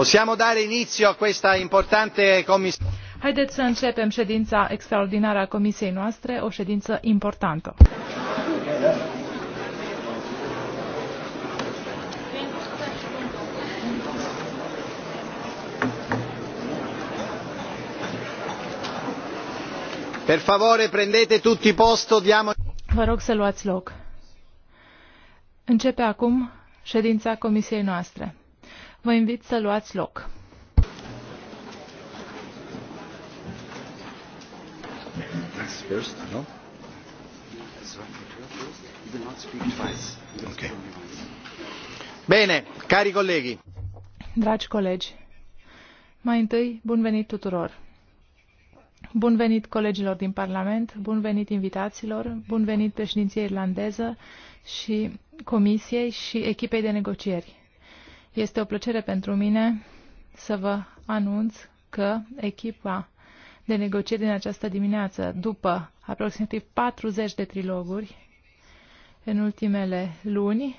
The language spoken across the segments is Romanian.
Possiamo dare inizio a questa importante commissione. Haideți să începem ședința extraordinară a comisiei noastre, o ședință importantă. Per favore, prendete tutti posto, diamo... Vă rog să luați loc. Începe acum ședința comisiei noastre. Vă invit să luați loc. Bine, cari colegi. Dragi colegi, mai întâi, bun venit tuturor. Bun venit colegilor din Parlament, bun venit invitaților, bun venit președinției irlandeză și Comisiei și echipei de negocieri. Este o plăcere pentru mine să vă anunț că echipa de negocieri din această dimineață, după aproximativ 40 de triloguri în ultimele luni,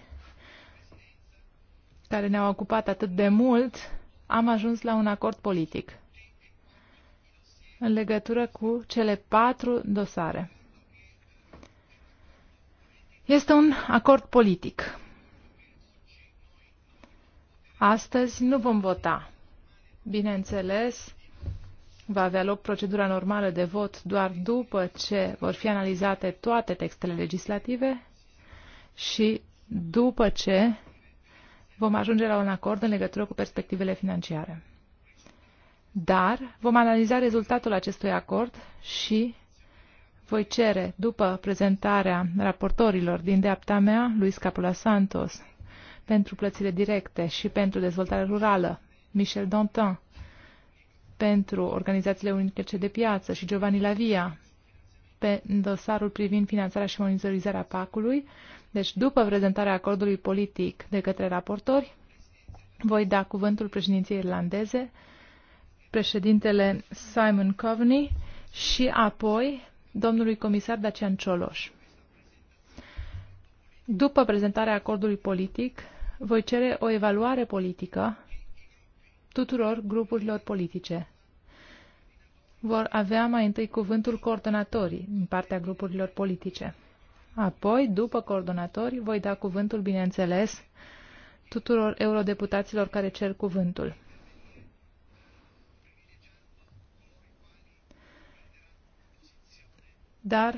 care ne-au ocupat atât de mult, am ajuns la un acord politic în legătură cu cele patru dosare. Este un acord politic Astăzi nu vom vota. Bineînțeles, va avea loc procedura normală de vot doar după ce vor fi analizate toate textele legislative și după ce vom ajunge la un acord în legătură cu perspectivele financiare. Dar vom analiza rezultatul acestui acord și voi cere, după prezentarea raportorilor din deapta mea, lui Scapula Santos, pentru plățile directe și pentru dezvoltarea rurală, Michel Dantin, pentru organizațiile unice de piață și Giovanni Lavia, pe dosarul privind finanțarea și monitorizarea PAC-ului. Deci, după prezentarea acordului politic de către raportori, voi da cuvântul președinției irlandeze, președintele Simon Coveney și apoi domnului comisar Dacian Cioloș. După prezentarea acordului politic, voi cere o evaluare politică tuturor grupurilor politice. Vor avea mai întâi cuvântul coordonatorii din partea grupurilor politice. Apoi, după coordonatori, voi da cuvântul, bineînțeles, tuturor eurodeputaților care cer cuvântul. Dar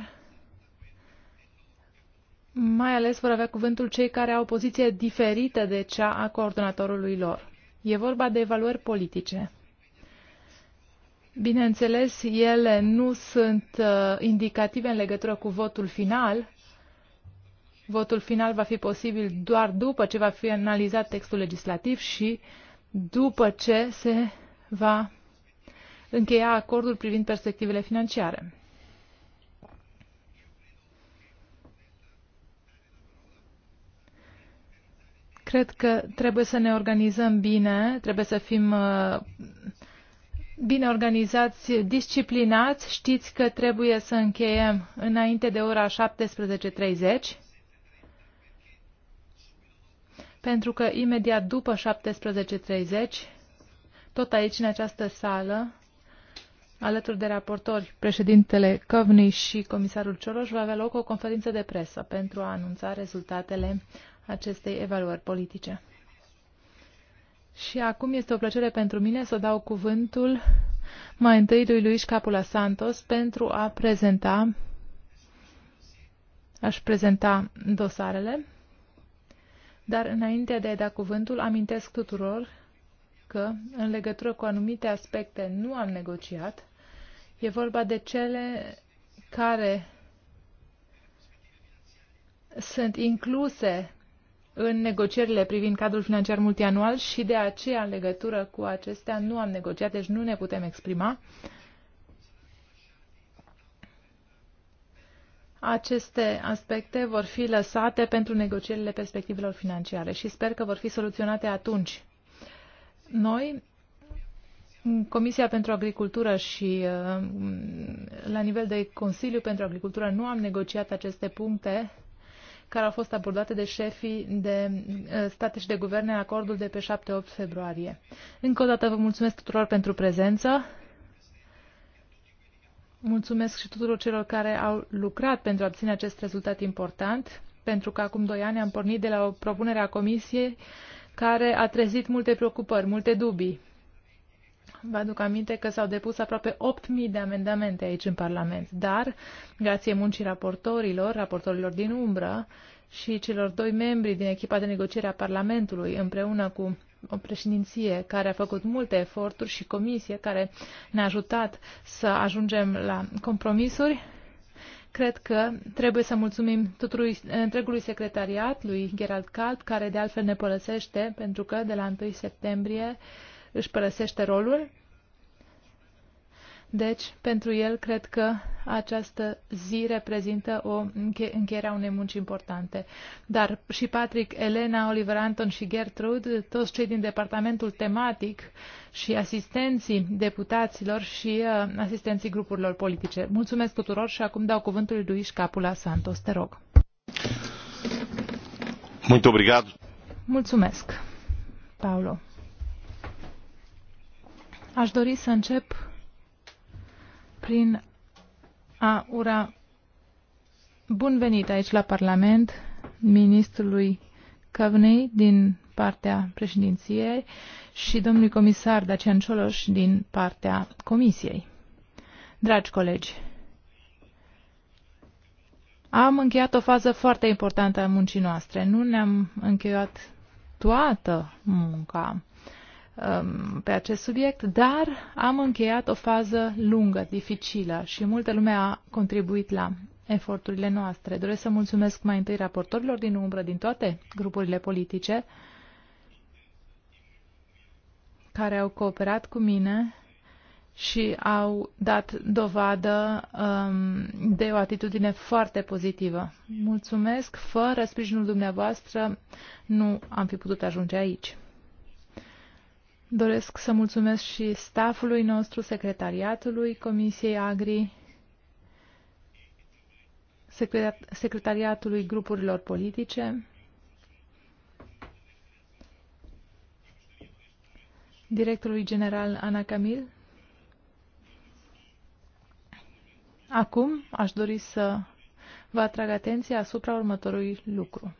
mai ales vor avea cuvântul cei care au o poziție diferită de cea a coordonatorului lor. E vorba de evaluări politice. Bineînțeles, ele nu sunt uh, indicative în legătură cu votul final. Votul final va fi posibil doar după ce va fi analizat textul legislativ și după ce se va încheia acordul privind perspectivele financiare. Cred că trebuie să ne organizăm bine, trebuie să fim uh, bine organizați, disciplinați. Știți că trebuie să încheiem înainte de ora 17.30 pentru că imediat după 17.30, tot aici, în această sală, alături de raportori, președintele Covni și comisarul Cioloș, va avea loc o conferință de presă pentru a anunța rezultatele acestei evaluări politice. Și acum este o plăcere pentru mine să dau cuvântul mai întâi lui Luis Capula Santos pentru a prezenta aș prezenta dosarele, dar înainte de a da cuvântul, amintesc tuturor că, în legătură cu anumite aspecte, nu am negociat. E vorba de cele care sunt incluse în negocierile privind cadrul financiar multianual și de aceea, în legătură cu acestea, nu am negociat, deci nu ne putem exprima. Aceste aspecte vor fi lăsate pentru negocierile perspectivelor financiare și sper că vor fi soluționate atunci. Noi, Comisia pentru Agricultură și uh, la nivel de Consiliu pentru Agricultură, nu am negociat aceste puncte care au fost abordate de șefii de eh, state și de guverne în acordul de pe 7-8 februarie. Încă o dată vă mulțumesc tuturor pentru prezență. Mulțumesc și tuturor celor care au lucrat pentru a obține acest rezultat important, pentru că acum doi ani am pornit de la o propunere a Comisiei care a trezit multe preocupări, multe dubii Vă aduc aminte că s-au depus aproape 8.000 de amendamente aici în Parlament, dar, grație muncii raportorilor, raportorilor din umbră și celor doi membri din echipa de negociere a Parlamentului, împreună cu o președinție care a făcut multe eforturi și comisie care ne-a ajutat să ajungem la compromisuri, cred că trebuie să mulțumim tuturui, întregului secretariat lui Gerald Calt, care de altfel ne părăsește, pentru că de la 1 septembrie uh, își părăsește rolul. Deci, pentru el, cred că această zi reprezintă o încheierea unei munci importante. Dar și Patrick, Elena, Oliver Anton și Gertrude, toți cei din departamentul tematic și asistenții deputaților și uh, asistenții grupurilor politice. Mulțumesc tuturor și acum dau cuvântul lui Luis Capula Santos. Te rog. Mulțumesc. Mulțumesc, Paulo. Aș dori să încep prin a ura bun venit aici la Parlament ministrului Căvnei din partea președinției și domnului comisar Dacian Cioloș din partea comisiei. Dragi colegi, am încheiat o fază foarte importantă a muncii noastre. Nu ne-am încheiat toată munca. Um, pe acest subiect, dar am încheiat o fază lungă, dificilă și multă lume a contribuit la eforturile noastre. Doresc să mulțumesc mai întâi raportorilor din umbră din toate grupurile politice care au cooperat cu mine și au dat dovadă um, de o atitudine foarte pozitivă. Mulțumesc, fără sprijinul dumneavoastră nu am fi putut ajunge aici. Doresc să mulțumesc și staffului nostru, secretariatului Comisiei Agri, secretariatului grupurilor politice, directorului general Ana Camil. Acum aș dori să vă atrag atenția asupra următorului lucru.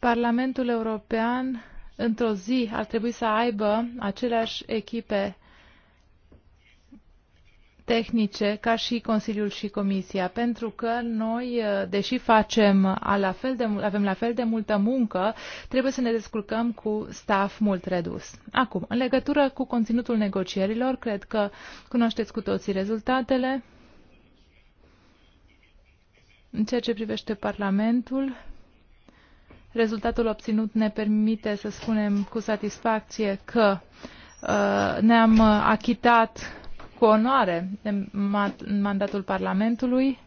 Parlamentul European într-o zi ar trebui să aibă aceleași echipe tehnice ca și Consiliul și Comisia, pentru că noi, deși facem la fel de, avem la fel de multă muncă, trebuie să ne descurcăm cu staff mult redus. Acum, în legătură cu conținutul negocierilor, cred că cunoașteți cu toții rezultatele. În ceea ce privește Parlamentul, Rezultatul obținut ne permite să spunem cu satisfacție că uh, ne-am achitat cu onoare de mandatul Parlamentului.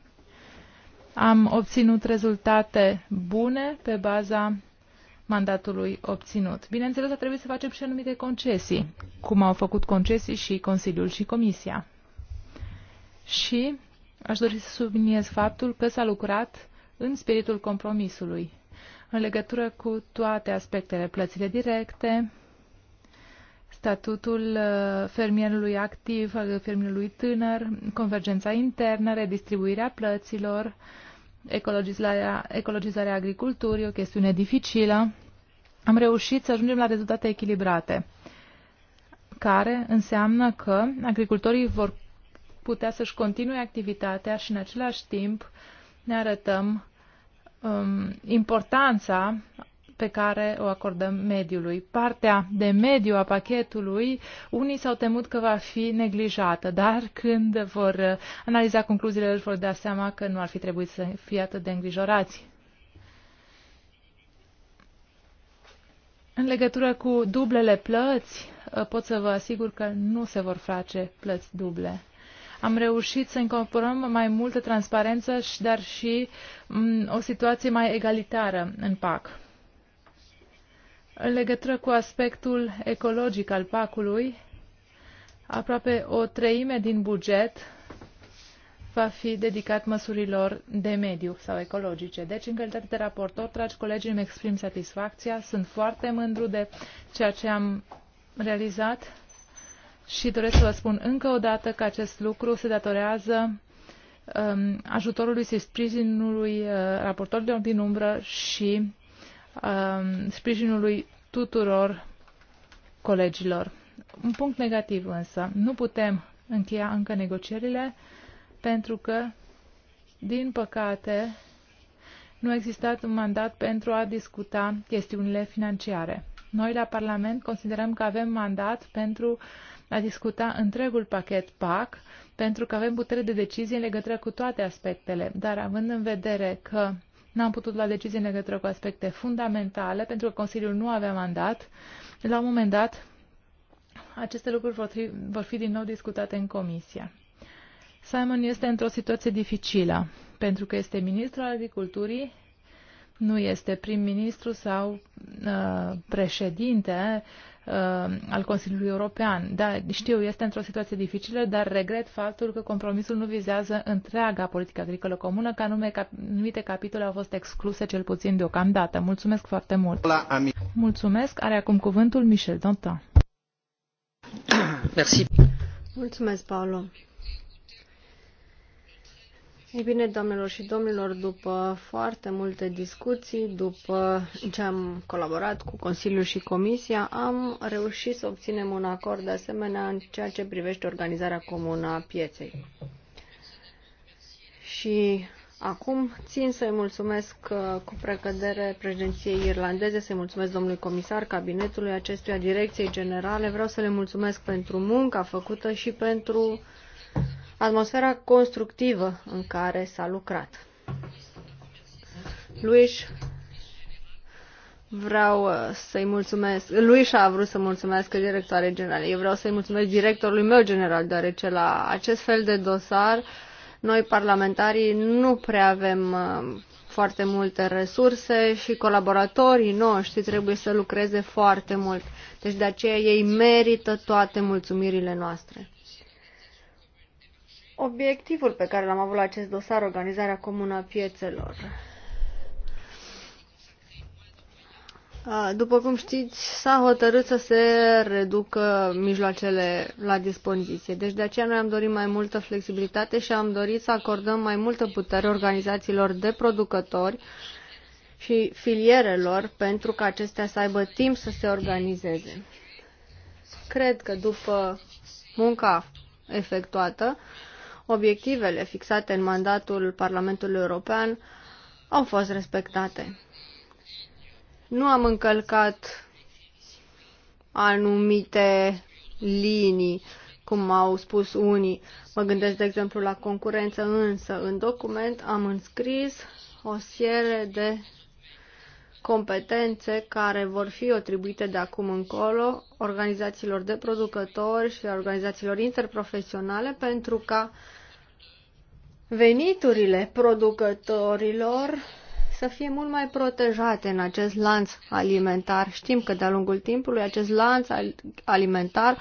Am obținut rezultate bune pe baza mandatului obținut. Bineînțeles, a trebuit să facem și anumite concesii, cum au făcut concesii și Consiliul și Comisia. Și aș dori să subliniez faptul că s-a lucrat în spiritul compromisului în legătură cu toate aspectele, plățile directe, statutul uh, fermierului activ, al fermierului tânăr, convergența internă, redistribuirea plăților, ecologizarea, ecologizarea agriculturii, o chestiune dificilă. Am reușit să ajungem la rezultate echilibrate, care înseamnă că agricultorii vor putea să-și continue activitatea și în același timp ne arătăm um, importanța pe care o acordăm mediului. Partea de mediu a pachetului, unii s-au temut că va fi neglijată, dar când vor analiza concluziile, își vor da seama că nu ar fi trebuit să fie atât de îngrijorați. În legătură cu dublele plăți, uh, pot să vă asigur că nu se vor face plăți duble. Am reușit să incorporăm mai multă transparență, și dar și o situație mai egalitară în PAC. În legătură cu aspectul ecologic al PAC-ului, aproape o treime din buget va fi dedicat măsurilor de mediu sau ecologice. Deci, în calitate de raportor, dragi colegi, îmi exprim satisfacția, sunt foarte mândru de ceea ce am realizat și doresc să vă spun încă o dată că acest lucru se datorează um, ajutorului și sprijinului uh, raportorilor din umbră și um, sprijinului tuturor colegilor. Un punct negativ însă, nu putem încheia încă negocierile pentru că, din păcate, nu a existat un mandat pentru a discuta chestiunile financiare. Noi la Parlament considerăm că avem mandat pentru uh, a discuta întregul pachet PAC, pentru că avem putere de decizie în legătură cu toate aspectele. Dar având în vedere că n-am putut lua decizie în legătură cu aspecte fundamentale, pentru că Consiliul nu avea mandat, la un moment dat aceste lucruri vor fi, vor fi din nou discutate în comisie. Simon este într-o situație dificilă, pentru că este ministru al agriculturii, nu este prim-ministru sau uh, președinte Uh, al Consiliului European. Da, știu, este într-o situație dificilă, dar regret faptul că compromisul nu vizează întreaga politică agricolă comună, că nume cap, numite capitole au fost excluse cel puțin deocamdată. Mulțumesc foarte mult! La, Mulțumesc! Are acum cuvântul Michel Dantin. Merci. Mulțumesc, Paolo. Ei bine, doamnelor și domnilor, după foarte multe discuții, după ce am colaborat cu Consiliul și Comisia, am reușit să obținem un acord de asemenea în ceea ce privește organizarea comună a pieței. Și acum țin să-i mulțumesc uh, cu precădere președinției irlandeze, să-i mulțumesc domnului comisar, cabinetului acestuia, direcției generale. Vreau să le mulțumesc pentru munca făcută și pentru atmosfera constructivă în care s-a lucrat. Luis, vreau uh, să-i mulțumesc. Luis a vrut să mulțumesc directoare generale. Eu vreau să-i mulțumesc directorului meu general, deoarece la acest fel de dosar noi parlamentarii nu prea avem uh, foarte multe resurse și colaboratorii noștri trebuie să lucreze foarte mult. Deci de aceea ei merită toate mulțumirile noastre obiectivul pe care l-am avut la acest dosar, organizarea comună a piețelor. După cum știți, s-a hotărât să se reducă mijloacele la dispoziție. Deci de aceea noi am dorit mai multă flexibilitate și am dorit să acordăm mai multă putere organizațiilor de producători și filierelor pentru ca acestea să aibă timp să se organizeze. Cred că după munca efectuată, obiectivele fixate în mandatul Parlamentului European au fost respectate. Nu am încălcat anumite linii, cum au spus unii. Mă gândesc, de exemplu, la concurență, însă în document am înscris o serie de competențe care vor fi atribuite de acum încolo organizațiilor de producători și organizațiilor interprofesionale pentru ca veniturile producătorilor să fie mult mai protejate în acest lanț alimentar. Știm că de-a lungul timpului acest lanț alimentar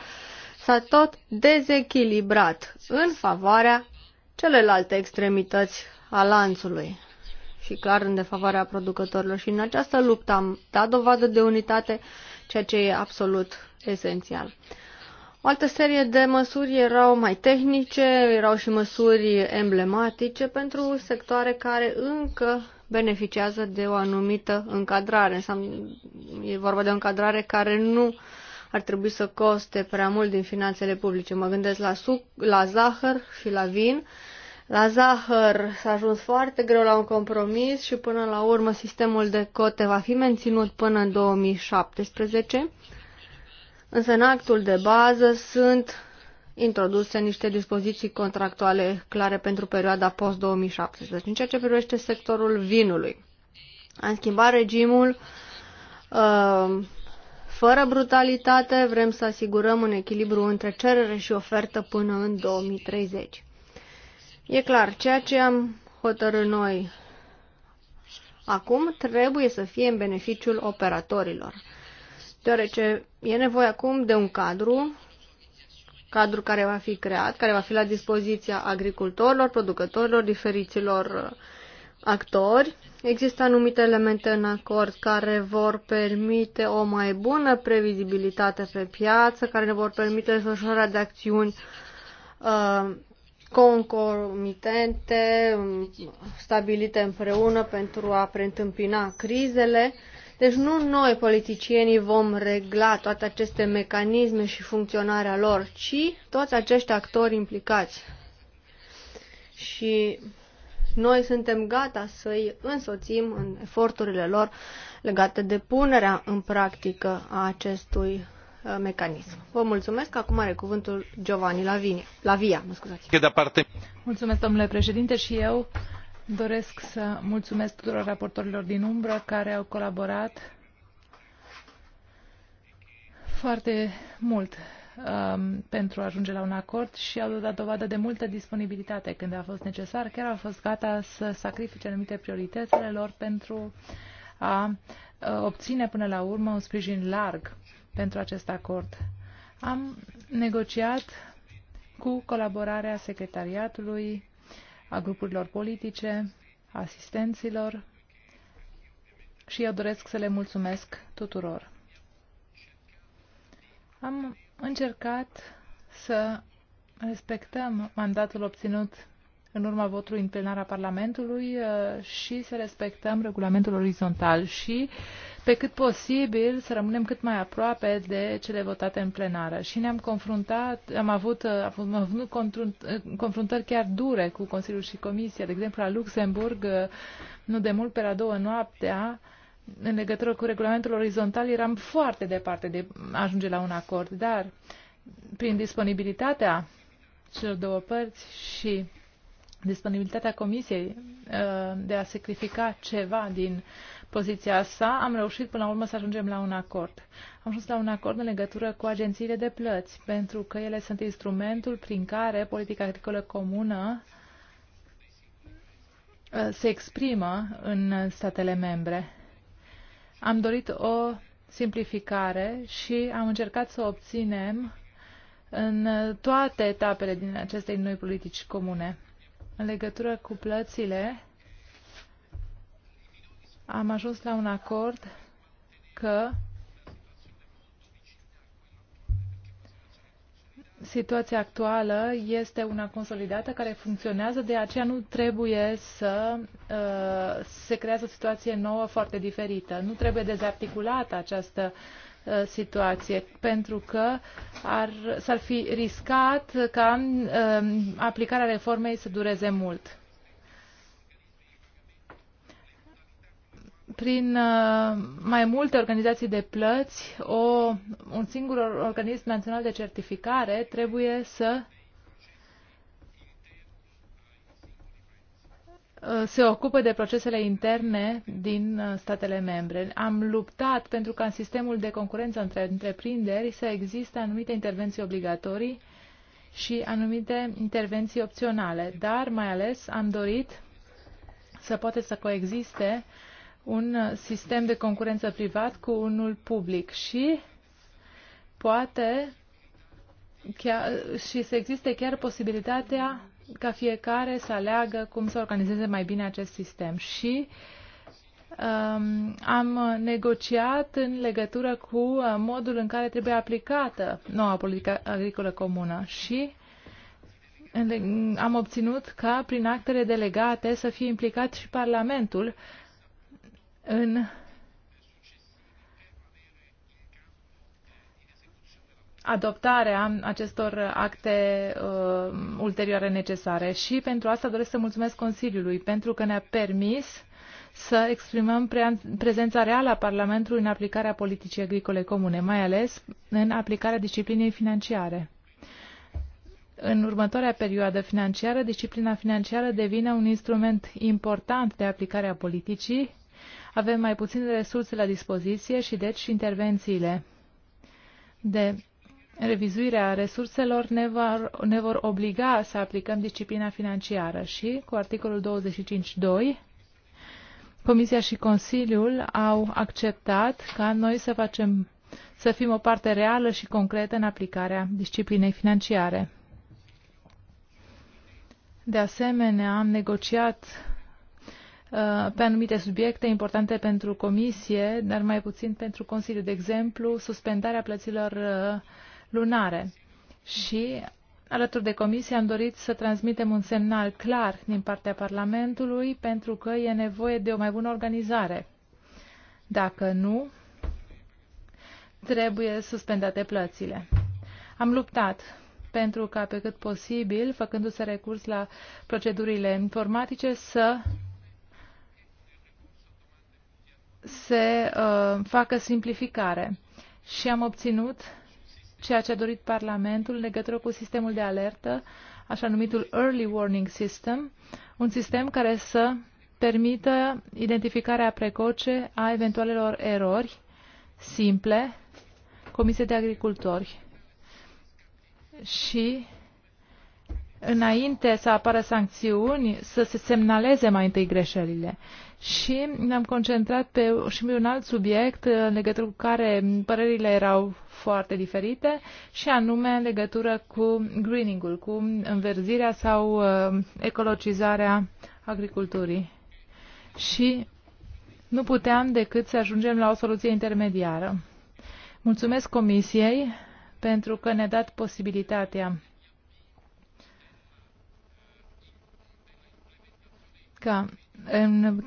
s-a tot dezechilibrat în favoarea celelalte extremități a lanțului și clar în defavoarea producătorilor. Și în această luptă am dat dovadă de unitate, ceea ce e absolut esențial. O altă serie de măsuri erau mai tehnice, erau și măsuri emblematice pentru sectoare care încă beneficiază de o anumită încadrare. e vorba de o încadrare care nu ar trebui să coste prea mult din finanțele publice. Mă gândesc la suc, la zahăr și la vin, la zahăr s-a ajuns foarte greu la un compromis și până la urmă sistemul de cote va fi menținut până în 2017, însă în actul de bază sunt introduse niște dispoziții contractuale clare pentru perioada post-2017, în ceea ce privește sectorul vinului. Am schimbat regimul uh, fără brutalitate, vrem să asigurăm un echilibru între cerere și ofertă până în 2030. E clar, ceea ce am hotărât noi acum trebuie să fie în beneficiul operatorilor, deoarece e nevoie acum de un cadru, cadru care va fi creat, care va fi la dispoziția agricultorilor, producătorilor, diferiților uh, actori. Există anumite elemente în acord care vor permite o mai bună previzibilitate pe piață, care ne vor permite desfășurarea de acțiuni uh, concomitente, um, stabilite împreună pentru a preîntâmpina crizele. Deci nu noi, politicienii, vom regla toate aceste mecanisme și funcționarea lor, ci toți acești actori implicați. Și noi suntem gata să-i însoțim în eforturile lor legate de punerea în practică a acestui Uh, mecanism. Vă mulțumesc. Acum are cuvântul Giovanni Lavinia. Lavia, mă scuzați. Mulțumesc, domnule președinte, și eu doresc să mulțumesc tuturor raportorilor din umbră care au colaborat foarte mult um, pentru a ajunge la un acord și au dat dovadă de multă disponibilitate când a fost necesar. Chiar au fost gata să sacrifice anumite prioritățile lor pentru a uh, obține până la urmă un sprijin larg pentru acest acord. Am negociat cu colaborarea secretariatului, a grupurilor politice, asistenților și eu doresc să le mulțumesc tuturor. Am încercat să respectăm mandatul obținut în urma votului în plenara Parlamentului uh, și să respectăm regulamentul orizontal și pe cât posibil să rămânem cât mai aproape de cele votate în plenară. Și ne-am confruntat, am avut, uh, am avut uh, confruntări chiar dure cu Consiliul și Comisia, de exemplu la Luxemburg, nu de mult pe la două noaptea, în legătură cu regulamentul orizontal eram foarte departe de a ajunge la un acord, dar prin disponibilitatea celor două părți și disponibilitatea Comisiei uh, de a sacrifica ceva din poziția sa, am reușit până la urmă să ajungem la un acord. Am ajuns la un acord în legătură cu agențiile de plăți, pentru că ele sunt instrumentul prin care politica agricolă comună uh, se exprimă în statele membre. Am dorit o simplificare și am încercat să obținem în toate etapele din acestei noi politici comune. În legătură cu plățile, am ajuns la un acord că situația actuală este una consolidată care funcționează, de aceea nu trebuie să uh, se creează o situație nouă foarte diferită. Nu trebuie dezarticulată această Uh, situație, pentru că ar, s-ar fi riscat ca um, aplicarea reformei să dureze mult. prin uh, mai multe organizații de plăți, o, un singur organism național de certificare trebuie să Uh, se ocupă de procesele interne din uh, statele membre. Am luptat pentru ca în sistemul de concurență între întreprinderi să existe anumite intervenții obligatorii și anumite intervenții opționale, dar mai ales am dorit să poate să coexiste un uh, sistem de concurență privat cu unul public și poate chiar, și să existe chiar posibilitatea ca fiecare să aleagă cum să organizeze mai bine acest sistem. Și um, am negociat în legătură cu uh, modul în care trebuie aplicată noua politică agricolă comună și am obținut ca prin actele delegate să fie implicat și Parlamentul în adoptarea acestor acte uh, ulterioare necesare. Și pentru asta doresc să mulțumesc Consiliului, pentru că ne-a permis să exprimăm pre prezența reală a Parlamentului în aplicarea politicii agricole comune, mai ales în aplicarea disciplinei financiare. În următoarea perioadă financiară, disciplina financiară devine un instrument important de aplicare a politicii. Avem mai puține resurse la dispoziție și deci intervențiile de revizuirea resurselor ne, vor, ne vor obliga să aplicăm disciplina financiară și cu articolul 25.2 Comisia și Consiliul au acceptat ca noi să facem să fim o parte reală și concretă în aplicarea disciplinei financiare. De asemenea, am negociat uh, pe anumite subiecte importante pentru Comisie, dar mai puțin pentru Consiliu. De exemplu, suspendarea plăților uh, lunare. Și alături de comisie am dorit să transmitem un semnal clar din partea Parlamentului pentru că e nevoie de o mai bună organizare. Dacă nu, trebuie suspendate plățile. Am luptat pentru ca pe cât posibil, făcându-se recurs la procedurile informatice, să se uh, facă simplificare. Și am obținut ceea ce a dorit Parlamentul în legătură cu sistemul de alertă, așa numitul Early Warning System, un sistem care să permită identificarea precoce a eventualelor erori simple comise de agricultori și înainte să apară sancțiuni, să se semnaleze mai întâi greșelile și ne-am concentrat pe și pe un alt subiect în legătură cu care părerile erau foarte diferite și anume în legătură cu greening-ul, cu înverzirea sau uh, ecologizarea agriculturii. Și nu puteam decât să ajungem la o soluție intermediară. Mulțumesc Comisiei pentru că ne-a dat posibilitatea ca în,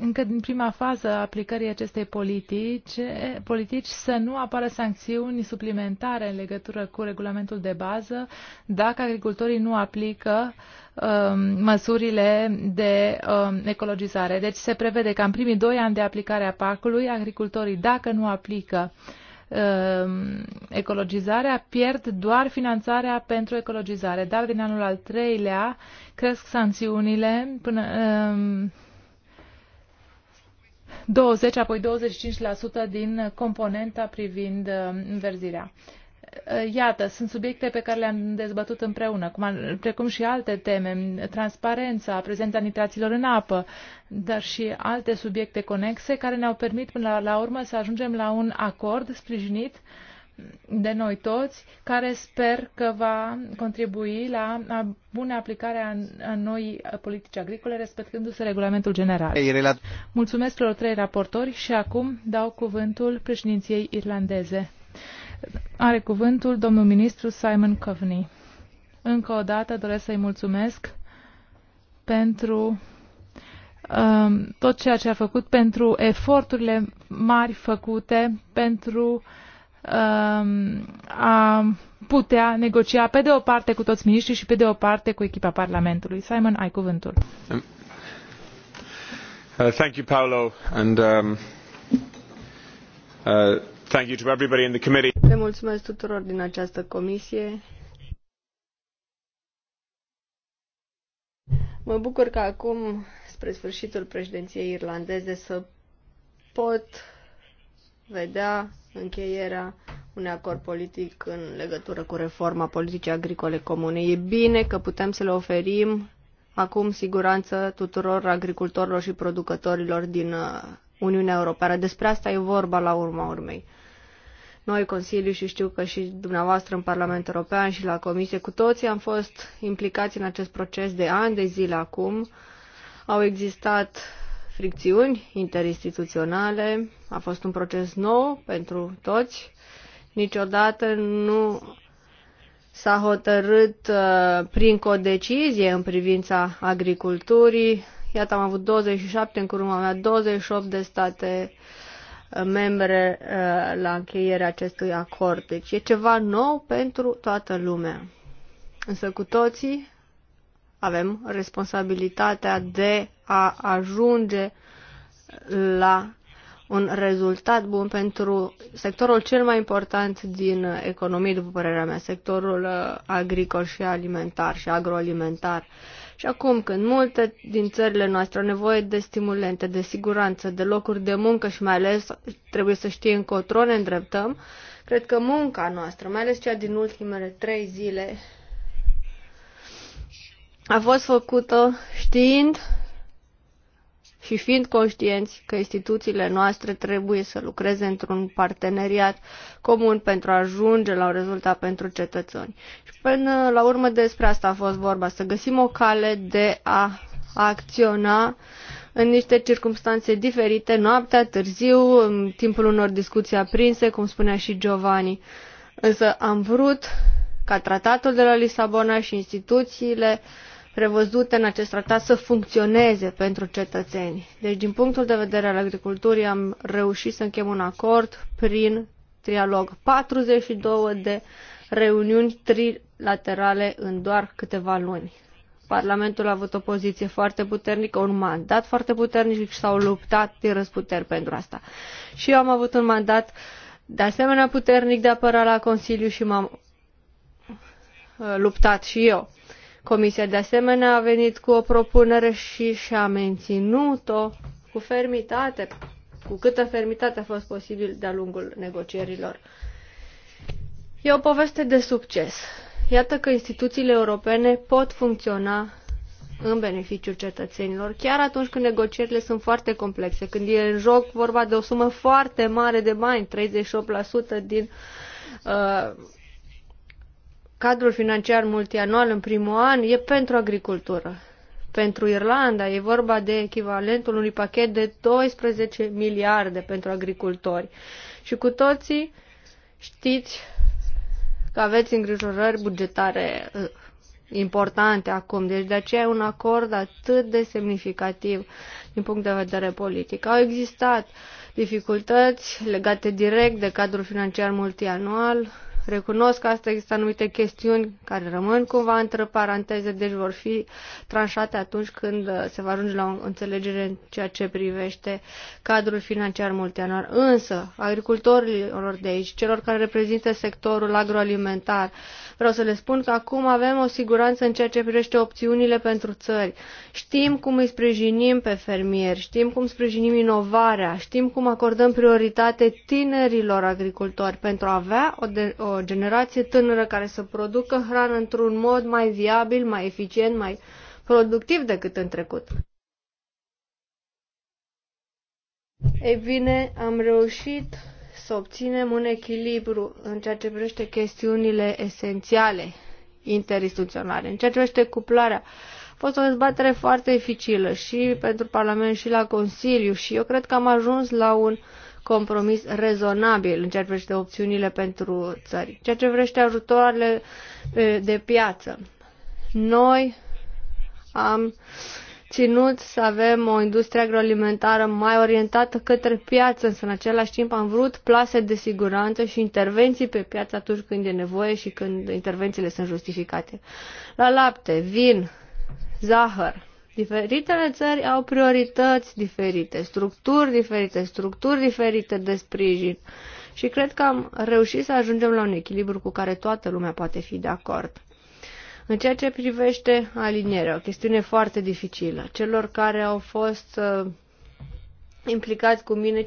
încă din prima fază a aplicării acestei politici, politici să nu apară sancțiuni suplimentare în legătură cu regulamentul de bază dacă agricultorii nu aplică um, măsurile de um, ecologizare. Deci se prevede că în primii doi ani de aplicare a PAC-ului, agricultorii, dacă nu aplică uh, Um, ecologizarea, pierd doar finanțarea pentru ecologizare, dar din anul al treilea cresc sancțiunile până 20, um, apoi 25% din componenta privind uh, înverzirea. Eh, iată, sunt subiecte pe care le-am dezbătut împreună, cum, precum și alte teme, transparența, prezența nitraților în apă, dar și alte subiecte conexe care ne-au permit până la, la urmă să ajungem la un acord sprijinit de noi toți, care sper că va contribui la bună aplicare a, a noi politici agricole, respectându-se regulamentul general. Mulțumesc celor trei raportori și acum dau cuvântul președinției irlandeze. Are cuvântul domnul ministru Simon Coveney. Încă o dată doresc să-i mulțumesc pentru um, tot ceea ce a făcut, pentru eforturile mari făcute, pentru um, a putea negocia pe de o parte cu toți miniștrii și pe de o parte cu echipa Parlamentului. Simon, ai cuvântul. Um, uh, thank you, Paolo. And, um, uh, Thank you to everybody in the committee. Le mulțumesc tuturor din această comisie. Mă bucur că acum, spre sfârșitul președinției irlandeze, să pot vedea încheierea unui acord politic în legătură cu reforma politicii agricole comune. E bine că putem să le oferim acum siguranță tuturor agricultorilor și producătorilor din uh, Uniunea Europeană. Despre asta e vorba la urma urmei. Noi, Consiliu, și știu că și dumneavoastră în Parlamentul European și la Comisie, cu toții am fost implicați în acest proces de ani de zile acum. Au existat fricțiuni interinstituționale, a fost un proces nou pentru toți. Niciodată nu s-a hotărât uh, prin codecizie în privința agriculturii, Iată, am avut 27 în curma mea, 28 de state uh, membre uh, la încheierea acestui acord. Deci e ceva nou pentru toată lumea. Însă cu toții avem responsabilitatea de a ajunge la un rezultat bun pentru sectorul cel mai important din economie, după părerea mea, sectorul uh, agricol și alimentar și agroalimentar. Și acum, când multe din țările noastre au nevoie de stimulente, de siguranță, de locuri de muncă și mai ales trebuie să știe încotro ne îndreptăm, cred că munca noastră, mai ales cea din ultimele trei zile, a fost făcută știind și fiind conștienți că instituțiile noastre trebuie să lucreze într-un parteneriat comun pentru a ajunge la un rezultat pentru cetățeni. Și până la urmă despre asta a fost vorba, să găsim o cale de a acționa în niște circunstanțe diferite, noaptea, târziu, în timpul unor discuții aprinse, cum spunea și Giovanni. Însă am vrut ca tratatul de la Lisabona și instituțiile uh, prevăzute în acest tratat să funcționeze pentru cetățeni. Deci, din punctul de vedere al agriculturii, am reușit să închem un acord prin trialog. 42 de reuniuni trilaterale în doar câteva luni. Parlamentul a avut o poziție foarte puternică, un mandat foarte puternic și s-au luptat din răsputeri pentru asta. Și eu am avut un mandat de asemenea puternic de apăra la Consiliu și m-am uh, luptat și eu. Comisia de asemenea a venit cu o propunere și și-a menținut-o cu fermitate, cu câtă fermitate a fost posibil de-a lungul negocierilor. E o poveste de succes. Iată că instituțiile europene pot funcționa în beneficiul cetățenilor, chiar atunci când negocierile sunt foarte complexe, când e în joc vorba de o sumă foarte mare de bani, 38% din uh, cadrul financiar multianual în primul an e pentru agricultură. Pentru Irlanda e vorba de echivalentul unui pachet de 12 miliarde pentru agricultori. Și cu toții știți că aveți îngrijorări bugetare uh, importante acum, deci de aceea e un acord atât de semnificativ din punct de vedere politic. Au existat dificultăți legate direct de cadrul financiar multianual, Recunosc că asta există anumite chestiuni care rămân cumva între paranteze, deci vor fi tranșate atunci când uh, se va ajunge la o înțelegere în ceea ce privește cadrul financiar multianual. Însă, agricultorilor de aici, celor care reprezintă sectorul agroalimentar, vreau să le spun că acum avem o siguranță în ceea ce privește opțiunile pentru țări. Știm cum îi sprijinim pe fermieri, știm cum sprijinim inovarea, știm cum acordăm prioritate tinerilor agricultori pentru a avea o, de, o o generație tânără care să producă hrană într-un mod mai viabil, mai eficient, mai productiv decât în trecut. Ei bine, am reușit să obținem un echilibru în ceea ce privește chestiunile esențiale interinstituționale, în ceea ce privește cuplarea. A fost o dezbatere foarte dificilă și pentru Parlament și la Consiliu și eu cred că am ajuns la un uh, compromis rezonabil în ceea ce privește opțiunile pentru țări. Ceea ce vrește ajutoarele de piață. Noi am ținut să avem o industrie agroalimentară mai orientată către piață, însă în același timp am vrut plase de siguranță și intervenții pe piață atunci când e nevoie și când intervențiile sunt justificate. La lapte, vin, zahăr, Diferitele țări au priorități diferite, structuri diferite, structuri diferite de sprijin și cred că am reușit să ajungem la un echilibru cu care toată lumea poate fi de acord. În ceea ce privește alinierea, o chestiune foarte dificilă, celor care au fost uh, implicați cu mine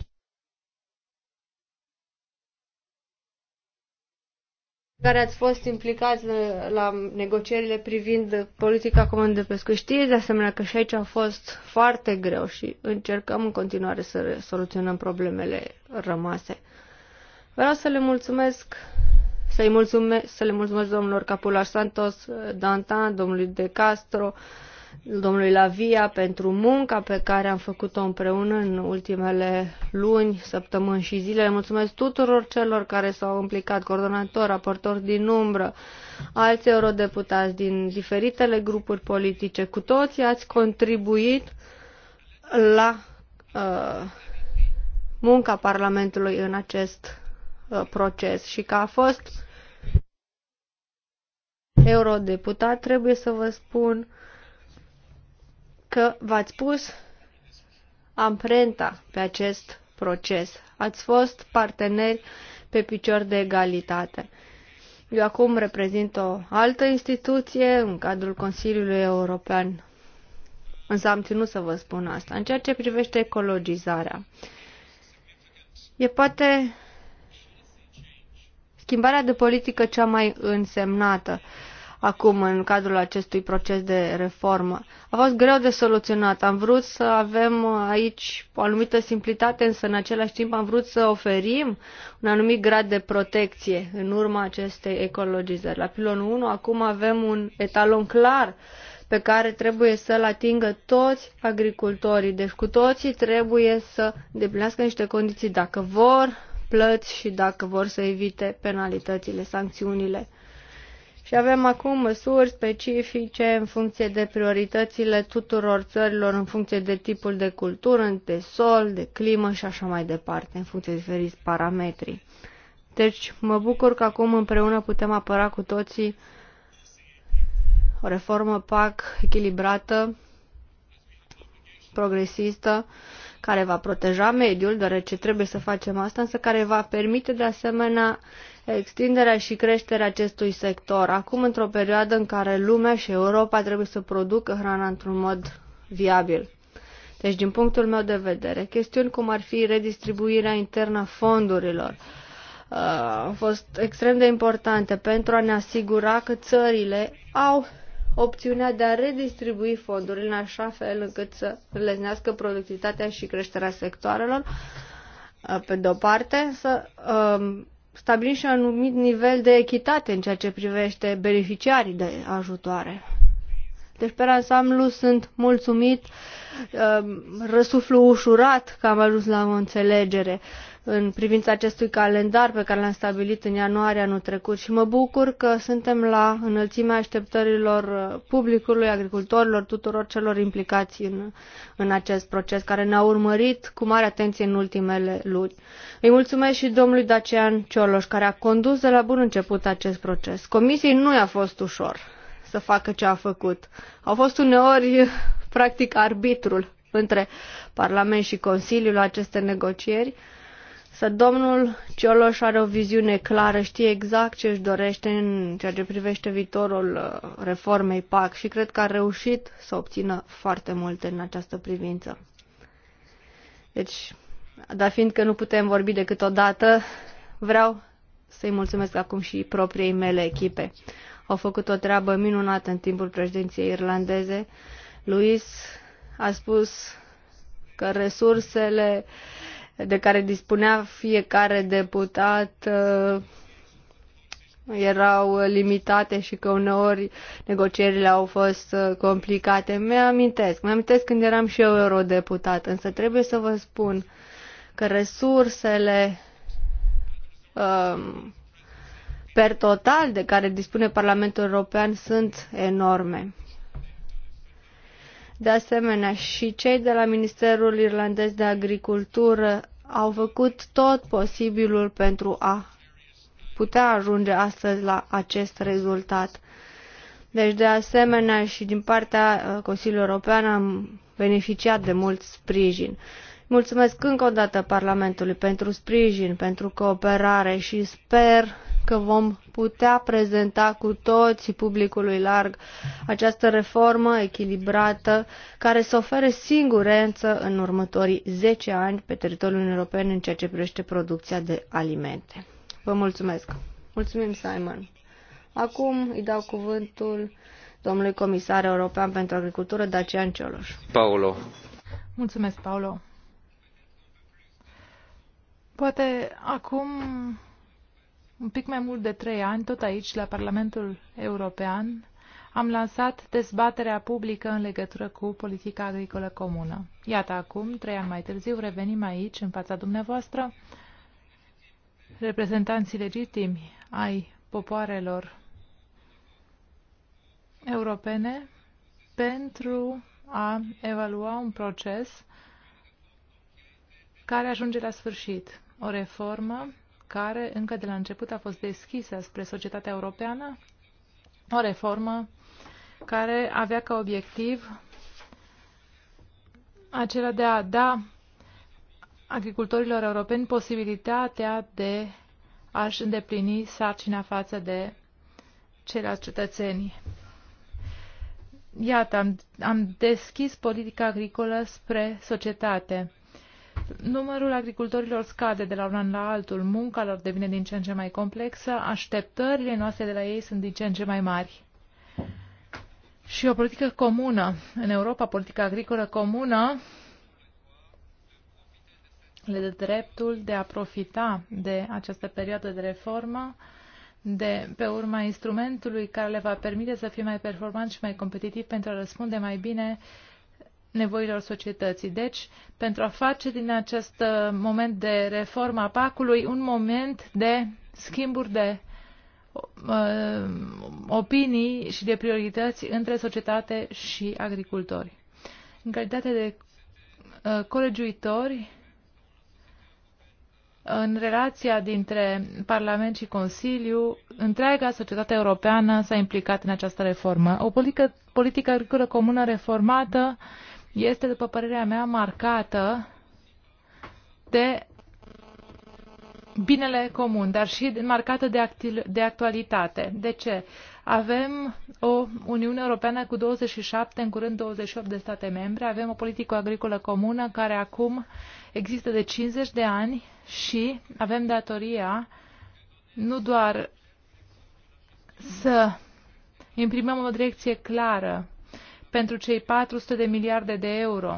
care ați fost implicați la negocierile privind politica comună de pescuit. Știți de asemenea că și aici a fost foarte greu și încercăm în continuare să soluționăm problemele rămase. Vreau să le mulțumesc să-i mulțumesc, să le mulțumesc domnilor Capular Santos, Dantan, domnului De Castro, domnului Lavia pentru munca pe care am făcut-o împreună în ultimele luni, săptămâni și zile. Mulțumesc tuturor celor care s-au implicat, coordonator, raportor din umbră, alți eurodeputați din diferitele grupuri politice. Cu toții ați contribuit la uh, munca Parlamentului în acest uh, proces și că a fost eurodeputat, trebuie să vă spun că v-ați pus amprenta pe acest proces. Ați fost parteneri pe picior de egalitate. Eu acum reprezint o altă instituție în cadrul Consiliului European. Însă am ținut să vă spun asta. În ceea ce privește ecologizarea, e poate schimbarea de politică cea mai însemnată acum în cadrul acestui proces de reformă. A fost greu de soluționat. Am vrut să avem aici o anumită simplitate, însă în același timp am vrut să oferim un anumit grad de protecție în urma acestei ecologizări. La pilonul 1 acum avem un etalon clar pe care trebuie să-l atingă toți agricultorii. Deci cu toții trebuie să deplinească niște condiții dacă vor plăți și dacă vor să evite penalitățile, sancțiunile. Și avem acum măsuri specifice în funcție de prioritățile tuturor țărilor, în funcție de tipul de cultură, de sol, de climă și așa mai departe, în funcție de diferiți parametri. Deci mă bucur că acum împreună putem apăra cu toții o reformă PAC echilibrată, progresistă, care va proteja mediul, deoarece trebuie să facem asta, însă care va permite de asemenea extinderea și creșterea acestui sector, acum într-o perioadă în care lumea și Europa trebuie să producă hrana într-un mod viabil. Deci, din punctul meu de vedere, chestiuni cum ar fi redistribuirea internă a fondurilor, uh, au fost extrem de importante pentru a ne asigura că țările au opțiunea de a redistribui fondurile în așa fel încât să leznească productivitatea și creșterea sectoarelor, uh, pe de-o parte, să um, stabilim și un anumit nivel de echitate în ceea ce privește beneficiarii de ajutoare. Deci, pe ansamblu, sunt mulțumit, um, răsuflu ușurat că am ajuns la o înțelegere în privința acestui calendar pe care l-am stabilit în ianuarie anul trecut și mă bucur că suntem la înălțimea așteptărilor publicului, agricultorilor, tuturor celor implicați în, în acest proces, care ne-au urmărit cu mare atenție în ultimele luni. Îi mulțumesc și domnului Dacian Cioloș, care a condus de la bun început acest proces. Comisiei nu i-a fost ușor să facă ce a făcut. Au fost uneori, practic, arbitrul între Parlament și Consiliul aceste negocieri. Să domnul Cioloș are o viziune clară, știe exact ce își dorește în ceea ce privește viitorul uh, reformei PAC și cred că a reușit să obțină foarte multe în această privință. Deci, dar fiindcă nu putem vorbi decât o dată, vreau să-i mulțumesc acum și propriei mele echipe au făcut o treabă minunată în timpul președinției irlandeze. Luis a spus că resursele de care dispunea fiecare deputat uh, erau limitate și că uneori negocierile au fost uh, complicate. Mi-amintesc, mi-amintesc când eram și eu eurodeputat, însă trebuie să vă spun că resursele um, per total de care dispune Parlamentul European sunt enorme. De asemenea, și cei de la Ministerul Irlandez de Agricultură au făcut tot posibilul pentru a putea ajunge astăzi la acest rezultat. Deci, de asemenea, și din partea uh, Consiliului European am beneficiat de mult sprijin. Mulțumesc încă o dată Parlamentului pentru sprijin, pentru cooperare și sper că vom putea prezenta cu toții publicului larg această reformă echilibrată care să ofere singurență în următorii 10 ani pe teritoriul Uniunii Europene în ceea ce privește producția de alimente. Vă mulțumesc! Mulțumim, Simon! Acum îi dau cuvântul domnului comisar european pentru agricultură, Dacian Cioloș. Paolo. Mulțumesc, Paolo. Poate acum un pic mai mult de trei ani, tot aici, la Parlamentul European, am lansat dezbaterea publică în legătură cu politica agricolă comună. Iată acum, trei ani mai târziu, revenim aici, în fața dumneavoastră, reprezentanții legitimi ai popoarelor europene pentru a evalua un proces care ajunge la sfârșit. O reformă care încă de la început a fost deschisă spre societatea europeană, o reformă care avea ca obiectiv acela de a da agricultorilor europeni posibilitatea de a-și îndeplini sarcina față de ceilalți cetățeni. Iată, am, am deschis politica agricolă spre societate numărul agricultorilor scade de la un an la altul, munca lor devine din ce în ce mai complexă, așteptările noastre de la ei sunt din ce în ce mai mari. Și o politică comună, în Europa, politica agricolă comună, le dă dreptul de a profita de această perioadă de reformă, de pe urma instrumentului care le va permite să fie mai performanți și mai competitivi pentru a răspunde mai bine uh, nevoilor societății. Deci, pentru a face din acest uh, moment de reformă PAC-ului un moment de schimburi de uh, opinii și de priorități între societate și agricultori. În calitate de uh, colegiuitori, în relația dintre Parlament și Consiliu, întreaga societate europeană s-a implicat în această reformă. O politică, politică agricolă comună reformată uh, este, după părerea mea, marcată de binele comun, dar și marcată de, de actualitate. De ce? Avem o Uniune Europeană cu 27, în curând 28 de state membre, avem o politică agricolă comună care acum există de 50 de ani și avem datoria nu doar să imprimăm o direcție clară pentru cei 400 de miliarde de euro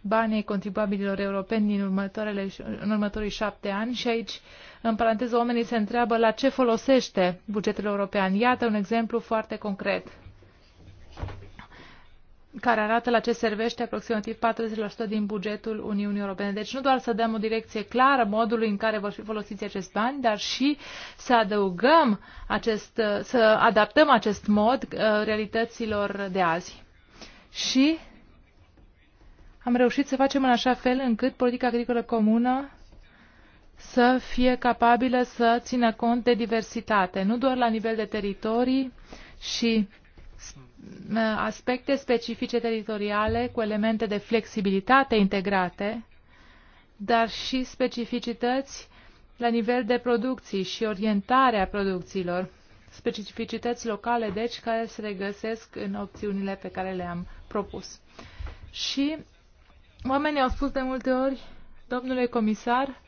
banii contribuabililor europeni din următoarele, în următorii șapte ani și aici, în paranteză, oamenii se întreabă la ce folosește bugetul european. Iată un exemplu foarte concret care arată la ce servește aproximativ 40% din bugetul Uniunii Europene. Deci nu doar să dăm o direcție clară modului în care vor fi folosiți acești bani, dar și să adăugăm acest, să adaptăm acest mod uh, realităților de azi și am reușit să facem în așa fel încât politica agricolă comună să fie capabilă să țină cont de diversitate, nu doar la nivel de teritorii și uh, aspecte specifice teritoriale cu elemente de flexibilitate integrate, dar și specificități la nivel de producții și orientarea producțiilor specificități locale, deci, care se regăsesc în opțiunile pe care le-am propus. Și oamenii au spus de multe ori, domnule comisar,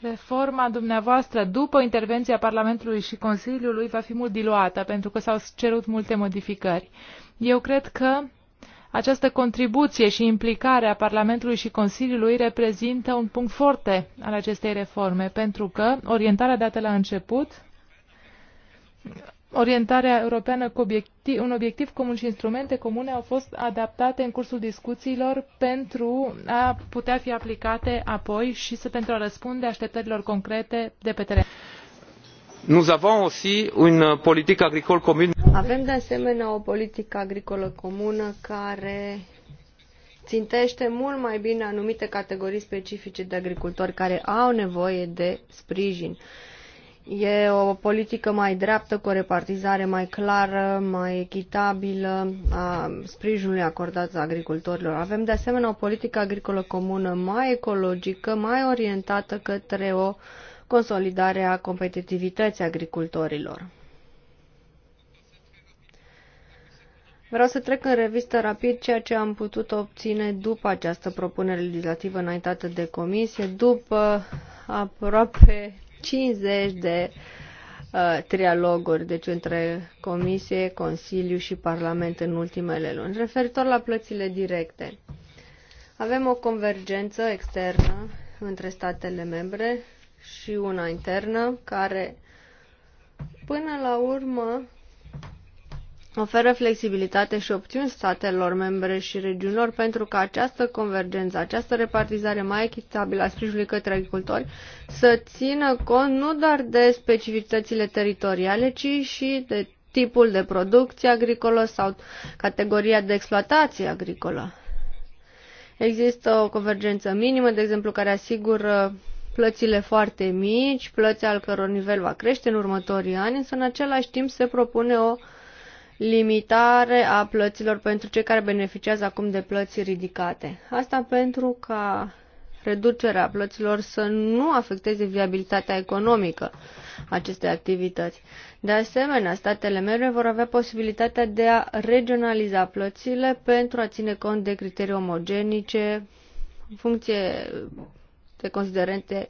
reforma dumneavoastră după intervenția Parlamentului și Consiliului va fi mult diluată, pentru că s-au cerut multe modificări. Eu cred că această contribuție și implicare a Parlamentului și Consiliului reprezintă un punct foarte al acestei reforme, pentru că orientarea dată la început orientarea europeană cu obiectiv, un obiectiv comun și instrumente comune au fost adaptate în cursul discuțiilor pentru a putea fi aplicate apoi și să, pentru a răspunde așteptărilor concrete de pe teren. Nous avons aussi une politique agricole commune. Avem de asemenea o politică agricolă comună care țintește mult mai bine anumite categorii specifice de agricultori care au nevoie de sprijin. Uh, E o politică mai dreaptă, cu o repartizare mai clară, mai echitabilă a sprijinului acordat agricultorilor. Avem de asemenea o politică agricolă comună mai ecologică, mai orientată către o consolidare a competitivității agricultorilor. Vreau să trec în revistă rapid ceea ce am putut obține după această propunere legislativă înaintată de comisie, după aproape 50 de uh, trialoguri, deci între Comisie, Consiliu și Parlament în ultimele luni. Referitor la plățile directe, avem o convergență externă între statele membre și una internă care până la urmă oferă flexibilitate și opțiuni statelor membre și regiunilor pentru ca această convergență, această repartizare mai echitabilă a sprijinului către agricultori să țină cont nu doar de specificitățile teritoriale, ci și de tipul de producție agricolă sau categoria de exploatație agricolă. Există o convergență minimă, de exemplu, care asigură plățile foarte mici, plăți al căror nivel va crește în următorii ani, însă în același timp se propune o limitare a plăților pentru cei care beneficiază acum de plăți ridicate. Asta pentru ca reducerea plăților să nu afecteze viabilitatea economică acestei activități. De asemenea, statele membre vor avea posibilitatea de a regionaliza plățile pentru a ține cont de criterii omogenice în funcție de considerente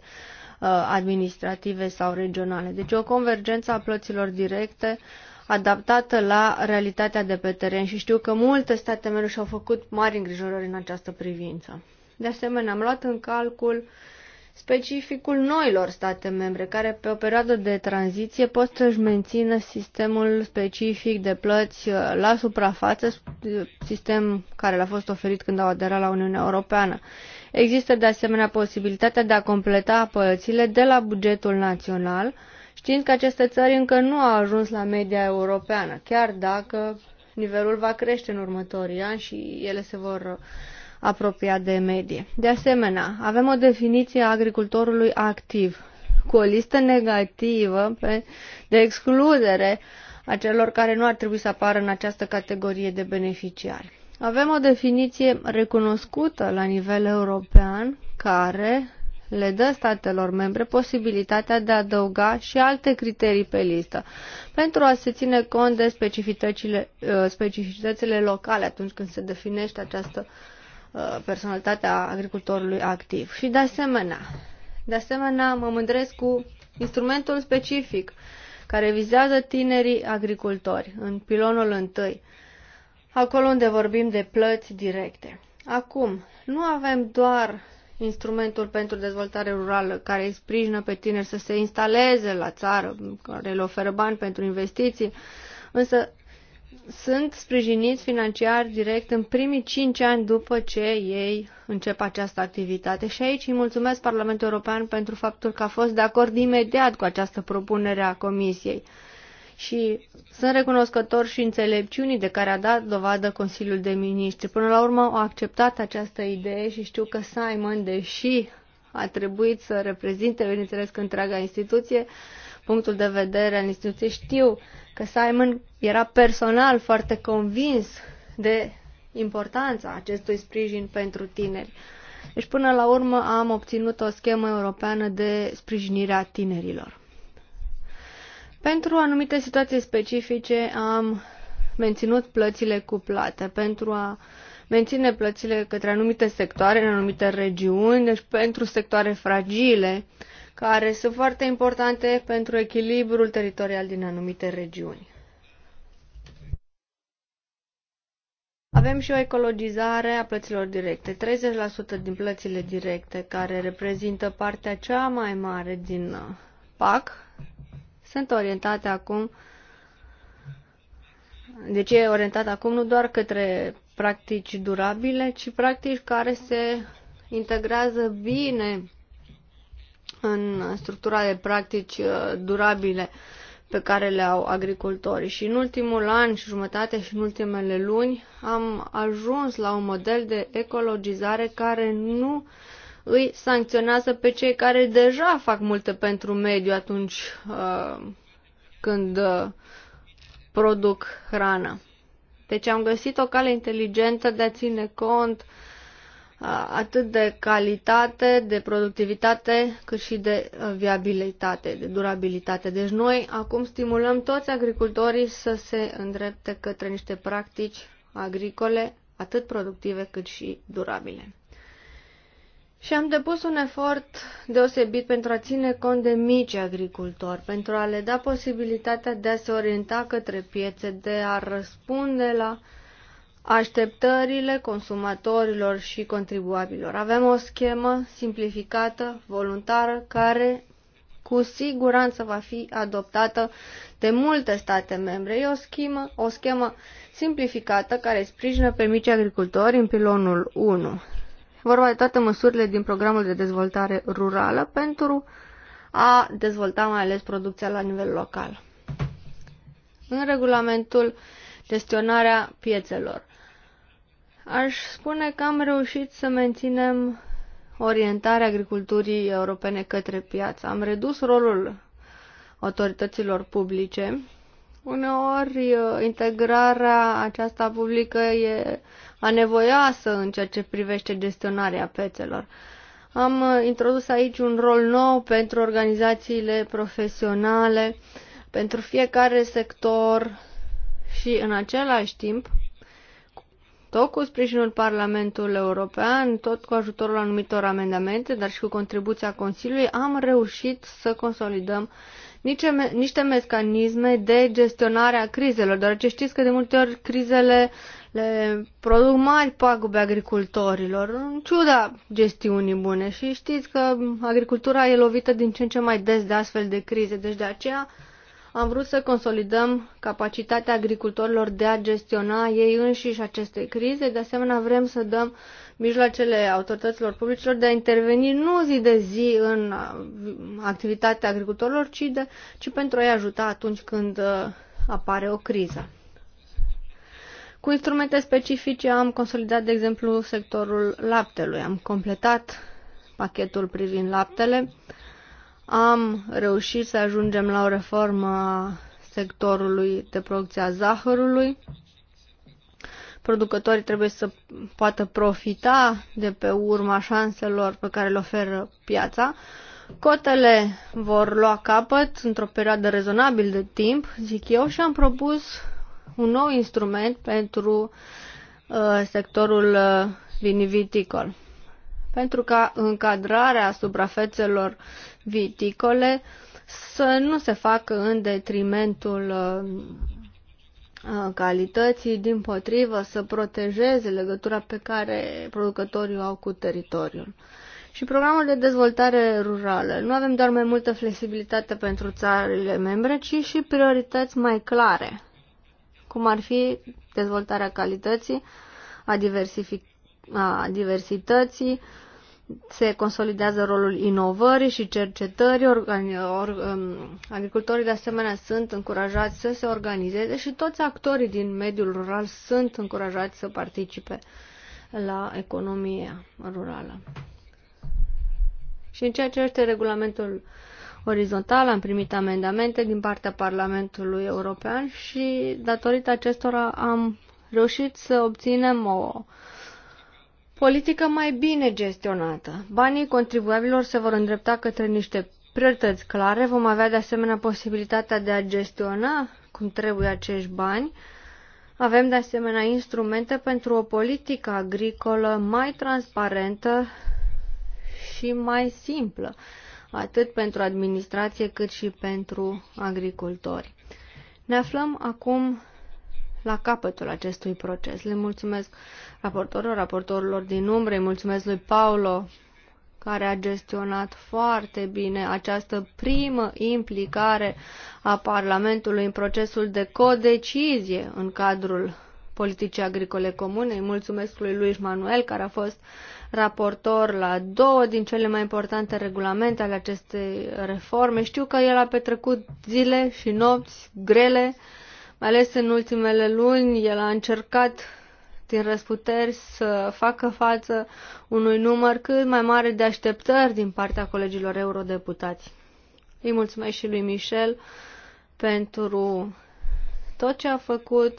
uh, administrative sau regionale. Deci o convergență a plăților directe uh, adaptată la realitatea de pe teren și știu că multe state membre și-au făcut mari îngrijorări în această privință. De asemenea, am luat în calcul specificul noilor state membre, care pe o perioadă de tranziție pot să-și mențină sistemul specific de plăți uh, la suprafață, uh, sistem care le-a fost oferit când au aderat la Uniunea Europeană. Există de asemenea posibilitatea de a completa plățile de la bugetul național, știind că aceste țări încă nu au ajuns la media europeană, chiar dacă nivelul va crește în următorii ani și ele se vor apropia de medie. De asemenea, avem o definiție a agricultorului activ cu o listă negativă de excludere a celor care nu ar trebui să apară în această categorie de beneficiari. Avem o definiție recunoscută la nivel european care le dă statelor membre posibilitatea de a adăuga și alte criterii pe listă pentru a se ține cont de specificitățile, uh, specificitățile locale atunci când se definește această uh, personalitate a agricultorului activ. Și de asemenea, de asemenea mă mândresc cu instrumentul specific care vizează tinerii agricultori în pilonul întâi, acolo unde vorbim de plăți directe. Acum, nu avem doar instrumentul pentru dezvoltare rurală, care îi sprijină pe tineri să se instaleze la țară, care le oferă bani pentru investiții, însă sunt sprijiniți financiar direct în primii cinci ani după ce ei încep această activitate. Și aici îi mulțumesc Parlamentul European pentru faptul că a fost de acord imediat cu această propunere a Comisiei și sunt recunoscător și înțelepciunii de care a dat dovadă Consiliul de Ministri. Până la urmă au acceptat această idee și știu că Simon, deși a trebuit să reprezinte, bineînțeles, că întreaga instituție, punctul de vedere al instituției, știu că Simon era personal foarte convins de importanța acestui sprijin pentru tineri. Deci, până la urmă, am obținut o schemă europeană de sprijinire a tinerilor. Pentru anumite situații specifice am menținut plățile cuplate pentru a menține plățile către anumite sectoare, în anumite regiuni, deci pentru sectoare fragile, care sunt foarte importante pentru echilibrul teritorial din anumite regiuni. Avem și o ecologizare a plăților directe. 30% din plățile directe, care reprezintă partea cea mai mare din uh, PAC, sunt orientate acum deci e orientat acum nu doar către practici durabile, ci practici care se integrează bine în structura de practici uh, durabile pe care le au agricultorii. Și în ultimul an și jumătate și în ultimele luni am ajuns la un model de ecologizare care nu îi sancționează pe cei care deja fac multe pentru mediu atunci uh, când uh, produc hrană. Deci am găsit o cale inteligentă de a ține cont uh, atât de calitate, de productivitate, cât și de uh, viabilitate, de durabilitate. Deci noi acum stimulăm toți agricultorii să se îndrepte către niște practici agricole atât productive cât și durabile. Și am depus un efort deosebit pentru a ține cont de mici agricultori, pentru a le da posibilitatea de a se orienta către piețe, de a răspunde la așteptările consumatorilor și contribuabilor. Avem o schemă simplificată, voluntară, care cu siguranță va fi adoptată de multe state membre. E o schemă, o schemă simplificată care sprijină pe mici agricultori în pilonul 1 vorba de toate măsurile din programul de dezvoltare rurală pentru a dezvolta mai ales producția la nivel local. În regulamentul gestionarea piețelor. Aș spune că am reușit să menținem orientarea agriculturii europene către piață. Am redus rolul autorităților publice Uneori, uh, integrarea aceasta publică e anevoioasă în ceea ce privește gestionarea pețelor. Am uh, introdus aici un rol nou pentru organizațiile profesionale, pentru fiecare sector și în același timp, tot cu sprijinul Parlamentului European, tot cu ajutorul anumitor amendamente, dar și cu contribuția Consiliului, am reușit să consolidăm niște, mecanisme de gestionare a crizelor, deoarece știți că de multe ori crizele le produc mari pagube agricultorilor, în ciuda gestiunii bune. Și știți că agricultura e lovită din ce în ce mai des de astfel de crize, deci de aceea am vrut să consolidăm capacitatea agricultorilor de a gestiona ei înșiși aceste crize, de asemenea vrem să dăm uh, mijloacele autorităților publicilor de a interveni nu zi de zi în uh, activitatea agricultorilor, ci, de, ci pentru a-i ajuta atunci când uh, apare o criză. Cu instrumente specifice am consolidat, de exemplu, sectorul laptelui. Am completat pachetul privind laptele. Am reușit să ajungem la o reformă a sectorului de producție a zahărului producătorii trebuie să poată profita de pe urma șanselor pe care le oferă piața. Cotele vor lua capăt într-o perioadă rezonabil de timp, zic eu, și am propus un nou instrument pentru uh, sectorul uh, viniviticol. Pentru ca încadrarea suprafețelor viticole să nu se facă în detrimentul uh, calității, din potrivă să protejeze legătura pe care producătorii o au cu teritoriul. Și programul de dezvoltare rurală. Nu avem doar mai multă flexibilitate pentru țările membre, ci și priorități mai clare, cum ar fi dezvoltarea calității, a, diversific- a diversității, se consolidează rolul inovării și cercetării, organi, or, um, agricultorii de asemenea sunt încurajați să se organizeze și toți actorii din mediul rural sunt încurajați să participe la economia rurală. Și în ceea ce este regulamentul orizontal, am primit amendamente din partea Parlamentului European și datorită acestora am reușit să obținem o uh, politică mai bine gestionată. Banii contribuabilor se vor îndrepta către niște priorități clare, vom avea de asemenea posibilitatea de a gestiona cum trebuie acești bani. Avem de asemenea instrumente pentru o politică agricolă mai transparentă și mai simplă, atât pentru administrație cât și pentru agricultori. Ne aflăm acum la capătul acestui proces. Le mulțumesc raportorilor, raportorilor din umbre, mulțumesc lui Paulo, care a gestionat foarte bine această primă implicare a Parlamentului în procesul de codecizie în cadrul politicii agricole comune. Îi mulțumesc lui Luis Manuel, care a fost raportor la două din cele mai importante regulamente ale acestei reforme. Știu că el a petrecut zile și nopți grele mai ales în ultimele luni, el a încercat din răsputeri să facă față unui număr cât mai mare de așteptări din partea colegilor eurodeputați. Îi mulțumesc și lui Michel pentru tot ce a făcut,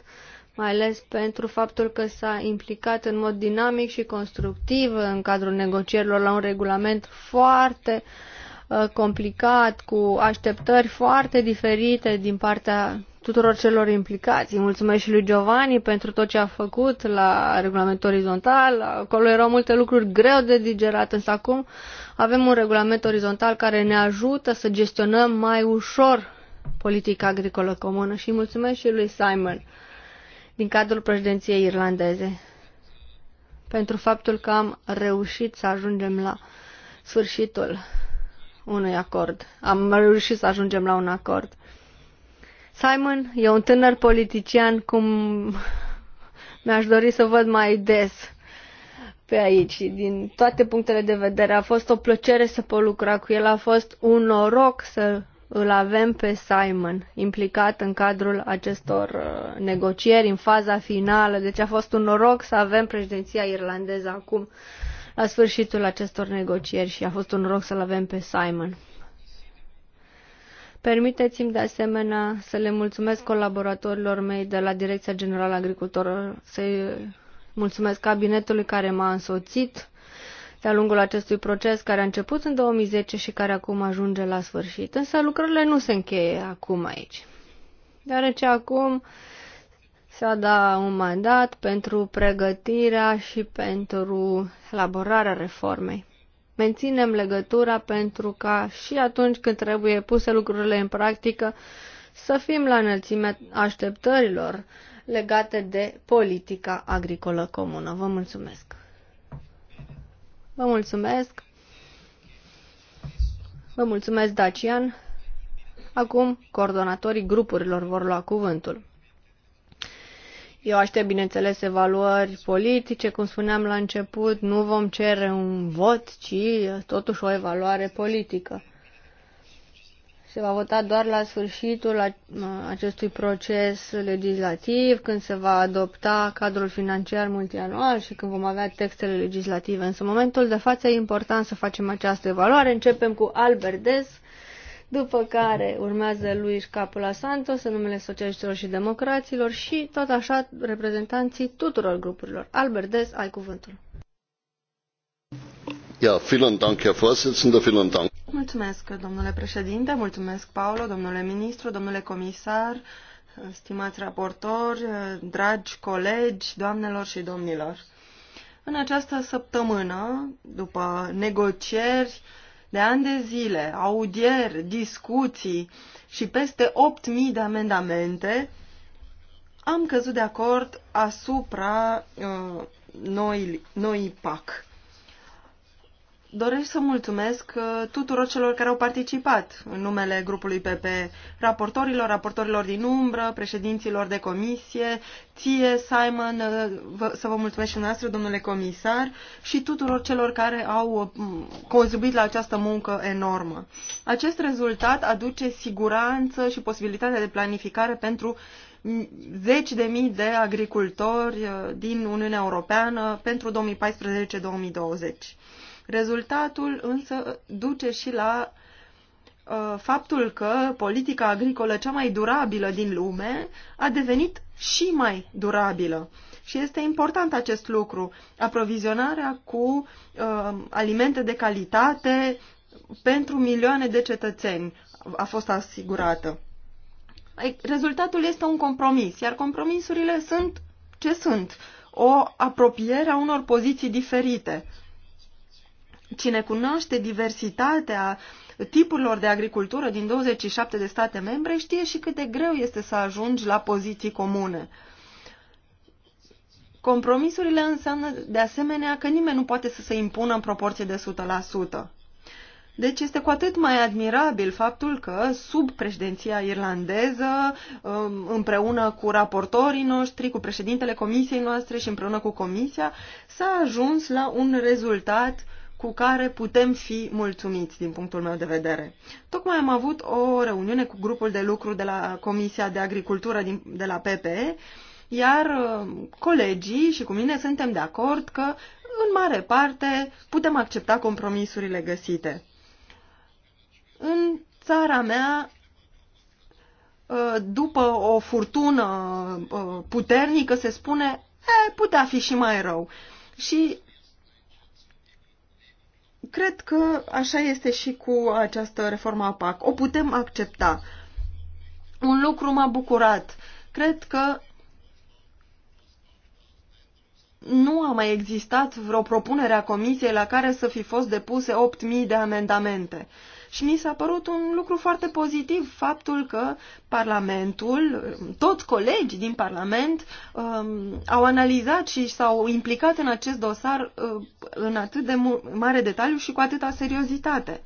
mai ales pentru faptul că s-a implicat în mod dinamic și constructiv în cadrul negocierilor la un regulament foarte uh, complicat, cu așteptări foarte diferite din partea tuturor celor implicați. Mulțumesc și lui Giovanni pentru tot ce a făcut la regulament orizontal. Acolo erau multe lucruri greu de digerat, însă acum avem un regulament orizontal care ne ajută să gestionăm mai ușor politica agricolă comună și mulțumesc și lui Simon din cadrul președinției irlandeze pentru faptul că am reușit să ajungem la sfârșitul unui acord. Am reușit să ajungem la un acord. Simon e un tânăr politician cum mi-aș dori să văd mai des pe aici. Din toate punctele de vedere a fost o plăcere să pot lucra cu el, a fost un noroc să îl avem pe Simon implicat în cadrul acestor uh, negocieri în faza finală. Deci a fost un noroc să avem președinția irlandeză acum la sfârșitul acestor negocieri și a fost un noroc să-l avem pe Simon. Permiteți-mi de asemenea să le mulțumesc colaboratorilor mei de la Direcția Generală Agricultură, să-i mulțumesc cabinetului care m-a însoțit de-a lungul acestui proces care a început în 2010 și care acum ajunge la sfârșit. Însă lucrurile nu se încheie acum aici. Deoarece acum s-a dat un mandat pentru pregătirea și pentru elaborarea reformei menținem legătura pentru ca și atunci când trebuie puse lucrurile în practică să fim la înălțimea așteptărilor legate de politica agricolă comună. Vă mulțumesc! Vă mulțumesc! Vă mulțumesc, Dacian! Acum, coordonatorii grupurilor vor lua cuvântul. Eu aștept, bineînțeles, evaluări politice. Cum spuneam la început, nu vom cere un vot, ci totuși o evaluare politică. Se va vota doar la sfârșitul acestui proces legislativ, când se va adopta cadrul financiar multianual și când vom avea textele legislative. Însă, în momentul de față, e important să facem această evaluare. Începem cu Albert Des, după care urmează Luis Capula Santos în numele socialiștilor și democraților și tot așa reprezentanții tuturor grupurilor. Albert Des, ai cuvântul. Ja, vielen Dank, Herr Vorsitzender, vielen Dank. Mulțumesc, domnule președinte, mulțumesc, Paolo, domnule ministru, domnule comisar, stimați raportori, dragi colegi, doamnelor și domnilor. În această săptămână, după negocieri, de ani de zile, audieri, discuții și peste 8.000 de amendamente, am căzut de acord asupra uh, noi, noi PAC. Doresc să mulțumesc uh, tuturor celor care au participat în numele grupului PP, raportorilor, raportorilor din umbră, președinților de comisie, ție, Simon, uh, să vă mulțumesc și noastră, domnule comisar, și tuturor celor care au uh, contribuit la această muncă enormă. Acest rezultat aduce siguranță și posibilitatea de planificare pentru zeci de mii de agricultori din Uniunea Europeană pentru 2014-2020 Rezultatul însă duce și la uh, faptul că politica agricolă cea mai durabilă din lume a devenit și mai durabilă. Și este important acest lucru, aprovizionarea cu uh, alimente de calitate pentru milioane de cetățeni a fost asigurată. Rezultatul este un compromis, iar compromisurile sunt ce sunt? O apropiere a unor poziții diferite. Cine cunoaște diversitatea tipurilor de agricultură din 27 de state membre știe și cât de greu este să ajungi la poziții comune. Compromisurile înseamnă de asemenea că nimeni nu poate să se impună în proporție de 100%. Deci este cu atât mai admirabil faptul că sub președinția irlandeză, um, împreună cu raportorii noștri, cu președintele comisiei noastre și împreună cu comisia, s-a ajuns la un rezultat cu care putem fi mulțumiți din punctul meu de vedere. Tocmai am avut o reuniune cu grupul de lucru de la Comisia de Agricultură din, de la PPE, iar uh, colegii și cu mine suntem de acord că, în mare parte, putem accepta compromisurile găsite. În țara mea, uh, după o furtună uh, puternică, se spune, e, putea fi și mai rău. Și Cred că așa este și cu această reformă a PAC. O putem accepta. Un lucru m-a bucurat. Cred că nu a mai existat vreo propunere a Comisiei la care să fi fost depuse 8.000 de amendamente și mi s-a părut un lucru foarte pozitiv faptul că Parlamentul, toți colegii din Parlament um, au analizat și s-au implicat în acest dosar uh, în atât de mare detaliu și cu atâta seriozitate.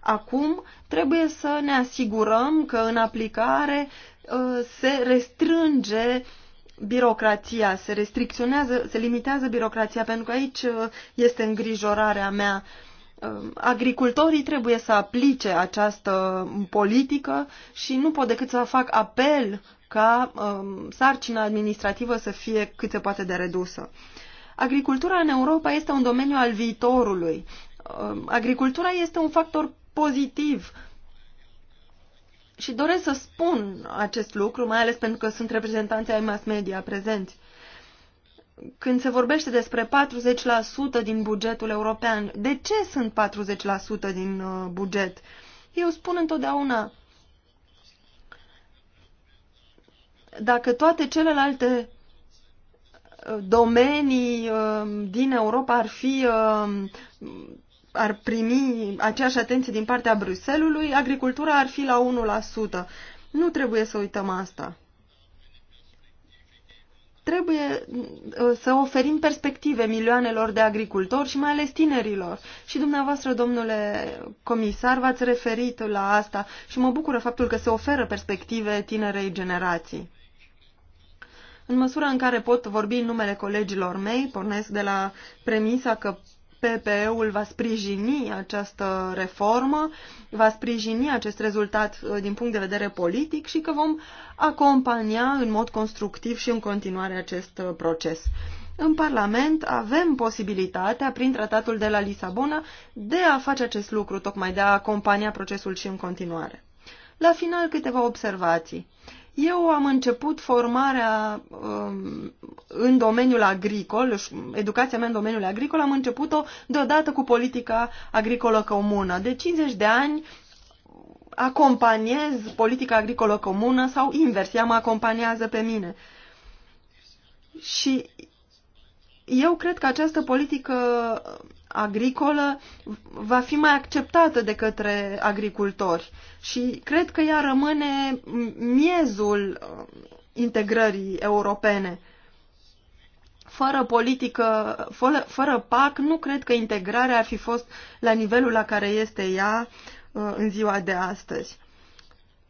Acum trebuie să ne asigurăm că în aplicare uh, se restrânge birocrația, se restricționează, se limitează birocrația, pentru că aici uh, este îngrijorarea mea. Uh, Um, agricultorii trebuie să aplice această politică și nu pot decât să fac apel ca um, sarcina administrativă să fie cât se poate de redusă. Agricultura în Europa este un domeniu al viitorului. Um, agricultura este un factor pozitiv și doresc să spun acest lucru, mai ales pentru că sunt reprezentanții ai mass media prezenți când se vorbește despre 40% din bugetul european, de ce sunt 40% din uh, buget? Eu spun întotdeauna, dacă toate celelalte uh, domenii uh, din Europa ar fi ar primi aceeași atenție din partea Bruselului, agricultura ar fi la 1%. Nu trebuie să uităm asta. Trebuie uh, să oferim perspective milioanelor de agricultori și mai ales tinerilor. Și dumneavoastră, domnule comisar, v-ați referit la asta și mă bucură faptul că se oferă perspective tinerei generații. În măsura în care pot vorbi în numele colegilor mei, pornesc de la premisa că PPE-ul va sprijini această reformă, va sprijini acest rezultat uh, din punct de vedere politic și că vom acompania în mod constructiv și în continuare acest uh, proces. În Parlament avem posibilitatea, prin tratatul de la Lisabona, de a face acest lucru, tocmai de a acompania procesul și în continuare. La final, câteva observații. Eu am început formarea um, în domeniul agricol, educația mea în domeniul agricol, am început-o deodată cu politica agricolă comună. De 50 de ani acompaniez politica agricolă comună sau invers, ea mă acompaniază pe mine. Și eu cred că această politică agricolă va fi mai acceptată de către agricultori și cred că ea rămâne miezul uh, integrării europene. Fără politică, fără, fără PAC, nu cred că integrarea ar fi fost la nivelul la care este ea uh, în ziua de astăzi.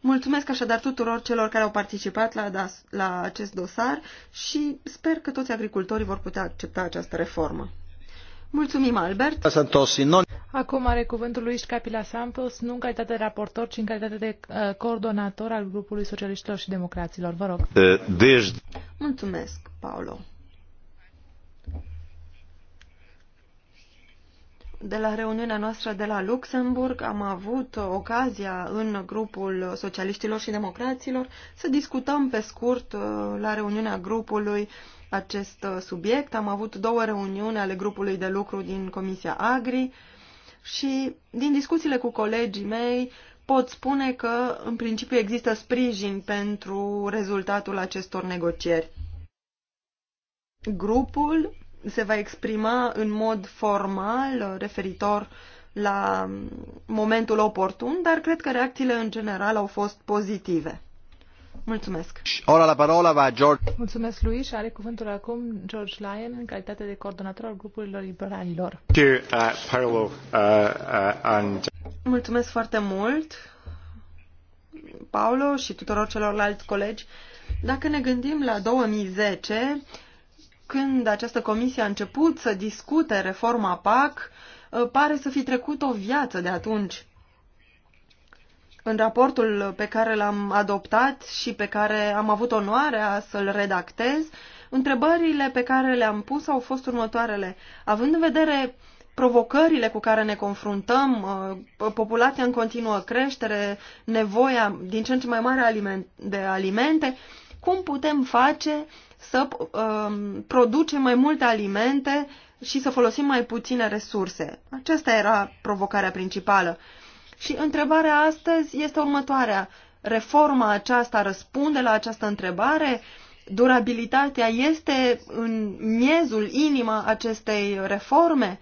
Mulțumesc așadar tuturor celor care au participat la, la acest dosar și sper că toți agricultorii vor putea accepta această reformă. Mulțumim, Albert. Santos, non... Acum are cuvântul lui Capila Santos, nu în calitate de raportor, ci în calitate de uh, coordonator al grupului socialiștilor și democraților. Vă rog. Deci... Mulțumesc, Paolo. De la reuniunea noastră de la Luxemburg am avut ocazia în grupul socialiștilor și democraților să discutăm pe scurt uh, la reuniunea grupului acest uh, subiect. Am avut două reuniuni ale grupului de lucru din Comisia Agri și din discuțiile cu colegii mei pot spune că în principiu există sprijin pentru rezultatul acestor negocieri. Grupul se va exprima în mod formal uh, referitor la momentul oportun, dar cred că reacțiile în general au fost pozitive. Mulțumesc. Ora la parola va George. Mulțumesc, lui și are cuvântul acum George Lyon în calitate de coordonator al grupurilor liberalilor. Uh, uh, uh, Mulțumesc foarte mult, Paolo și tuturor celorlalți colegi. Dacă ne gândim la 2010, când această comisie a început să discute reforma PAC, pare să fi trecut o viață de atunci. În raportul pe care l-am adoptat și pe care am avut onoarea să-l redactez, întrebările pe care le-am pus au fost următoarele. Având în vedere provocările cu care ne confruntăm, uh, populația în continuă creștere, nevoia din ce în ce mai mare de alimente, cum putem face să uh, producem mai multe alimente și să folosim mai puține resurse? Aceasta era provocarea principală. Și întrebarea astăzi este următoarea. Reforma aceasta răspunde la această întrebare? Durabilitatea este în miezul, inima acestei reforme?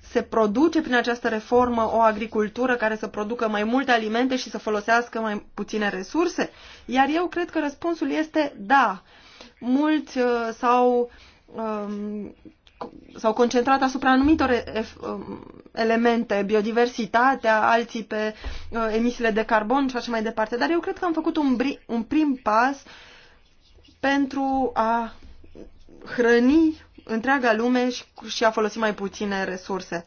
Se produce prin această reformă o agricultură care să producă mai multe alimente și să folosească mai puține resurse? Iar eu cred că răspunsul este da. Mulți uh, s-au uh, s-au concentrat asupra anumitor um, elemente, biodiversitatea, alții pe uh, emisiile de carbon și așa mai departe. Dar eu cred că am făcut un, un prim pas pentru a hrăni întreaga lume și a folosi mai puține resurse.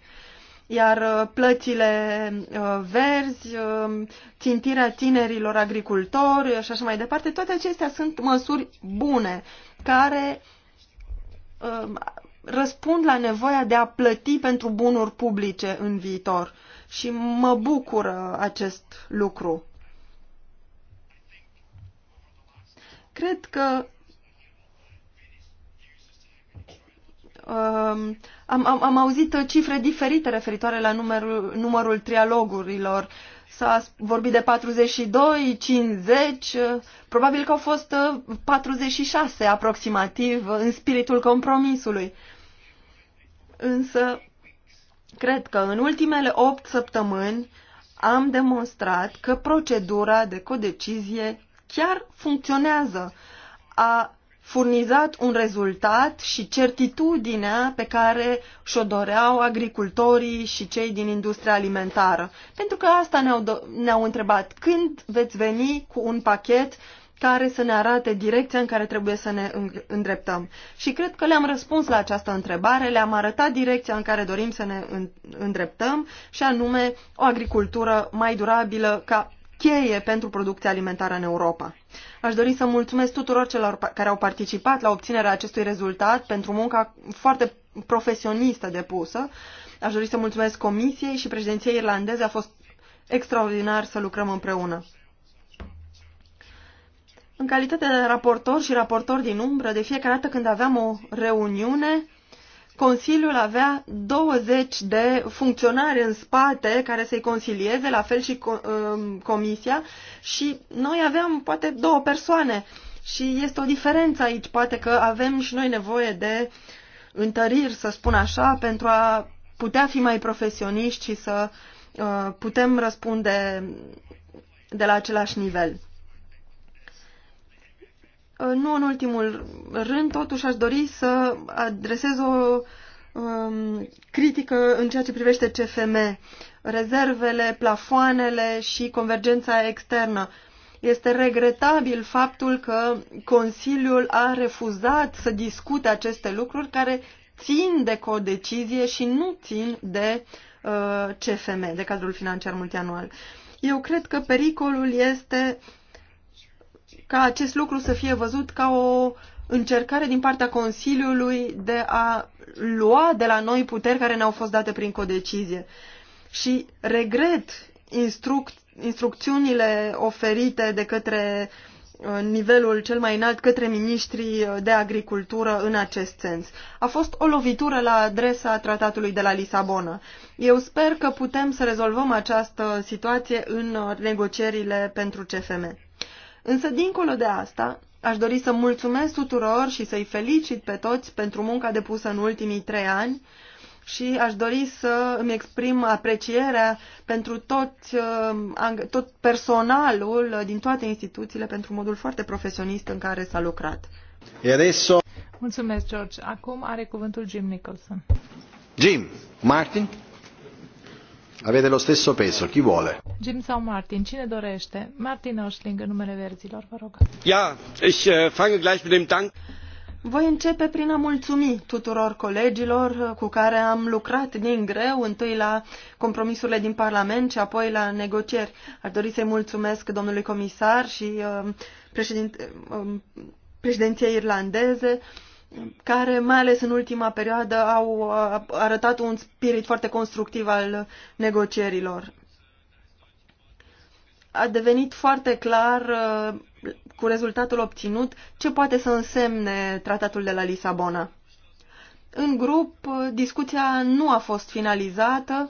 Iar uh, plățile uh, verzi, um, țintirea tinerilor agricultori și așa mai departe, toate acestea sunt măsuri bune care um, răspund la nevoia de a plăti pentru bunuri publice în viitor și mă bucură uh, acest lucru. Cred că um, am, am, am auzit uh, cifre diferite referitoare la numărul, numărul trialogurilor. S-a vorbit de 42, 50, uh, probabil că au fost 46 aproximativ în spiritul compromisului. Uh, însă cred că în ultimele opt săptămâni am demonstrat că procedura de codecizie chiar funcționează. A furnizat un rezultat și certitudinea pe care și-o doreau agricultorii și cei din industria alimentară. Pentru că asta ne-au, ne, ne -au întrebat când veți veni cu un pachet care să ne arate direcția în care trebuie să ne îndreptăm. Și cred că le-am răspuns la această întrebare, le-am arătat direcția în care dorim să ne îndreptăm și anume o agricultură mai durabilă ca cheie pentru producția alimentară în Europa. Aș dori să mulțumesc tuturor celor care au participat la obținerea acestui rezultat pentru munca foarte profesionistă depusă. Aș dori să mulțumesc Comisiei și președinției irlandeze. A fost extraordinar să lucrăm împreună. În calitate de raportor și raportor din umbră, de fiecare dată când aveam o reuniune, Consiliul avea 20 de funcționari în spate care să-i consilieze, la fel și um, comisia, și noi aveam poate două persoane. Și este o diferență aici, poate că avem și noi nevoie de întăriri, să spun așa, pentru a putea fi mai profesioniști și să uh, putem răspunde de la același nivel. Uh, nu în ultimul rând, totuși aș dori să adresez o um, critică în ceea ce privește CFM, rezervele, plafoanele și convergența externă. Este regretabil faptul că Consiliul a refuzat să discute aceste lucruri care țin de codecizie și nu țin de uh, CFM, de cadrul financiar multianual. Eu cred că pericolul este ca acest lucru să fie văzut ca o încercare din partea Consiliului de a lua de la noi puteri care ne-au fost date prin codecizie. Și regret instruc- instrucțiunile oferite de către uh, nivelul cel mai înalt către ministrii uh, de agricultură în acest sens. A fost o lovitură la adresa tratatului de la Lisabona. Eu sper că putem să rezolvăm această situație în uh, negocierile pentru CFM. Însă, dincolo de asta, aș dori să mulțumesc tuturor și să-i felicit pe toți pentru munca depusă în ultimii trei ani și aș dori să îmi exprim aprecierea pentru tot, uh, tot personalul uh, din toate instituțiile pentru modul foarte profesionist în care s-a lucrat. Adesso... Mulțumesc, George. Acum are cuvântul Jim Nicholson. Jim, Martin. Avete lo stesso peso, chi vuole? Jim sau Martin, cine dorește? Martin O'Shling, în numele verzilor, vă rog. Ja, ich uh, fange gleich mit dem Dank. Voi începe prin a mulțumi tuturor colegilor uh, cu care am lucrat din greu, întâi la compromisurile din Parlament și apoi la negocieri. Ar dori să-i mulțumesc domnului comisar și uh, președin, uh, um, președinției irlandeze, uh, care, mai ales în ultima perioadă, au arătat un spirit foarte constructiv al negocierilor. A devenit foarte clar, cu rezultatul obținut, ce poate să însemne tratatul de la Lisabona. În grup, discuția nu a fost finalizată.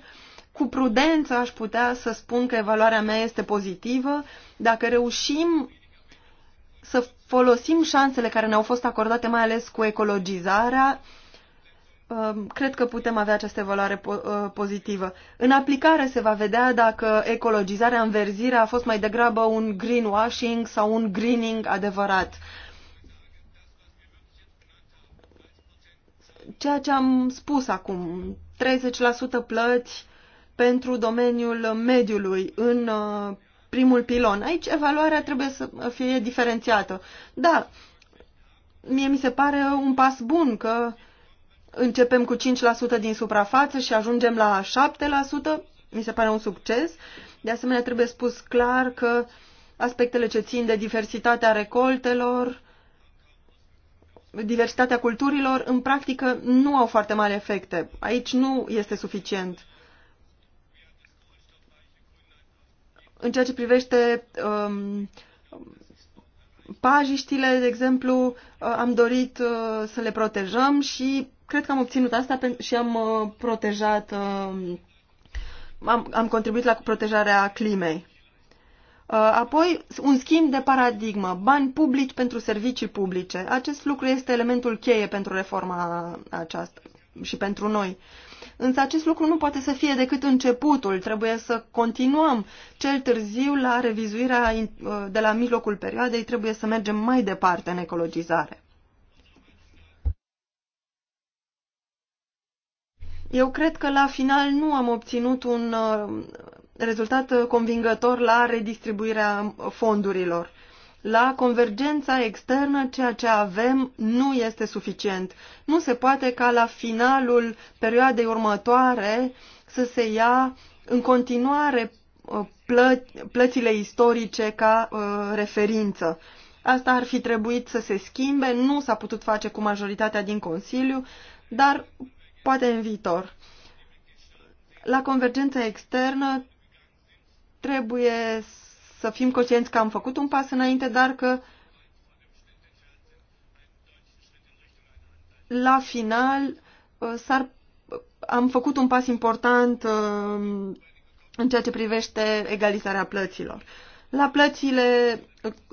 Cu prudență aș putea să spun că evaluarea mea este pozitivă. Dacă reușim să folosim șansele care ne-au fost acordate, mai ales cu ecologizarea, um, cred că putem avea această evaluare uh, pozitivă. În aplicare se va vedea dacă ecologizarea, înverzirea a fost mai degrabă un greenwashing sau un greening adevărat. Ceea ce am spus acum, 30% plăți pentru domeniul mediului în uh, primul pilon. Aici evaluarea trebuie să fie diferențiată. Da, mie mi se pare un pas bun că începem cu 5% din suprafață și ajungem la 7%. Mi se pare un succes. De asemenea, trebuie spus clar că aspectele ce țin de diversitatea recoltelor, diversitatea culturilor, în practică nu au foarte mari efecte. Aici nu este suficient. În ceea ce privește um, pajiștile, de exemplu, uh, am dorit uh, să le protejăm și cred că am obținut asta și am uh, protejat, uh, am, am contribuit la protejarea climei. Uh, apoi, un schimb de paradigmă, bani publici pentru servicii publice. Acest lucru este elementul cheie pentru reforma aceasta și pentru noi. Însă acest lucru nu poate să fie decât începutul. Trebuie să continuăm cel târziu la revizuirea uh, de la mijlocul perioadei. Trebuie să mergem mai departe în ecologizare. Eu cred că la final nu am obținut un uh, rezultat convingător la redistribuirea fondurilor la convergența externă, ceea ce avem nu este suficient. Nu se poate ca la finalul perioadei următoare să se ia în continuare uh, plă plățile istorice ca uh, referință. Asta ar fi trebuit să se schimbe, nu s-a putut face cu majoritatea din Consiliu, dar poate în viitor. La convergența externă trebuie să fim conștienți că am făcut un pas înainte, dar că la final uh, s-ar, am făcut un pas important uh, în ceea ce privește egalizarea plăților. La plățile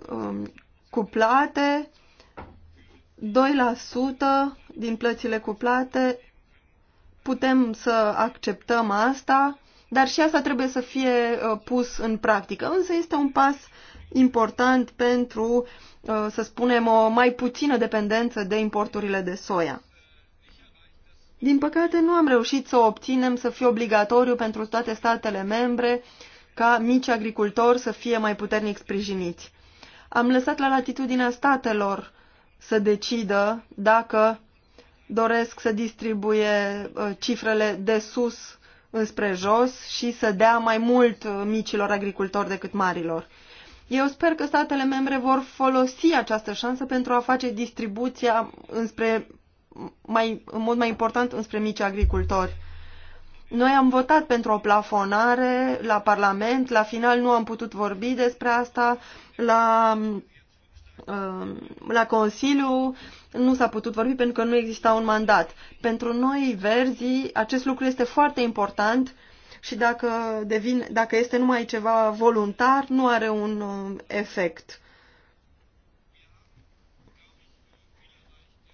um, cuplate, 2% din plățile cuplate, putem să acceptăm asta dar și asta trebuie să fie uh, pus în practică. Însă este un pas important pentru, uh, să spunem, o mai puțină dependență de importurile de soia. Din păcate, nu am reușit să obținem să fie obligatoriu pentru toate statele membre ca mici agricultori să fie mai puternic sprijiniți. Am lăsat la latitudinea statelor să decidă dacă doresc să distribuie uh, cifrele de sus spre jos și să dea mai mult uh, micilor agricultori decât marilor. Eu sper că statele membre vor folosi această șansă pentru a face distribuția înspre mai, în mod mai important înspre mici agricultori. Noi am votat pentru o plafonare la Parlament, la final nu am putut vorbi despre asta, la Um, la Consiliu nu s-a putut vorbi pentru că nu exista un mandat. Pentru noi, verzii, acest lucru este foarte important și dacă, devin, dacă este numai ceva voluntar, nu are un um, efect.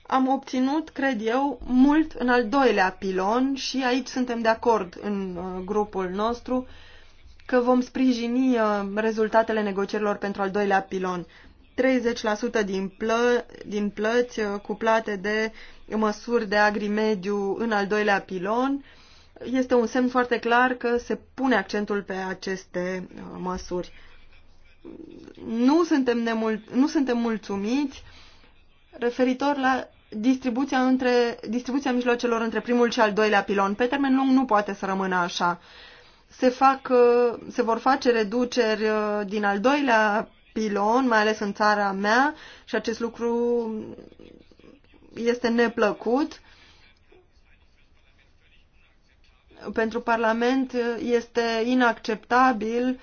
Am obținut, cred eu, mult în al doilea pilon și aici suntem de acord în uh, grupul nostru că vom sprijini uh, rezultatele negocierilor pentru al doilea pilon 30% din, plă, din plăți uh, cuplate de măsuri de agrimediu în al doilea pilon, este un semn foarte clar că se pune accentul pe aceste uh, măsuri. Nu suntem, nemul, nu suntem mulțumiți referitor la distribuția, între, distribuția mijlocelor între primul și al doilea pilon. Pe termen lung nu poate să rămână așa. Se, fac, uh, se vor face reduceri din al doilea pilon, mai ales în țara mea, și acest lucru este neplăcut. Pentru Parlament este inacceptabil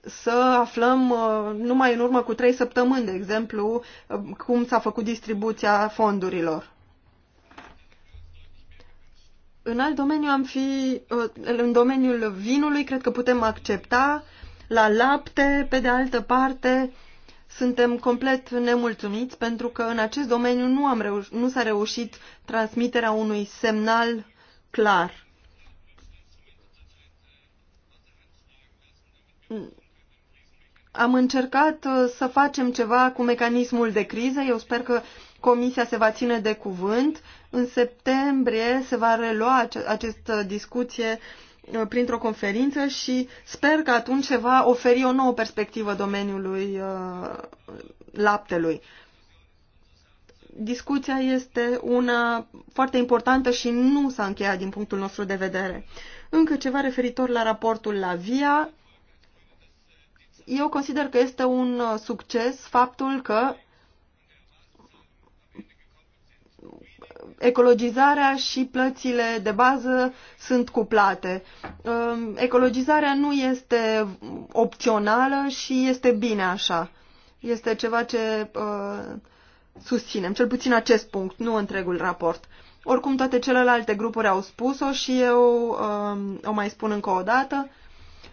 să aflăm uh, numai în urmă cu trei săptămâni, de exemplu, uh, cum s-a făcut distribuția fondurilor. În alt domeniu am fi, uh, în domeniul vinului, cred că putem accepta, la lapte, pe de altă parte, suntem complet nemulțumiți pentru că în acest domeniu nu, am reuș- nu s-a reușit transmiterea unui semnal clar. Am încercat uh, să facem ceva cu mecanismul de criză. Eu sper că Comisia se va ține de cuvânt în septembrie se va relua această discuție uh, printr-o conferință și sper că atunci se va oferi o nouă perspectivă domeniului uh, laptelui. Discuția este una foarte importantă și nu s-a încheiat din punctul nostru de vedere. Încă ceva referitor la raportul la VIA. Eu consider că este un uh, succes faptul că ecologizarea și plățile de bază sunt cuplate. Um, ecologizarea nu este opțională și este bine așa. Este ceva ce uh, susținem, cel puțin acest punct, nu întregul raport. Oricum, toate celelalte grupuri au spus-o și eu uh, o mai spun încă o dată.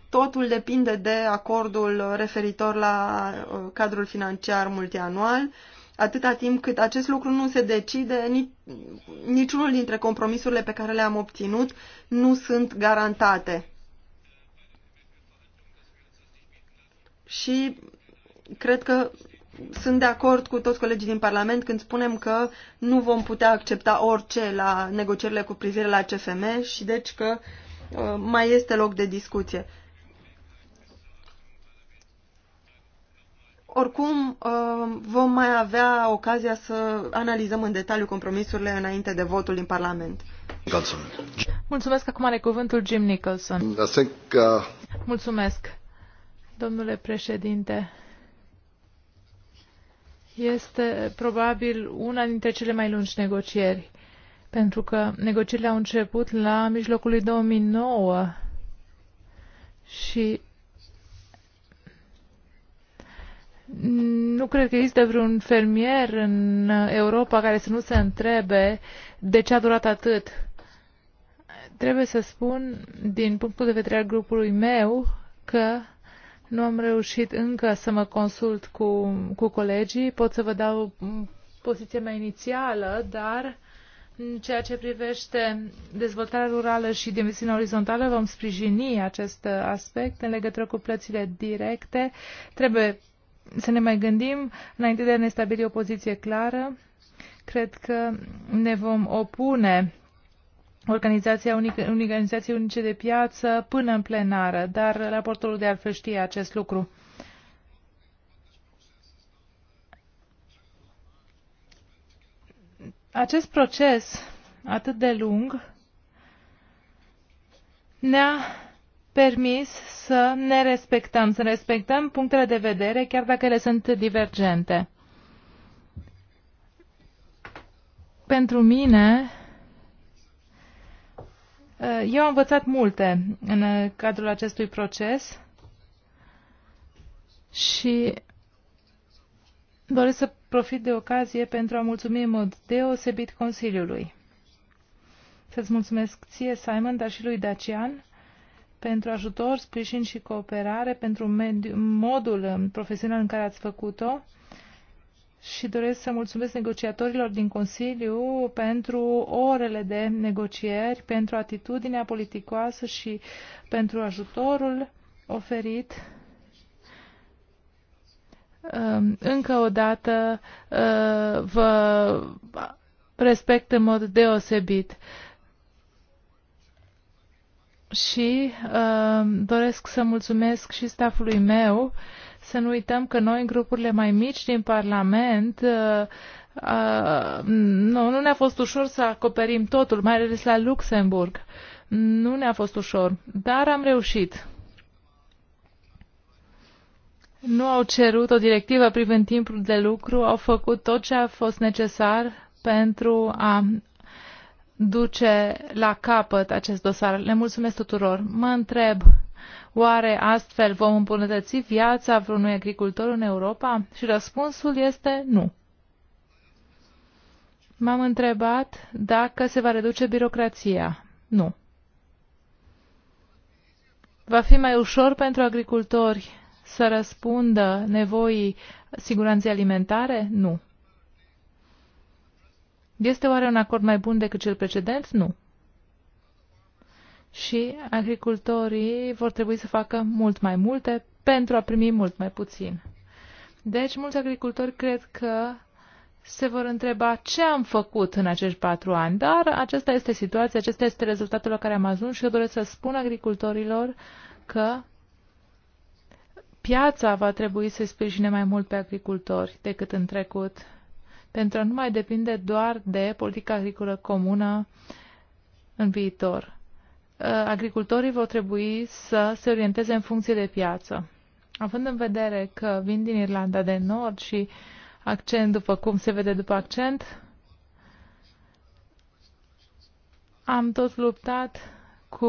Totul depinde de acordul referitor la uh, cadrul financiar multianual. Uh, atâta timp cât acest lucru nu se decide, nici, niciunul dintre compromisurile pe care le-am obținut nu sunt garantate. Și cred că sunt de acord cu toți colegii din Parlament când spunem că nu vom putea accepta orice la negocierile cu privire la CFM și deci că uh, mai este loc de discuție. Oricum, uh, vom mai avea ocazia să analizăm în detaliu compromisurile înainte de votul din Parlament. Nicholson. Mulțumesc. Acum are cuvântul Jim Nicholson. Uh, Mulțumesc, domnule președinte. Este probabil una dintre cele mai lungi negocieri, pentru că negocierile au început la mijlocul lui 2009 și Nu cred că există vreun fermier în Europa care să nu se întrebe de ce a durat atât. Trebuie să spun, din punctul de vedere al grupului meu, că nu am reușit încă să mă consult cu, cu colegii. Pot să vă dau poziția mea inițială, dar în ceea ce privește dezvoltarea rurală și dimensiunea orizontală, vom sprijini acest aspect în legătură cu plățile directe. Trebuie să ne mai gândim înainte de a ne stabili o poziție clară. Cred că ne vom opune Organizația unică, Organizației Unice de Piață până în plenară, dar raportorul de altfel știe acest lucru. Acest proces atât de lung ne-a permis să ne respectăm, să respectăm punctele de vedere, chiar dacă ele sunt divergente. Pentru mine, eh, eu am învățat multe în eh, cadrul acestui proces și doresc să profit de ocazie pentru a mulțumi în mod deosebit Consiliului. Să-ți mulțumesc ție, Simon, dar și lui Dacian, pentru ajutor, sprijin și cooperare, pentru modul um, profesional în care ați făcut-o și doresc să mulțumesc negociatorilor din Consiliu pentru orele de negocieri, pentru atitudinea politicoasă și pentru ajutorul oferit um, încă o dată uh, vă respect în mod deosebit și uh, doresc să mulțumesc și stafului meu. Să nu uităm că noi, în grupurile mai mici din Parlament, uh, uh, nu, nu ne-a fost ușor să acoperim totul, mai ales la Luxemburg. Nu ne-a fost ușor, dar am reușit. Nu au cerut o directivă privind timpul de lucru, au făcut tot ce a fost necesar pentru a duce la capăt acest dosar. Le mulțumesc tuturor. Mă întreb, oare astfel vom îmbunătăți viața vreunui agricultor în Europa? Și răspunsul este nu. M-am întrebat dacă se va reduce birocrația. Nu. Va fi mai ușor pentru agricultori să răspundă nevoii siguranței alimentare? Nu. Este oare un acord mai bun decât cel precedent? Nu. Și agricultorii vor trebui să facă mult mai multe pentru a primi mult mai puțin. Deci, mulți agricultori cred că se vor întreba ce am făcut în acești patru ani, dar aceasta este situația, acesta este rezultatul la care am ajuns și eu doresc să spun agricultorilor că piața va trebui să sprijine mai mult pe agricultori decât în trecut pentru a nu mai depinde doar de politica agricolă comună în viitor. Uh, agricultorii vor trebui să se orienteze în funcție de piață. Având în vedere că vin din Irlanda de Nord și accent, după cum se vede după accent, am tot luptat cu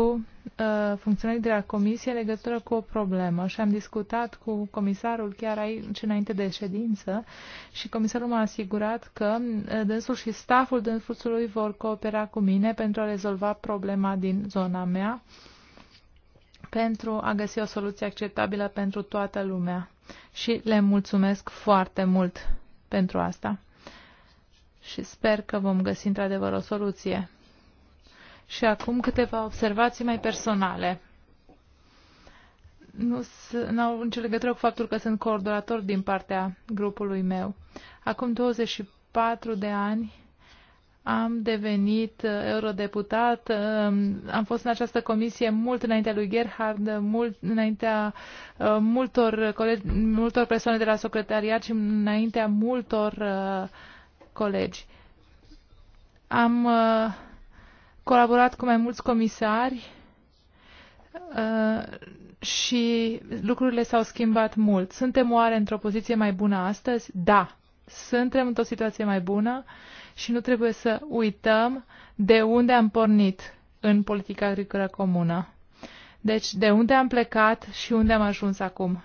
uh, funcționarii de la comisie în legătură cu o problemă și am discutat cu comisarul chiar aici înainte de ședință și comisarul m-a asigurat că uh, dânsul și staful dânsului vor coopera cu mine pentru a rezolva problema din zona mea pentru a găsi o soluție acceptabilă pentru toată lumea și le mulțumesc foarte mult pentru asta și sper că vom găsi într-adevăr o soluție. Și acum câteva observații mai personale. Nu au nicio legătură cu faptul că sunt coordonator din partea grupului meu. Acum 24 de ani am devenit uh, eurodeputat, um, am fost în această comisie mult înaintea lui Gerhard, mult înaintea uh, multor, colegi, multor persoane de la secretariat și înaintea multor uh, colegi. Am uh, colaborat cu mai mulți comisari uh, și lucrurile s-au schimbat mult. Suntem oare într-o poziție mai bună astăzi? Da, suntem într-o situație mai bună și nu trebuie să uităm de unde am pornit în politica agricolă comună. Deci, de unde am plecat și unde am ajuns acum.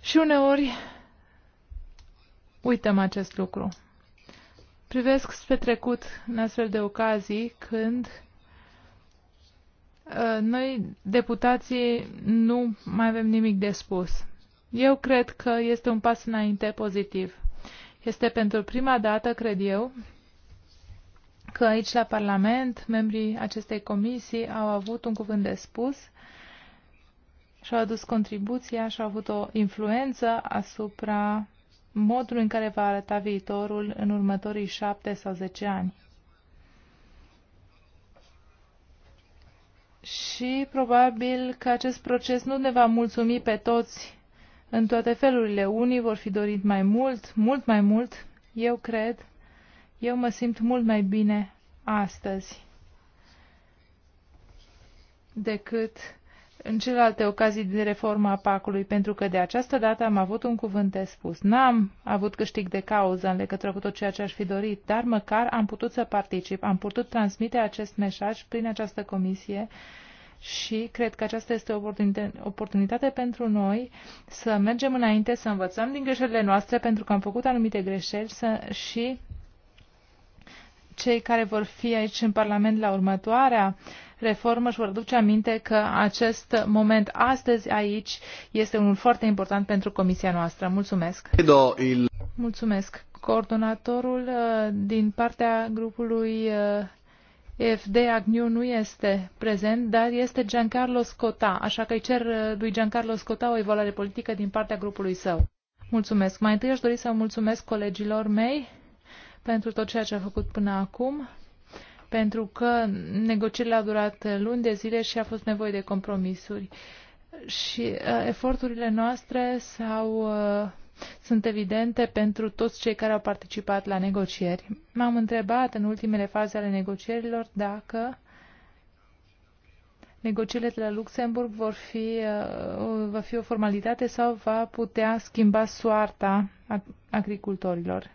Și uneori uităm acest lucru. Privesc spre trecut în astfel de ocazii când uh, noi, deputații, nu mai avem nimic de spus. Eu cred că este un pas înainte pozitiv. Este pentru prima dată, cred eu, că aici la Parlament membrii acestei comisii au avut un cuvânt de spus și-au adus contribuția și-au avut o influență asupra modul în care va arăta viitorul în următorii șapte sau zece ani. Și probabil că acest proces nu ne va mulțumi pe toți în toate felurile. Unii vor fi dorit mai mult, mult mai mult. Eu cred, eu mă simt mult mai bine astăzi decât în celelalte ocazii din reforma PAC-ului, pentru că de această dată am avut un cuvânt de spus. N-am avut câștig de cauză în legătură cu tot ceea ce aș fi dorit, dar măcar am putut să particip, am putut transmite acest mesaj prin această comisie și cred că aceasta este o oportunitate pentru noi să mergem înainte, să învățăm din greșelile noastre, pentru că am făcut anumite greșeli să, și cei care vor fi aici în Parlament la următoarea uh, reformă și vor aduce aminte că acest moment astăzi aici este unul foarte important pentru comisia noastră. Mulțumesc! Mulțumesc! Coordonatorul uh, din partea grupului EFD uh, Agniu nu este prezent, dar este Giancarlo Scotta, așa că îi cer uh, lui Giancarlo Scotta o evaluare politică din partea grupului său. Mulțumesc. Mai întâi aș dori să mulțumesc colegilor mei pentru tot ceea ce a făcut până acum pentru că negocierile au durat luni de zile și a fost nevoie de compromisuri. Și uh, eforturile noastre s-au, uh, sunt evidente pentru toți cei care au participat la negocieri. M-am întrebat în ultimele faze ale negocierilor dacă negocierile de la Luxemburg vor fi, uh, va fi o formalitate sau va putea schimba soarta agricultorilor.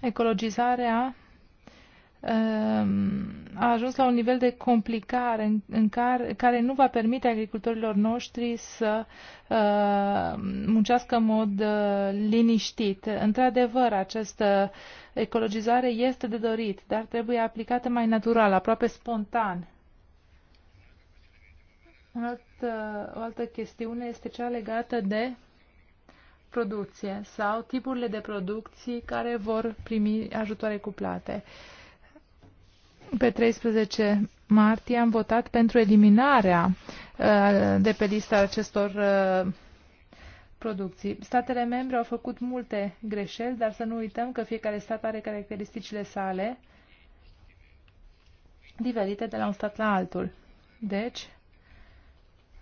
ecologizarea ehm, a ajuns la un nivel de complicare în, în care, care nu va permite agricultorilor noștri să uh, muncească în mod uh, liniștit. Într-adevăr, această ecologizare este de dorit, dar trebuie aplicată mai natural, aproape spontan. Un alt, eh, o altă chestiune este cea legată de producție sau tipurile de producții care vor primi ajutoare cuplate. Pe 13 martie am votat pentru eliminarea uh, de pe lista acestor uh, producții. Statele membre au făcut multe greșeli, dar să nu uităm că fiecare stat are caracteristicile sale diferite de la un stat la altul. Deci,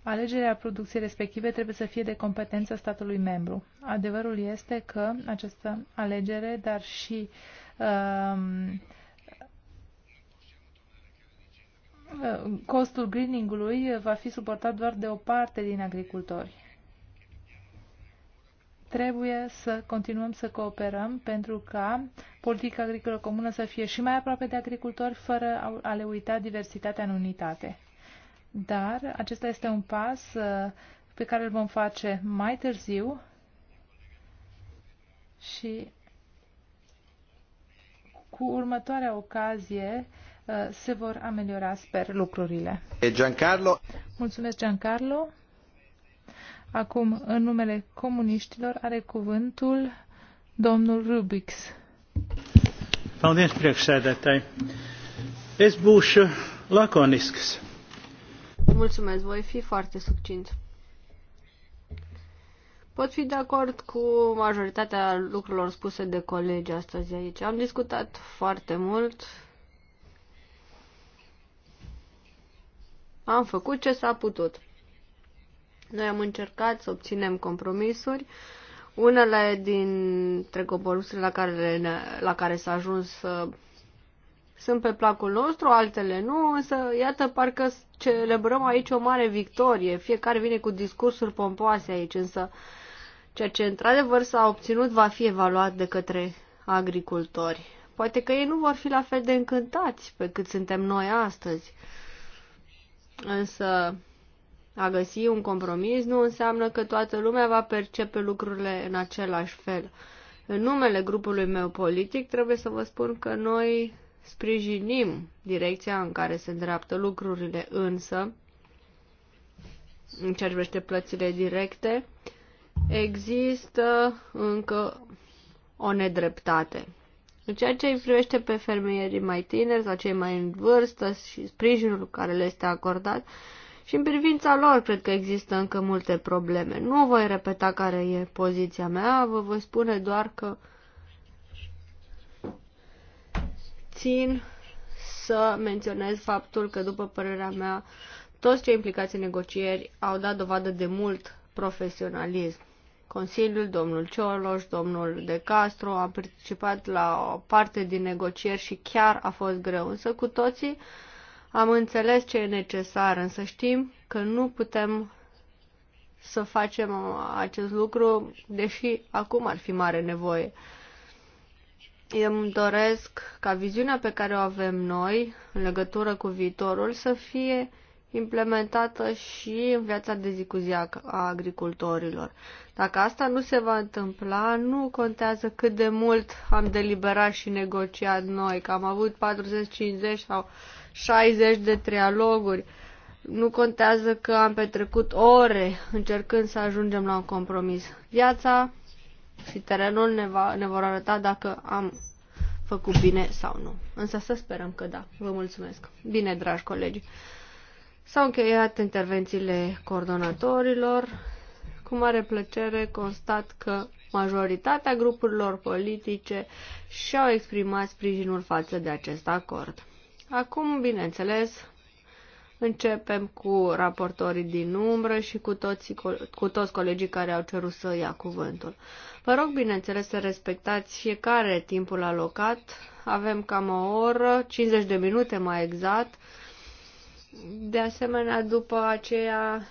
Alegerea producției respective trebuie să fie de competența statului membru. Adevărul este că această alegere, dar și um, uh, costul greening-ului va fi suportat doar de o parte din agricultori. Trebuie să continuăm să cooperăm pentru ca politica agricolă comună să fie și mai aproape de agricultori fără a le uita diversitatea în unitate dar acesta este un pas uh, pe care îl vom face mai târziu și cu următoarea ocazie uh, se vor ameliora, sper, lucrurile. Giancarlo. Mulțumesc, Giancarlo. Acum, în numele comuniștilor, are cuvântul domnul Rubix. Paldies, priekšsēdētāji. Es būšu lakonisks. Mulțumesc, voi fi foarte succint. Pot fi de acord cu majoritatea lucrurilor spuse de colegi astăzi aici. Am discutat foarte mult. Am făcut ce s-a putut. Noi am încercat să obținem compromisuri. Unele dintre coborusele la care, la care s-a ajuns uh, sunt pe placul nostru, altele nu, însă iată parcă celebrăm aici o mare victorie. Fiecare vine cu discursuri pompoase aici, însă ceea ce într-adevăr s-a obținut va fi evaluat de către agricultori. Poate că ei nu vor fi la fel de încântați pe cât suntem noi astăzi. Însă a găsi un compromis nu înseamnă că toată lumea va percepe lucrurile în același fel. În numele grupului meu politic trebuie să vă spun că noi Sprijinim direcția în care se îndreaptă lucrurile, însă, în ceea ce privește plățile directe, există încă o nedreptate. În ceea ce îi privește pe fermierii mai tineri sau cei mai în vârstă și sprijinul care le este acordat, și în privința lor cred că există încă multe probleme. Nu voi repeta care e poziția mea, vă voi spune doar că țin să menționez faptul că, după părerea mea, toți cei implicați în negocieri au dat dovadă de mult profesionalism. Consiliul, domnul Cioloș, domnul De Castro a participat la o parte din negocieri și chiar a fost greu, însă cu toții am înțeles ce e necesar, însă știm că nu putem să facem acest lucru, deși acum ar fi mare nevoie îmi doresc ca viziunea pe care o avem noi în legătură cu viitorul să fie implementată și în viața de zi cu zi a agricultorilor. Dacă asta nu se va întâmpla, nu contează cât de mult am deliberat și negociat noi, că am avut 40, 50 sau 60 de trialoguri. Nu contează că am petrecut ore încercând să ajungem la un compromis. Viața și terenul ne, va, ne vor arăta dacă am făcut bine sau nu. Însă să sperăm că da. Vă mulțumesc. Bine, dragi colegi. S-au încheiat intervențiile coordonatorilor. Cu mare plăcere constat că majoritatea grupurilor politice și-au exprimat sprijinul față de acest acord. Acum, bineînțeles, Începem cu raportorii din umbră și cu, toți, cu toți colegii care au cerut să ia cuvântul. Vă rog, bineînțeles, să respectați fiecare timpul alocat. Avem cam o oră, 50 de minute mai exact. De asemenea, după aceea,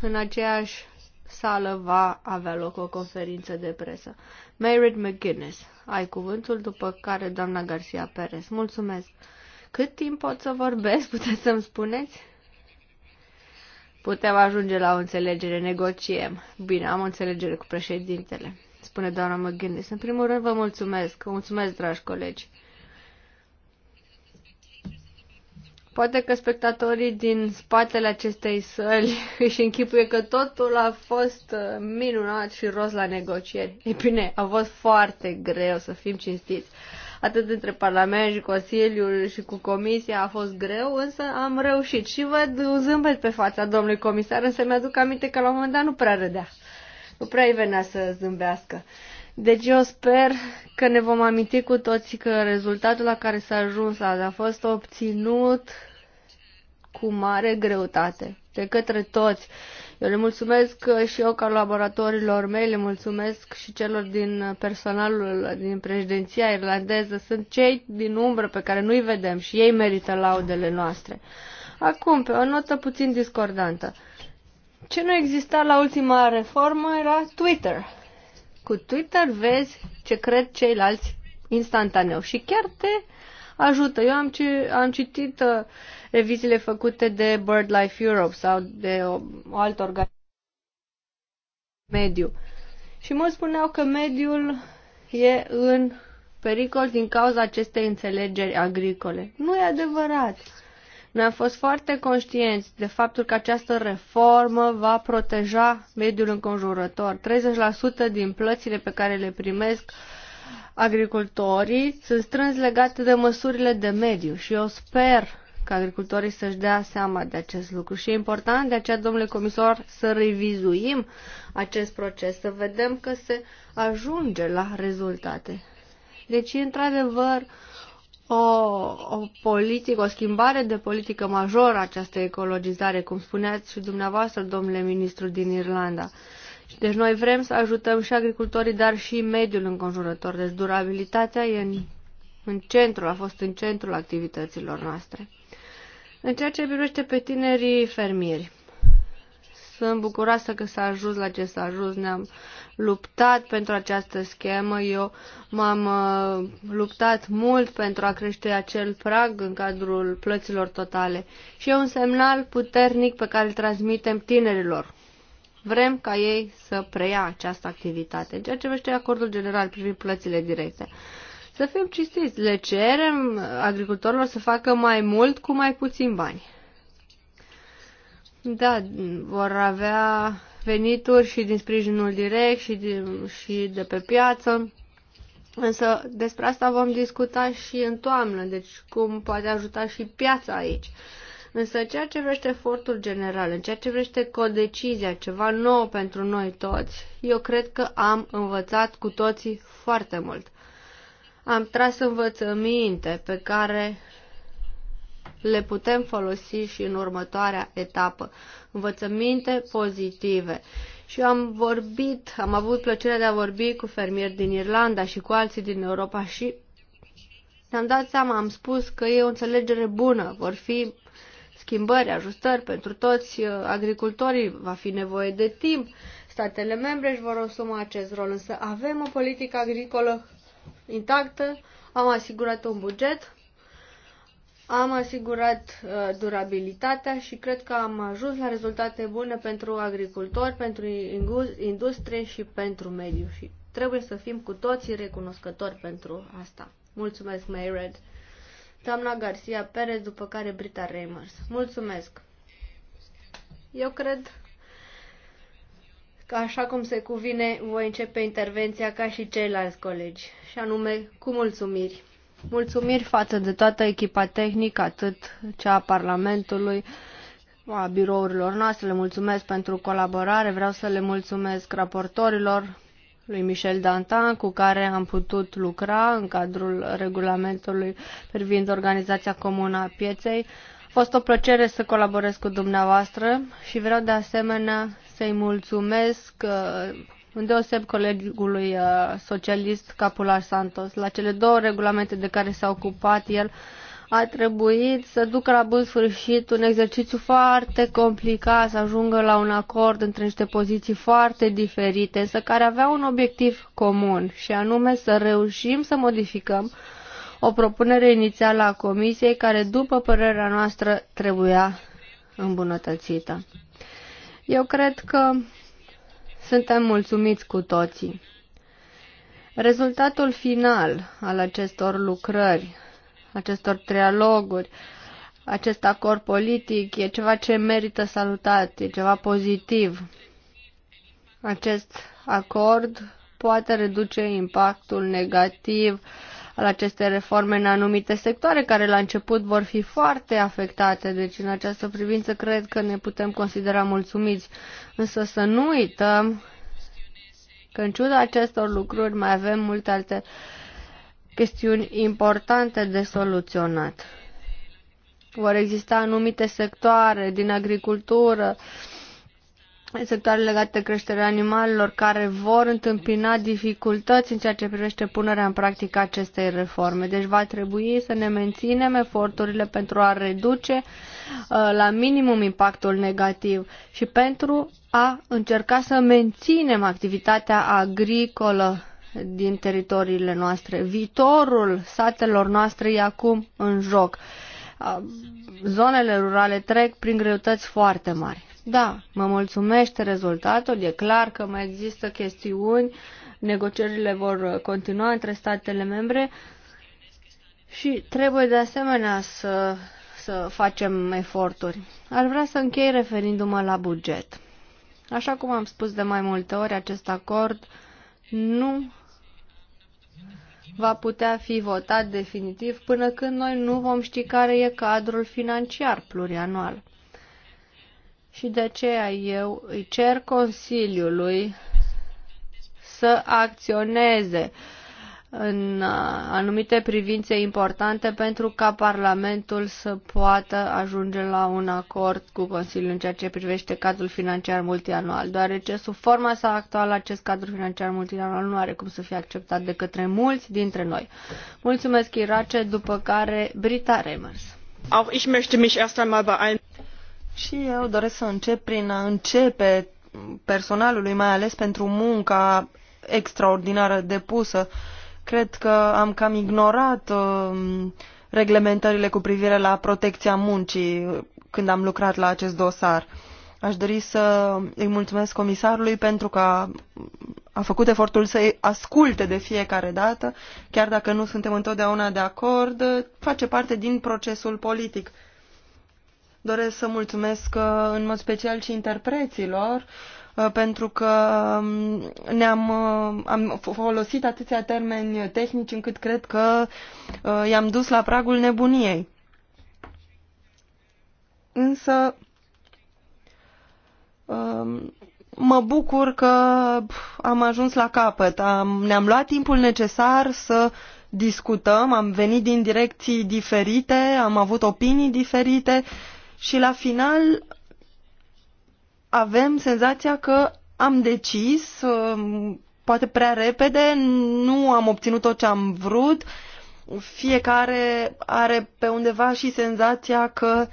în aceeași sală va avea loc o conferință de presă. Merit McGuinness, ai cuvântul, după care doamna Garcia Perez. Mulțumesc! Cât timp pot să vorbesc, puteți să-mi spuneți? putem ajunge la o înțelegere, negociem. Bine, am o înțelegere cu președintele, spune doamna McGinnis, În primul rând vă mulțumesc, mulțumesc, dragi colegi. Poate că spectatorii din spatele acestei săli își închipuie că totul a fost uh, minunat și rost la negocieri. Ei bine, a fost foarte greu să fim cinstiți atât între Parlament și Consiliul și cu Comisia a fost greu, însă am reușit și văd un zâmbet pe fața domnului comisar, însă mi-aduc aminte că la un moment dat nu prea râdea, nu prea îi venea să zâmbească. Deci eu sper că ne vom aminti cu toții că rezultatul la care s-a ajuns a a fost obținut cu mare greutate de către toți eu le mulțumesc uh, și eu colaboratorilor mei, le mulțumesc și celor din uh, personalul uh, din președinția irlandeză. Sunt cei din umbră pe care nu-i vedem și ei merită laudele noastre. Acum, pe o notă puțin discordantă. Ce nu exista la ultima reformă era Twitter. Cu Twitter vezi ce cred ceilalți instantaneu și chiar te ajută. Eu am, ci, am citit uh, revizile făcute de BirdLife Europe sau de o, o altă organizație mediu. Și mulți spuneau că mediul e în pericol din cauza acestei înțelegeri agricole. Nu e adevărat. Noi am fost foarte conștienți de faptul că această reformă va proteja mediul înconjurător. 30% din plățile pe care le primesc uh, agricultorii sunt strâns legate de măsurile de mediu și eu sper că agricultorii să-și dea seama de acest lucru. Și e important de aceea, domnule comisar, să revizuim acest proces, să vedem că se ajunge la rezultate. Deci, într-adevăr, o, o politică, o schimbare de politică majoră această ecologizare, cum spuneați și dumneavoastră, domnule ministru din Irlanda. Deci noi vrem să ajutăm și agricultorii, dar și mediul înconjurător. Deci durabilitatea e în, în centrul, a fost în centrul activităților noastre. În ceea ce privește pe tinerii fermieri, sunt bucuroasă că s-a ajuns la ce s-a ajuns. Ne-am luptat pentru această schemă. Eu m-am uh, luptat mult pentru a crește acel prag în cadrul plăților totale. Și e un semnal puternic pe care îl transmitem tinerilor vrem ca ei să preia această activitate. ceea ce vește acordul general privind plățile directe. Să fim cistiți, le cerem agricultorilor să facă mai mult cu mai puțin bani. Da, vor avea venituri și din sprijinul direct și de, și de pe piață. Însă despre asta vom discuta și în toamnă, deci cum poate ajuta și piața aici. Însă ceea ce vrește efortul general, în ceea ce vrește codecizia, ceva nou pentru noi toți, eu cred că am învățat cu toții foarte mult. Am tras învățăminte pe care le putem folosi și în următoarea etapă. Învățăminte pozitive. Și am vorbit, am avut plăcerea de a vorbi cu fermieri din Irlanda și cu alții din Europa și ne-am dat seama, am spus că e o înțelegere bună, vor fi schimbări, ajustări pentru toți uh, agricultorii, va fi nevoie de timp. Statele membre își vor asuma acest rol, însă avem o politică agricolă intactă, am asigurat un buget, am asigurat uh, durabilitatea și cred că am ajuns la rezultate bune pentru agricultori, pentru industrie și pentru mediu și trebuie să fim cu toții recunoscători pentru asta. Mulțumesc, Mayred! doamna Garcia Perez, după care Brita Reimers. Mulțumesc! Eu cred că așa cum se cuvine, voi începe intervenția ca și ceilalți colegi, și anume cu mulțumiri. Mulțumiri față de toată echipa tehnică, atât cea a Parlamentului, a birourilor noastre, le mulțumesc pentru colaborare, vreau să le mulțumesc raportorilor, lui Michel Dantin, cu care am putut lucra în cadrul regulamentului privind organizația comună a pieței. A fost o plăcere să colaborez cu dumneavoastră și vreau de asemenea să-i mulțumesc uh, îndeoseb colegului uh, socialist Capular Santos. La cele două regulamente de care s-a ocupat el, a trebuit să ducă la bun sfârșit un exercițiu foarte complicat, să ajungă la un acord între niște poziții foarte diferite, însă care avea un obiectiv comun și anume să reușim să modificăm o propunere inițială a Comisiei care, după părerea noastră, trebuia îmbunătățită. Eu cred că suntem mulțumiți cu toții. Rezultatul final al acestor lucrări acestor trialoguri, acest acord politic, e ceva ce merită salutat, e ceva pozitiv. Acest acord poate reduce impactul negativ al acestei reforme în anumite sectoare care la început vor fi foarte afectate. Deci în această privință cred că ne putem considera mulțumiți. Însă să nu uităm că în ciuda acestor lucruri mai avem multe alte uh, chestiuni importante de soluționat. Vor exista anumite sectoare din agricultură, sectoare legate de creșterea animalelor, care vor întâmpina dificultăți în ceea ce privește punerea în practică acestei reforme. Deci va trebui să ne menținem eforturile pentru a reduce uh, la minimum impactul negativ și pentru a încerca să menținem activitatea agricolă din teritoriile noastre. Viitorul satelor noastre e acum în joc. Zonele rurale trec prin greutăți foarte mari. Da, mă mulțumește rezultatul, e clar că mai există chestiuni, negocierile vor continua între statele membre și trebuie de asemenea să, să facem eforturi. Ar vrea să închei referindu-mă la buget. Așa cum am spus de mai multe ori, acest acord nu va putea fi votat definitiv până când noi nu vom ști care e cadrul financiar plurianual. Și de aceea eu îi cer Consiliului să acționeze uh, în uh, anumite privințe importante pentru ca Parlamentul să poată ajunge la un acord cu Consiliul în ceea ce privește cadrul financiar multianual, deoarece sub forma sa actuală acest cadru financiar multianual nu are cum să fie acceptat de către mulți dintre noi. Mulțumesc, Irace, după care Brita Remers. Auch ich möchte mich erst einmal bei allen și eu doresc să încep prin a începe personalului, mai ales pentru munca extraordinară depusă Cred că am cam ignorat uh, reglementările cu privire la protecția muncii când am lucrat la acest dosar. Aș dori să îi mulțumesc comisarului pentru că a, făcut efortul să asculte de fiecare dată, chiar dacă nu suntem întotdeauna de acord, face parte din procesul politic. Doresc să mulțumesc uh, în mod special și interpreților Uh, pentru că um, ne-am uh, am folosit atâția termeni tehnici încât cred că uh, i-am dus la pragul nebuniei. Însă um, mă bucur că am ajuns la capăt. Am, ne-am luat timpul necesar să discutăm, am venit din direcții diferite, am avut opinii diferite și la final avem senzația că am decis, um, poate prea repede, nu am obținut tot ce am vrut, fiecare are pe undeva și senzația că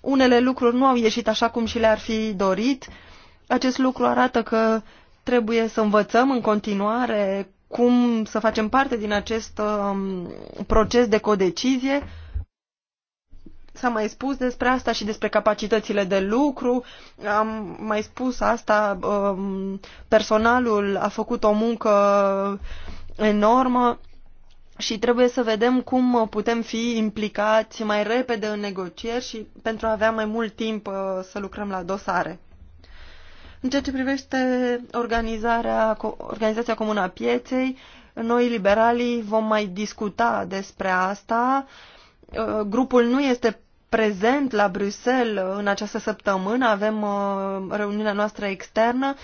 unele lucruri nu au ieșit așa cum și le-ar fi dorit. Acest lucru arată că trebuie să învățăm în continuare cum să facem parte din acest um, proces de codecizie S-a mai spus despre asta și despre capacitățile de lucru. Am mai spus asta. Um, personalul a făcut o muncă enormă și trebuie să vedem cum putem fi implicați mai repede în negocieri și pentru a avea mai mult timp uh, să lucrăm la dosare. În ceea ce privește organizarea, Organizația Comună a Pieței, noi liberalii vom mai discuta despre asta. Uh, grupul nu este prezent la Bruxelles în această săptămână, avem uh, reuniunea noastră externă,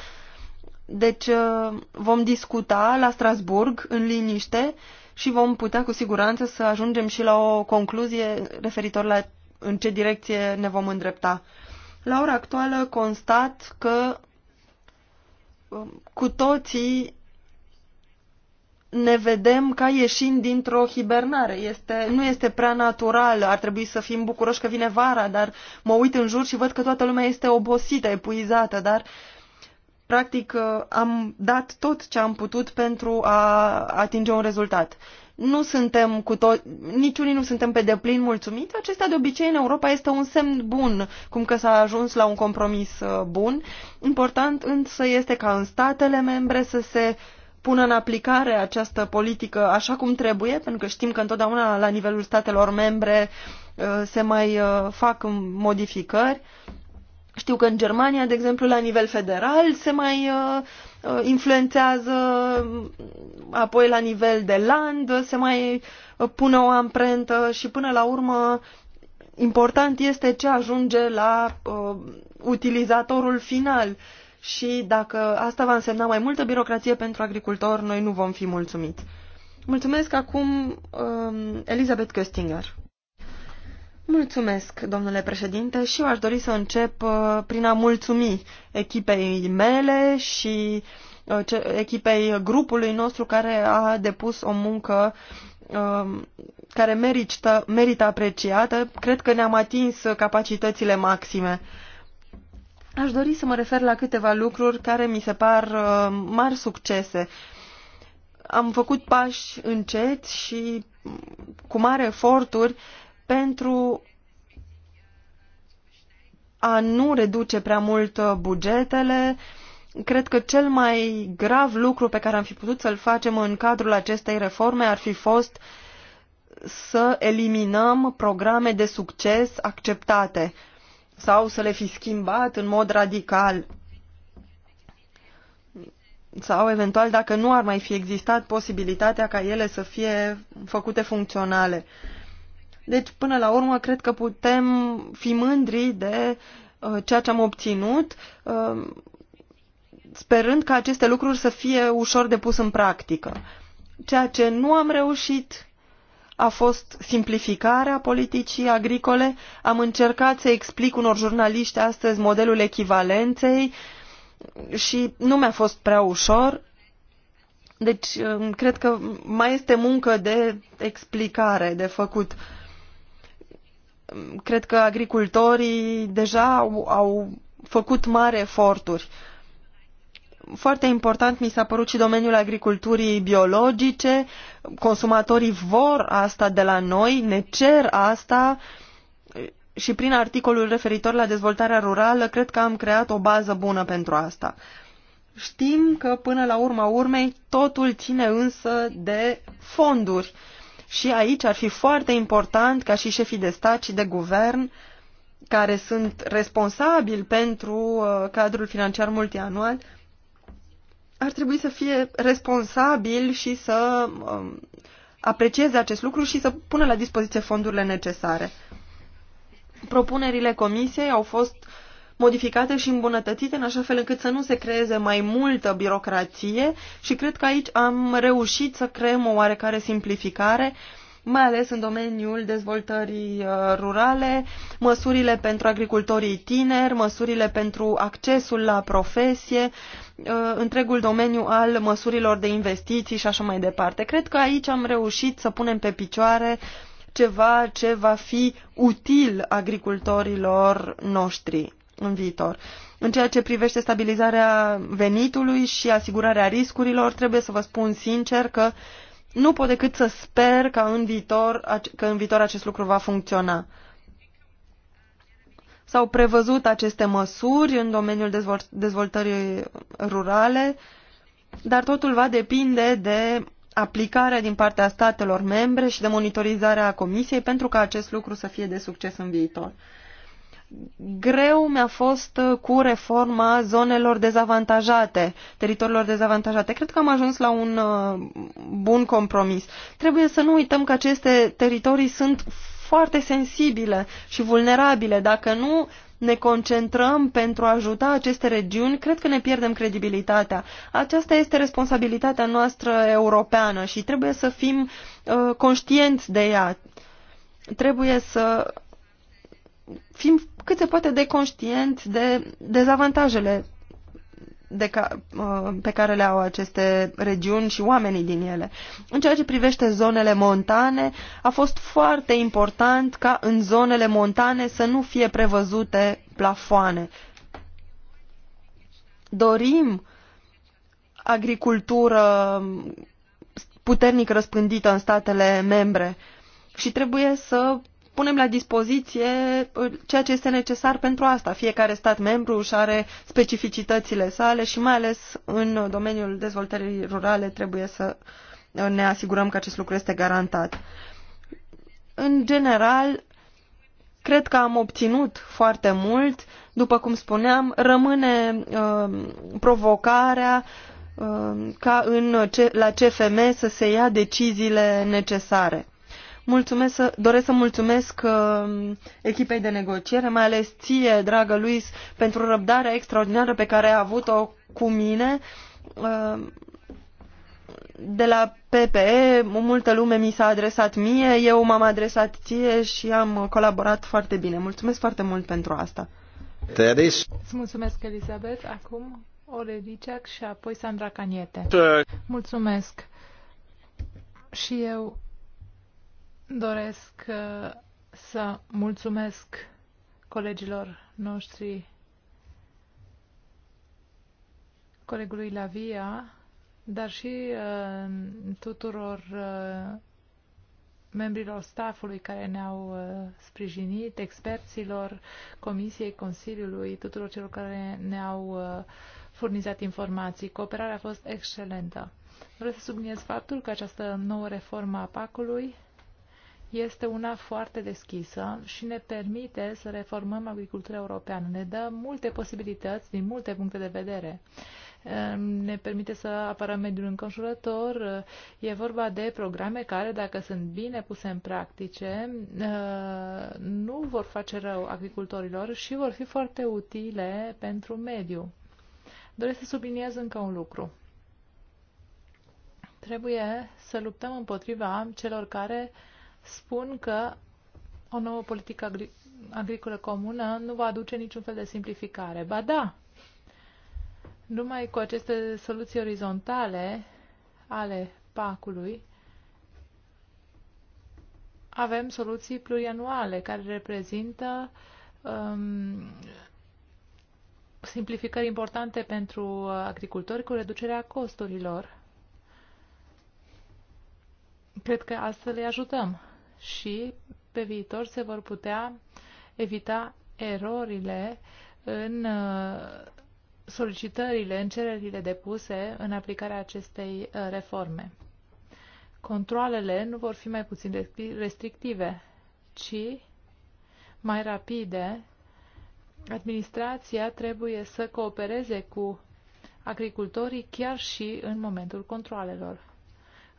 deci uh, vom discuta la Strasburg în liniște și vom putea cu siguranță să ajungem și la o concluzie referitor la în ce direcție ne vom îndrepta. La ora actuală constat că uh, cu toții ne vedem ca ieșind dintr-o hibernare. Este, nu este prea natural, ar trebui să fim bucuroși că vine vara, dar mă uit în jur și văd că toată lumea este obosită, epuizată, dar practic uh, am dat tot ce am putut pentru a atinge un rezultat. Nu suntem cu tot, niciunii nu suntem pe deplin mulțumiți. Acesta de obicei în Europa este un semn bun, cum că s-a ajuns la un compromis uh, bun. Important însă este ca în statele membre să se uh, pună în aplicare această politică așa cum trebuie, pentru că știm că întotdeauna la nivelul statelor membre uh, se mai uh, fac modificări. Știu că în Germania, de exemplu, la nivel federal se mai uh, influențează, apoi la nivel de land se mai pune o amprentă și până la urmă important este ce ajunge la utilizatorul final și dacă asta va însemna mai multă birocrație pentru agricultor, noi nu vom fi mulțumiți. Mulțumesc acum um, Elizabeth Köstinger. Mulțumesc, domnule președinte, și eu aș dori să încep uh, prin a mulțumi echipei mele și uh, ce, echipei grupului nostru care a depus o muncă um, care merită, merită apreciată. Cred că ne-am atins capacitățile maxime. Uh, Aș dori să mă refer la câteva lucruri care mi se par uh, mari succese. Am făcut pași încet și cu mare eforturi pentru a nu reduce prea mult uh, bugetele. Cred că cel mai grav lucru pe care am fi putut să-l facem în cadrul acestei reforme ar fi fost să eliminăm programe de succes acceptate. Uh, sau să le fi schimbat în mod radical sau eventual dacă nu ar mai fi existat posibilitatea ca ele să fie făcute funcționale. Deci, până la urmă, cred că putem fi mândri de uh, ceea ce am obținut, uh, sperând ca aceste lucruri să fie ușor de pus în practică. Ceea ce nu am reușit a fost simplificarea politicii agricole. Am încercat să explic unor jurnaliști astăzi modelul echivalenței și nu mi-a fost prea ușor. Deci, um, cred că mai este muncă de explicare de făcut. Um, cred că agricultorii deja au, au făcut mari eforturi foarte important mi s-a părut și domeniul agriculturii biologice. Consumatorii vor asta de la noi, ne cer asta și prin articolul referitor la dezvoltarea rurală cred că am creat o bază bună pentru asta. Știm că până la urma urmei totul ține însă de fonduri și aici ar fi foarte important ca și șefii de stat și de guvern care sunt responsabili pentru uh, cadrul financiar multianual ar trebui să fie responsabil și să um, aprecieze acest lucru și să pună la dispoziție fondurile necesare. Propunerile comisiei au fost modificate și îmbunătățite în așa fel încât să nu se creeze mai multă birocrație și cred că aici am reușit să creăm o oarecare simplificare uh, mai ales în domeniul dezvoltării uh, rurale, măsurile pentru agricultorii tineri, măsurile pentru accesul la profesie, uh, întregul domeniu al măsurilor de investiții și așa mai departe. Cred că aici am reușit să punem pe picioare ceva ce va fi util agricultorilor noștri în viitor. În ceea ce privește stabilizarea venitului și asigurarea riscurilor, trebuie să vă spun sincer că uh, nu pot decât să sper că în viitor, că în viitor acest lucru va funcționa. S-au prevăzut aceste măsuri în domeniul dezvoltării rurale, dar totul va depinde de aplicarea din partea statelor membre și de monitorizarea Comisiei pentru ca acest lucru să fie de succes în viitor. Greu mi-a fost uh, cu reforma zonelor dezavantajate, teritoriilor dezavantajate. Cred că am ajuns la un uh, bun compromis. Trebuie să nu uităm că aceste teritorii sunt foarte sensibile și vulnerabile. Dacă nu ne concentrăm pentru a ajuta aceste regiuni, cred că ne pierdem credibilitatea. Aceasta este responsabilitatea noastră europeană și trebuie să fim uh, conștienți de ea. Trebuie să fim cât se poate de conștient de dezavantajele de ca, uh, pe care le au aceste regiuni și oamenii din ele. În ceea ce privește zonele montane, a fost foarte important ca în zonele montane să nu fie prevăzute plafoane. Dorim agricultură puternic răspândită în statele membre și trebuie să punem la dispoziție uh, ceea ce este necesar pentru asta. Fiecare stat membru își are specificitățile sale și mai ales în domeniul dezvoltării rurale trebuie să ne asigurăm că acest lucru este garantat. În general, cred că am obținut foarte mult. După cum spuneam, rămâne uh, provocarea uh, ca în, la CFM să se ia deciziile necesare Mulțumesc, doresc să mulțumesc uh, echipei de negociere, mai ales ție, dragă Luis, pentru răbdarea extraordinară pe care a avut-o cu mine. Uh, de la PPE, multă lume mi s-a adresat mie, eu m-am adresat ție și am colaborat foarte bine. Mulțumesc foarte mult pentru asta. Teris. Îți mulțumesc, Elizabeth. Acum Oreliciac și apoi Sandra Caniete. Mulțumesc. Și eu Doresc uh, să mulțumesc colegilor noștri, colegului Lavia, dar și uh, tuturor uh, membrilor staffului care ne-au sprijinit, experților Comisiei, Consiliului, tuturor celor care ne-au furnizat informații. Cooperarea a fost excelentă. Vreau să subliniez faptul că această nouă reformă a PAC-ului este una foarte deschisă și ne permite să reformăm agricultura europeană. Ne dă multe posibilități din multe puncte de vedere. Ehm, ne permite să apărăm mediul înconjurător. E vorba de programe care, dacă sunt bine puse în practice, ehm, nu vor face rău agricultorilor și vor fi foarte utile pentru mediu. Doresc să subliniez încă un lucru trebuie să luptăm împotriva celor care spun că o nouă politică agri agricolă comună nu va aduce niciun fel de simplificare. Ba da, numai cu aceste soluții orizontale ale pacului avem soluții plurianuale care reprezintă um, simplificări importante pentru agricultori cu reducerea costurilor. Cred că astfel îi ajutăm și pe viitor se vor putea evita erorile în uh, solicitările, în cererile depuse în aplicarea acestei uh, reforme. Controlele nu vor fi mai puțin restrictive, ci mai rapide. Administrația trebuie să coopereze cu agricultorii chiar și în momentul controlelor.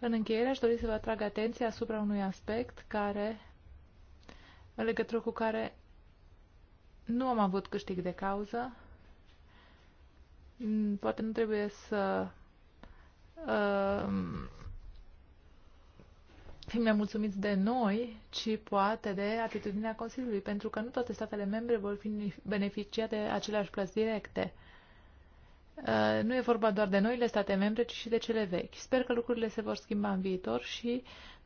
În încheiere aș dori să vă atrag atenția asupra unui aspect care, în legătură cu care nu am avut câștig de cauză. Mm, poate nu trebuie să uh, fim nemulțumiți de noi, ci poate de atitudinea Consiliului, pentru că nu toate statele membre vor fi beneficiate de aceleași plăți directe. Uh, nu e vorba doar de noile state membre, ci și de cele vechi. Sper că lucrurile se vor schimba în viitor și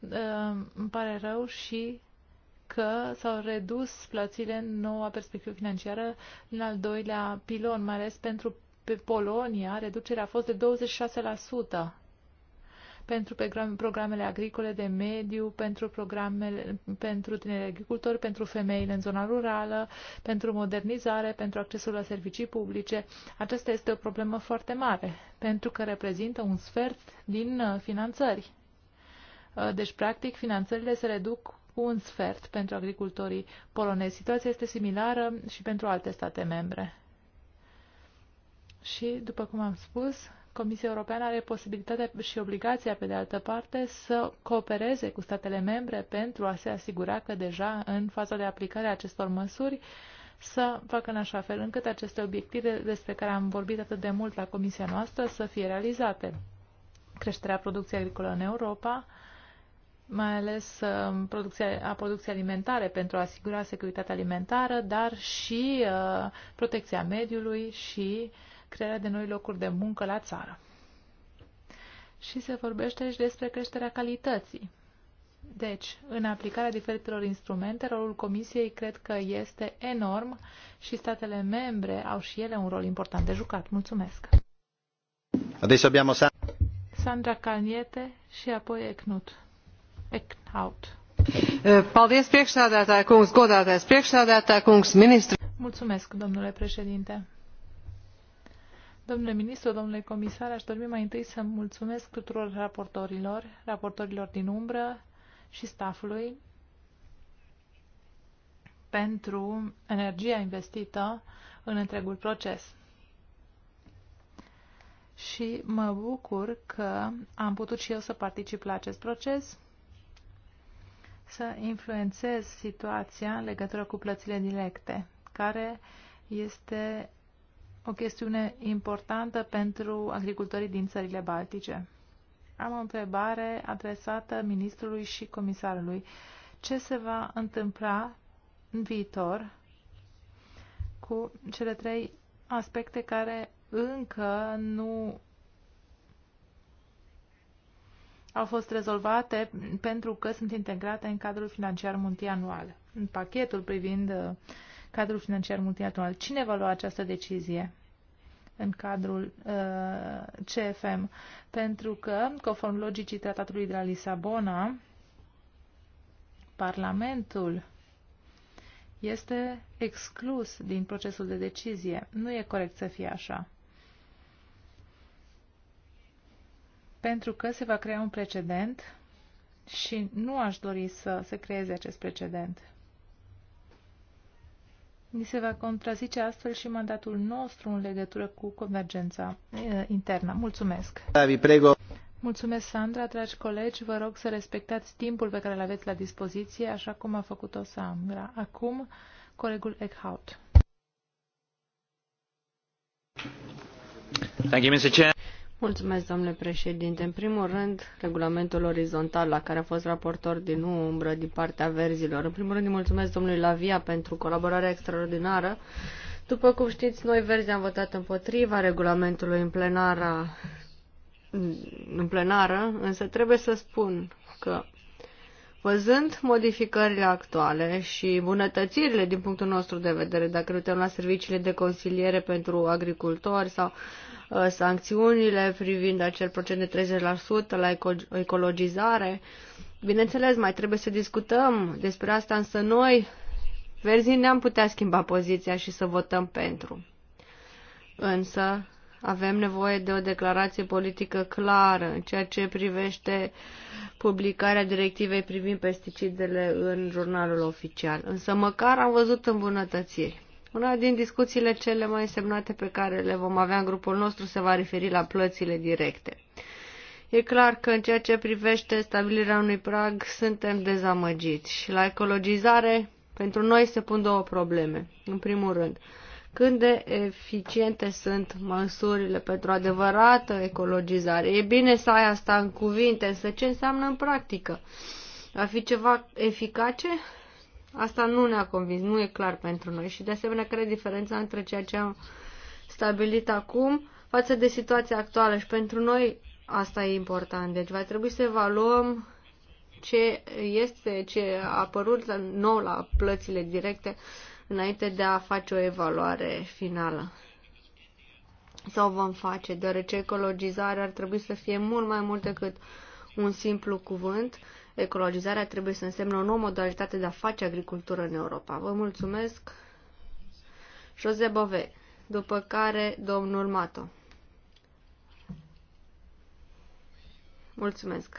uh, îmi pare rău și că s-au redus plățile în noua perspectivă financiară în al doilea pilon, mai ales pentru pe Polonia, reducerea a fost de 26% pentru programele agricole de mediu, pentru, programele, pentru tineri agricultori, pentru femeile în zona rurală, pentru modernizare, pentru accesul la servicii publice. Aceasta este o problemă foarte mare, pentru că reprezintă un sfert din uh, finanțări. Uh, deci, practic, finanțările se reduc cu un sfert pentru agricultorii polonezi. Situația este similară și pentru alte state membre. Și, după cum am spus, Comisia Europeană are posibilitatea și obligația, pe de altă parte, să coopereze cu statele membre pentru a se asigura că deja în faza de aplicare a acestor măsuri să facă în așa fel încât aceste obiective despre care am vorbit atât de mult la Comisia noastră să fie realizate. Creșterea producției agricole în Europa, mai ales um, producția, a producției alimentare pentru a asigura securitatea alimentară, dar și uh, protecția mediului și uh, crearea de noi locuri de muncă la țară. Și se vorbește și despre creșterea calității. Deci, în aplicarea diferitelor instrumente, rolul Comisiei cred că este enorm și statele membre au și ele un rol important de jucat. Mulțumesc! Adesso abbiamo Sandra Calniete și apoi Eknut. Eknaut. Eh, Mulțumesc, domnule președinte. Domnule ministru, domnule comisar, aș dori mai întâi să mulțumesc tuturor raportorilor, raportorilor din umbră și staffului pentru energia investită în întregul proces. Și mă bucur că am putut și eu să particip la acest proces, să influențez situația în legătură cu plățile directe, care este o chestiune importantă pentru agricultorii din țările baltice. Am o întrebare adresată ministrului și comisarului. Ce se va întâmpla în viitor cu cele trei aspecte care încă nu au fost rezolvate pentru că sunt integrate în cadrul financiar multianual, în pachetul privind uh, cadrul financiar multianual. Cine va lua această decizie? în cadrul uh, CFM, pentru că, conform logicii tratatului de la Lisabona, Parlamentul este exclus din procesul de decizie. Nu e corect să fie așa. Pentru că se va crea un precedent și nu aș dori să se creeze acest precedent. Ni se va contrazice astfel și mandatul nostru în legătură cu convergența internă. Mulțumesc! Da, vi prego. Mulțumesc, Sandra. Dragi colegi, vă rog să respectați timpul pe care îl aveți la dispoziție, așa cum a făcut-o Sandra. Acum, colegul Eckhout. Thank you, Mr. Chair domnule președinte. În primul rând, regulamentul orizontal la care a fost raportor din umbră din partea verzilor. În primul rând, îi mulțumesc domnului Lavia pentru colaborarea extraordinară. După cum știți, noi verzi am votat împotriva regulamentului în plenara în plenară, însă trebuie să spun că Văzând modificările actuale și bunătățirile din punctul nostru de vedere, dacă ne uităm la serviciile de consiliere pentru agricultori sau uh, sancțiunile privind acel procent de 30% la ecologizare, bineînțeles, mai trebuie să discutăm despre asta, însă noi, verzii, ne-am putea schimba poziția și să votăm pentru. Însă, avem nevoie de o declarație politică clară în ceea ce privește publicarea directivei privind pesticidele în jurnalul oficial. Însă măcar am văzut îmbunătățiri. Una din discuțiile cele mai semnate pe care le vom avea în grupul nostru se va referi la plățile directe. E clar că în ceea ce privește stabilirea unui prag suntem dezamăgiți și la ecologizare pentru noi se pun două probleme. În primul rând, cât de eficiente sunt măsurile pentru adevărată ecologizare. E bine să ai asta în cuvinte, însă ce înseamnă în practică? Va fi ceva eficace? Asta nu ne-a convins, nu e clar pentru noi și de asemenea care e diferența între ceea ce am stabilit acum față de situația actuală și pentru noi asta e important. Deci va trebui să evaluăm ce este, ce a apărut nou la plățile directe înainte de a face o evaluare finală. Sau vom face, deoarece ecologizarea ar trebui să fie mult mai mult decât un simplu cuvânt. Ecologizarea trebuie să însemne o nouă modalitate de a face agricultură în Europa. Vă mulțumesc! Jose Bove, după care domnul Mato. Mulțumesc!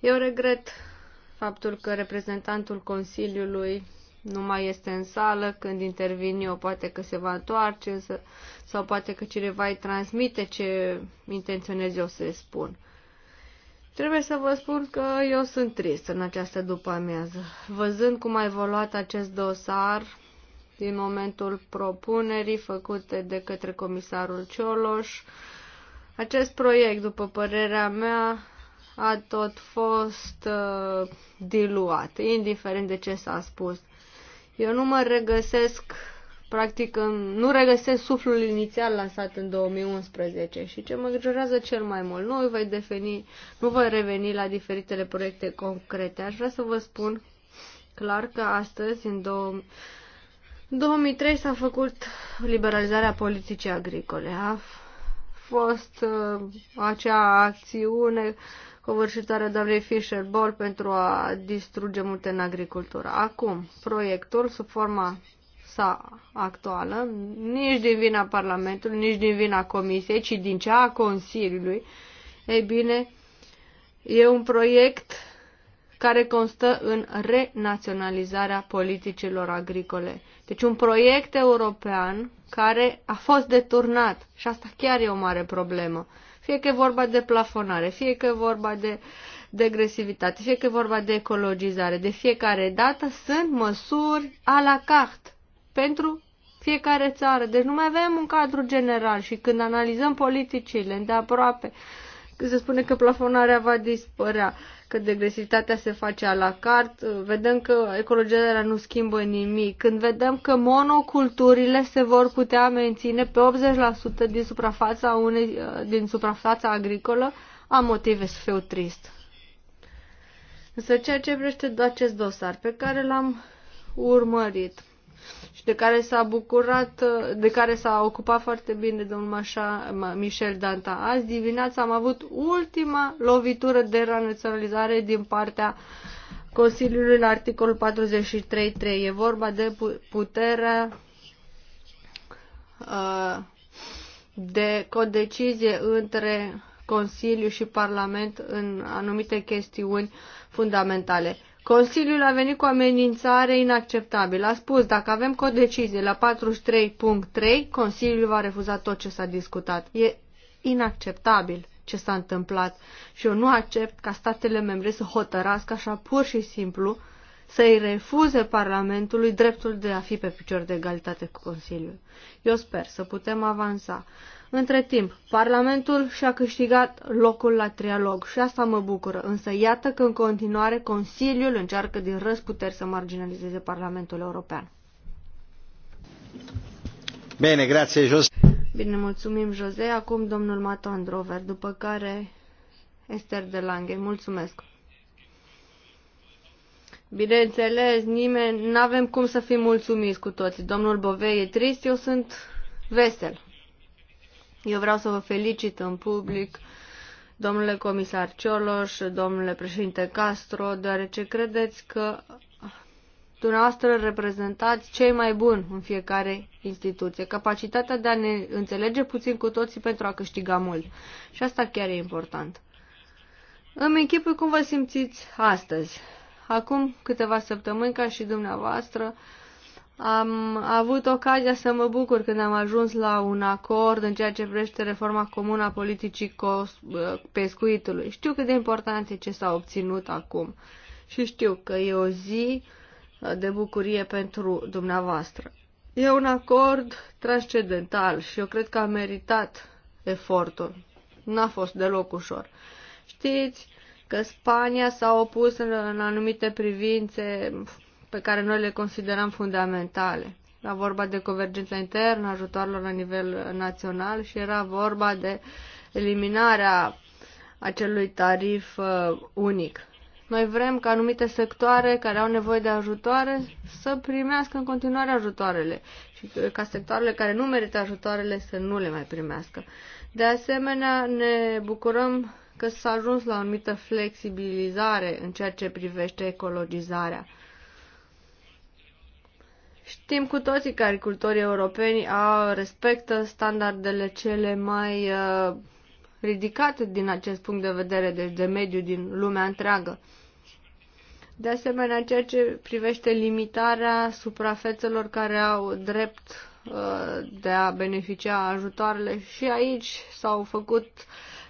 Eu regret faptul că reprezentantul Consiliului nu mai este în sală, când intervin eu poate că se va întoarce sau poate că cineva îi transmite ce intenționez eu să-i spun. Trebuie să vă spun că eu sunt trist în această după-amiază. Văzând cum a evoluat acest dosar din momentul propunerii făcute de către comisarul Cioloș, acest proiect, după părerea mea, a tot fost uh, diluat, indiferent de ce s-a spus. Eu nu mă regăsesc, practic, nu regăsesc suflul inițial lansat în 2011 și ce mă îngrijorează cel mai mult. Nu voi, defini, nu voi reveni la diferitele proiecte concrete. Aș vrea să vă spun clar că astăzi, în 2000, 2003 s-a făcut liberalizarea politicii agricole. A fost uh, acea acțiune uh, covârșitoare doamnei Fisher Ball pentru a distruge multe în agricultură. Acum, proiectul, sub forma sa actuală, nici din vina Parlamentului, nici din vina Comisiei, ci din cea a Consiliului, ei bine, e un proiect care constă în renaționalizarea politicilor agricole. Deci un proiect european care a fost deturnat și asta chiar e o mare problemă. Fie că e vorba de plafonare, fie că e vorba de degresivitate, fie că e vorba de ecologizare. De fiecare dată sunt măsuri a la carte pentru fiecare țară. Deci nu mai avem un cadru general și când analizăm politicile de aproape, se spune că plafonarea va dispărea. Uh, Că degresivitatea se face a la cart, vedem că ecologia nu schimbă nimic. Când vedem că monoculturile se vor putea menține pe 80% din suprafața, unei, din suprafața agricolă, am motive să fiu trist. Însă ceea ce vrește acest dosar pe care l-am urmărit, și de care s-a bucurat, de care s-a ocupat foarte bine domnul Mașa, Michel Danta. Azi dimineața am avut ultima lovitură de renaționalizare din partea Consiliului la articolul 43.3. E vorba de puterea uh, de codecizie între Consiliu și Parlament în anumite chestiuni fundamentale. Consiliul a venit cu o amenințare inacceptabilă. A spus, dacă avem codecizie la 43.3, Consiliul va refuza tot ce s-a discutat. E inacceptabil ce s-a întâmplat și eu nu accept ca statele membre să hotărască așa pur și simplu să-i refuze Parlamentului dreptul de a fi pe picior de egalitate cu Consiliul. Eu sper să putem avansa între timp, Parlamentul și-a câștigat locul la trialog și asta mă bucură, însă iată că în continuare Consiliul încearcă din răsputeri să marginalizeze Parlamentul European. Bine, grație, Jose. Bine, mulțumim, Jose. Acum domnul Mato Androver, după care Esther de Lange. Mulțumesc. Bineînțeles, nimeni, nu avem cum să fim mulțumiți cu toții. Domnul Bovei e trist, eu sunt vesel. Eu vreau să vă felicit în public, domnule comisar Cioloș, domnule președinte Castro, deoarece credeți că dumneavoastră reprezentați cei mai buni în fiecare instituție. Capacitatea de a ne înțelege puțin cu toții pentru a câștiga mult. Și asta chiar e important. Îmi închipui cum vă simțiți astăzi. Acum câteva săptămâni, ca și dumneavoastră, am avut ocazia să mă bucur când am ajuns la un acord în ceea ce privește reforma comună a politicii uh, pescuitului. Știu cât de important e ce s-a obținut acum și știu că e o zi uh, de bucurie pentru dumneavoastră. E un acord transcendental și eu cred că a meritat efortul. N-a fost deloc ușor. Știți că Spania s-a opus în, în anumite privințe pe care noi le considerăm fundamentale. Era vorba de convergența internă, ajutoarelor la nivel uh, național și era vorba de eliminarea acelui tarif uh, unic. Noi vrem ca anumite sectoare care au nevoie de ajutoare să primească în continuare ajutoarele și uh, ca sectoarele care nu merită ajutoarele să nu le mai primească. De asemenea, ne bucurăm că s-a ajuns la o anumită flexibilizare în ceea ce privește ecologizarea. Știm cu toții că agricultorii europeni au, respectă standardele cele mai uh, ridicate din acest punct de vedere, deci de mediu din lumea întreagă. De asemenea, ceea ce privește limitarea suprafețelor care au drept uh, de a beneficia ajutoarele, și aici s-au făcut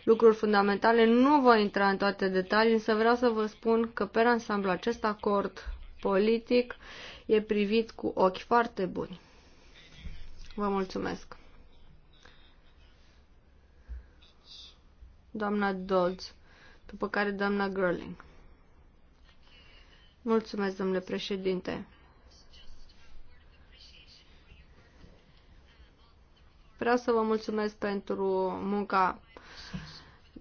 lucruri fundamentale. Nu voi intra în toate detalii, însă vreau să vă spun că pe ansamblu acest acord politic e privit cu ochi foarte buni. Vă mulțumesc. Doamna Dodds, după care doamna Girling. Mulțumesc, domnule președinte. Vreau să vă mulțumesc pentru munca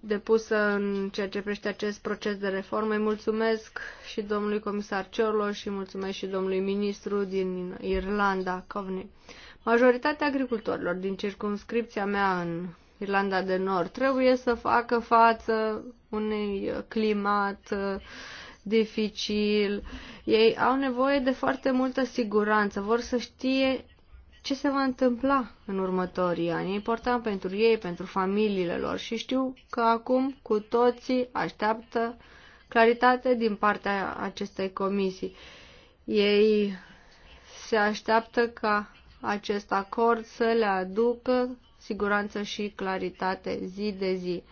depusă în ceea ce privește acest proces de reformă. Îi mulțumesc și domnului comisar Ciorlo și mulțumesc și domnului ministru din Irlanda, Coveney. Majoritatea agricultorilor din circumscripția mea în Irlanda de Nord trebuie să facă față unui climat uh, dificil. Ei au nevoie de foarte multă siguranță, vor să știe ce se va întâmpla în următorii ani. E important pentru ei, pentru familiile lor și știu că acum cu toții așteaptă claritate din partea acestei comisii. Ei se așteaptă ca acest acord să le aducă siguranță și claritate zi de zi.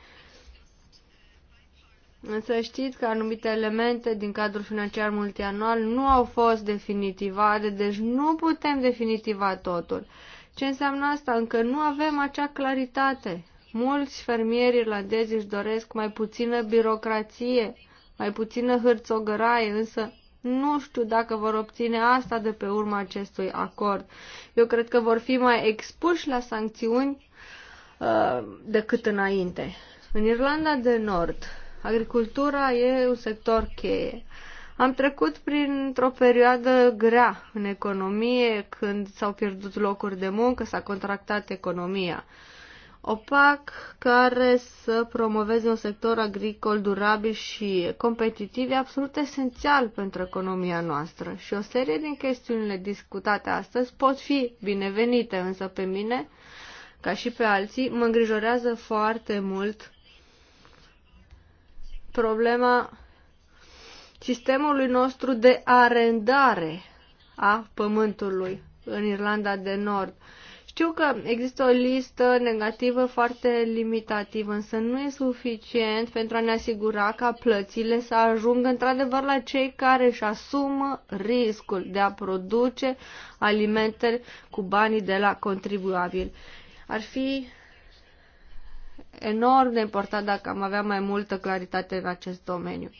Însă știți că anumite elemente din cadrul financiar multianual nu au fost definitivate, deci nu putem definitiva totul. Ce înseamnă asta? Încă nu avem acea claritate. Mulți fermieri irlandezi își doresc mai puțină birocrație, mai puțină hârțogăraie, însă nu știu dacă vor obține asta de pe urma acestui acord. Eu cred că vor fi mai expuși la sancțiuni uh, decât înainte. În Irlanda de Nord, Agricultura e un sector cheie. Am trecut printr-o perioadă grea în economie, când s-au pierdut locuri de muncă, s-a contractat economia. O PAC care să promoveze un sector agricol durabil și competitiv e absolut esențial pentru economia noastră și o serie din chestiunile discutate astăzi pot fi binevenite, însă pe mine, ca și pe alții, mă îngrijorează foarte mult problema sistemului nostru de arendare a pământului în Irlanda de Nord. Știu că există o listă negativă foarte limitativă, însă nu e suficient pentru a ne asigura ca plățile să ajungă într-adevăr la cei care își asumă riscul de a produce alimente cu banii de la contribuabil. Ar fi enorm de important dacă am avea mai multă claritate în acest domeniu.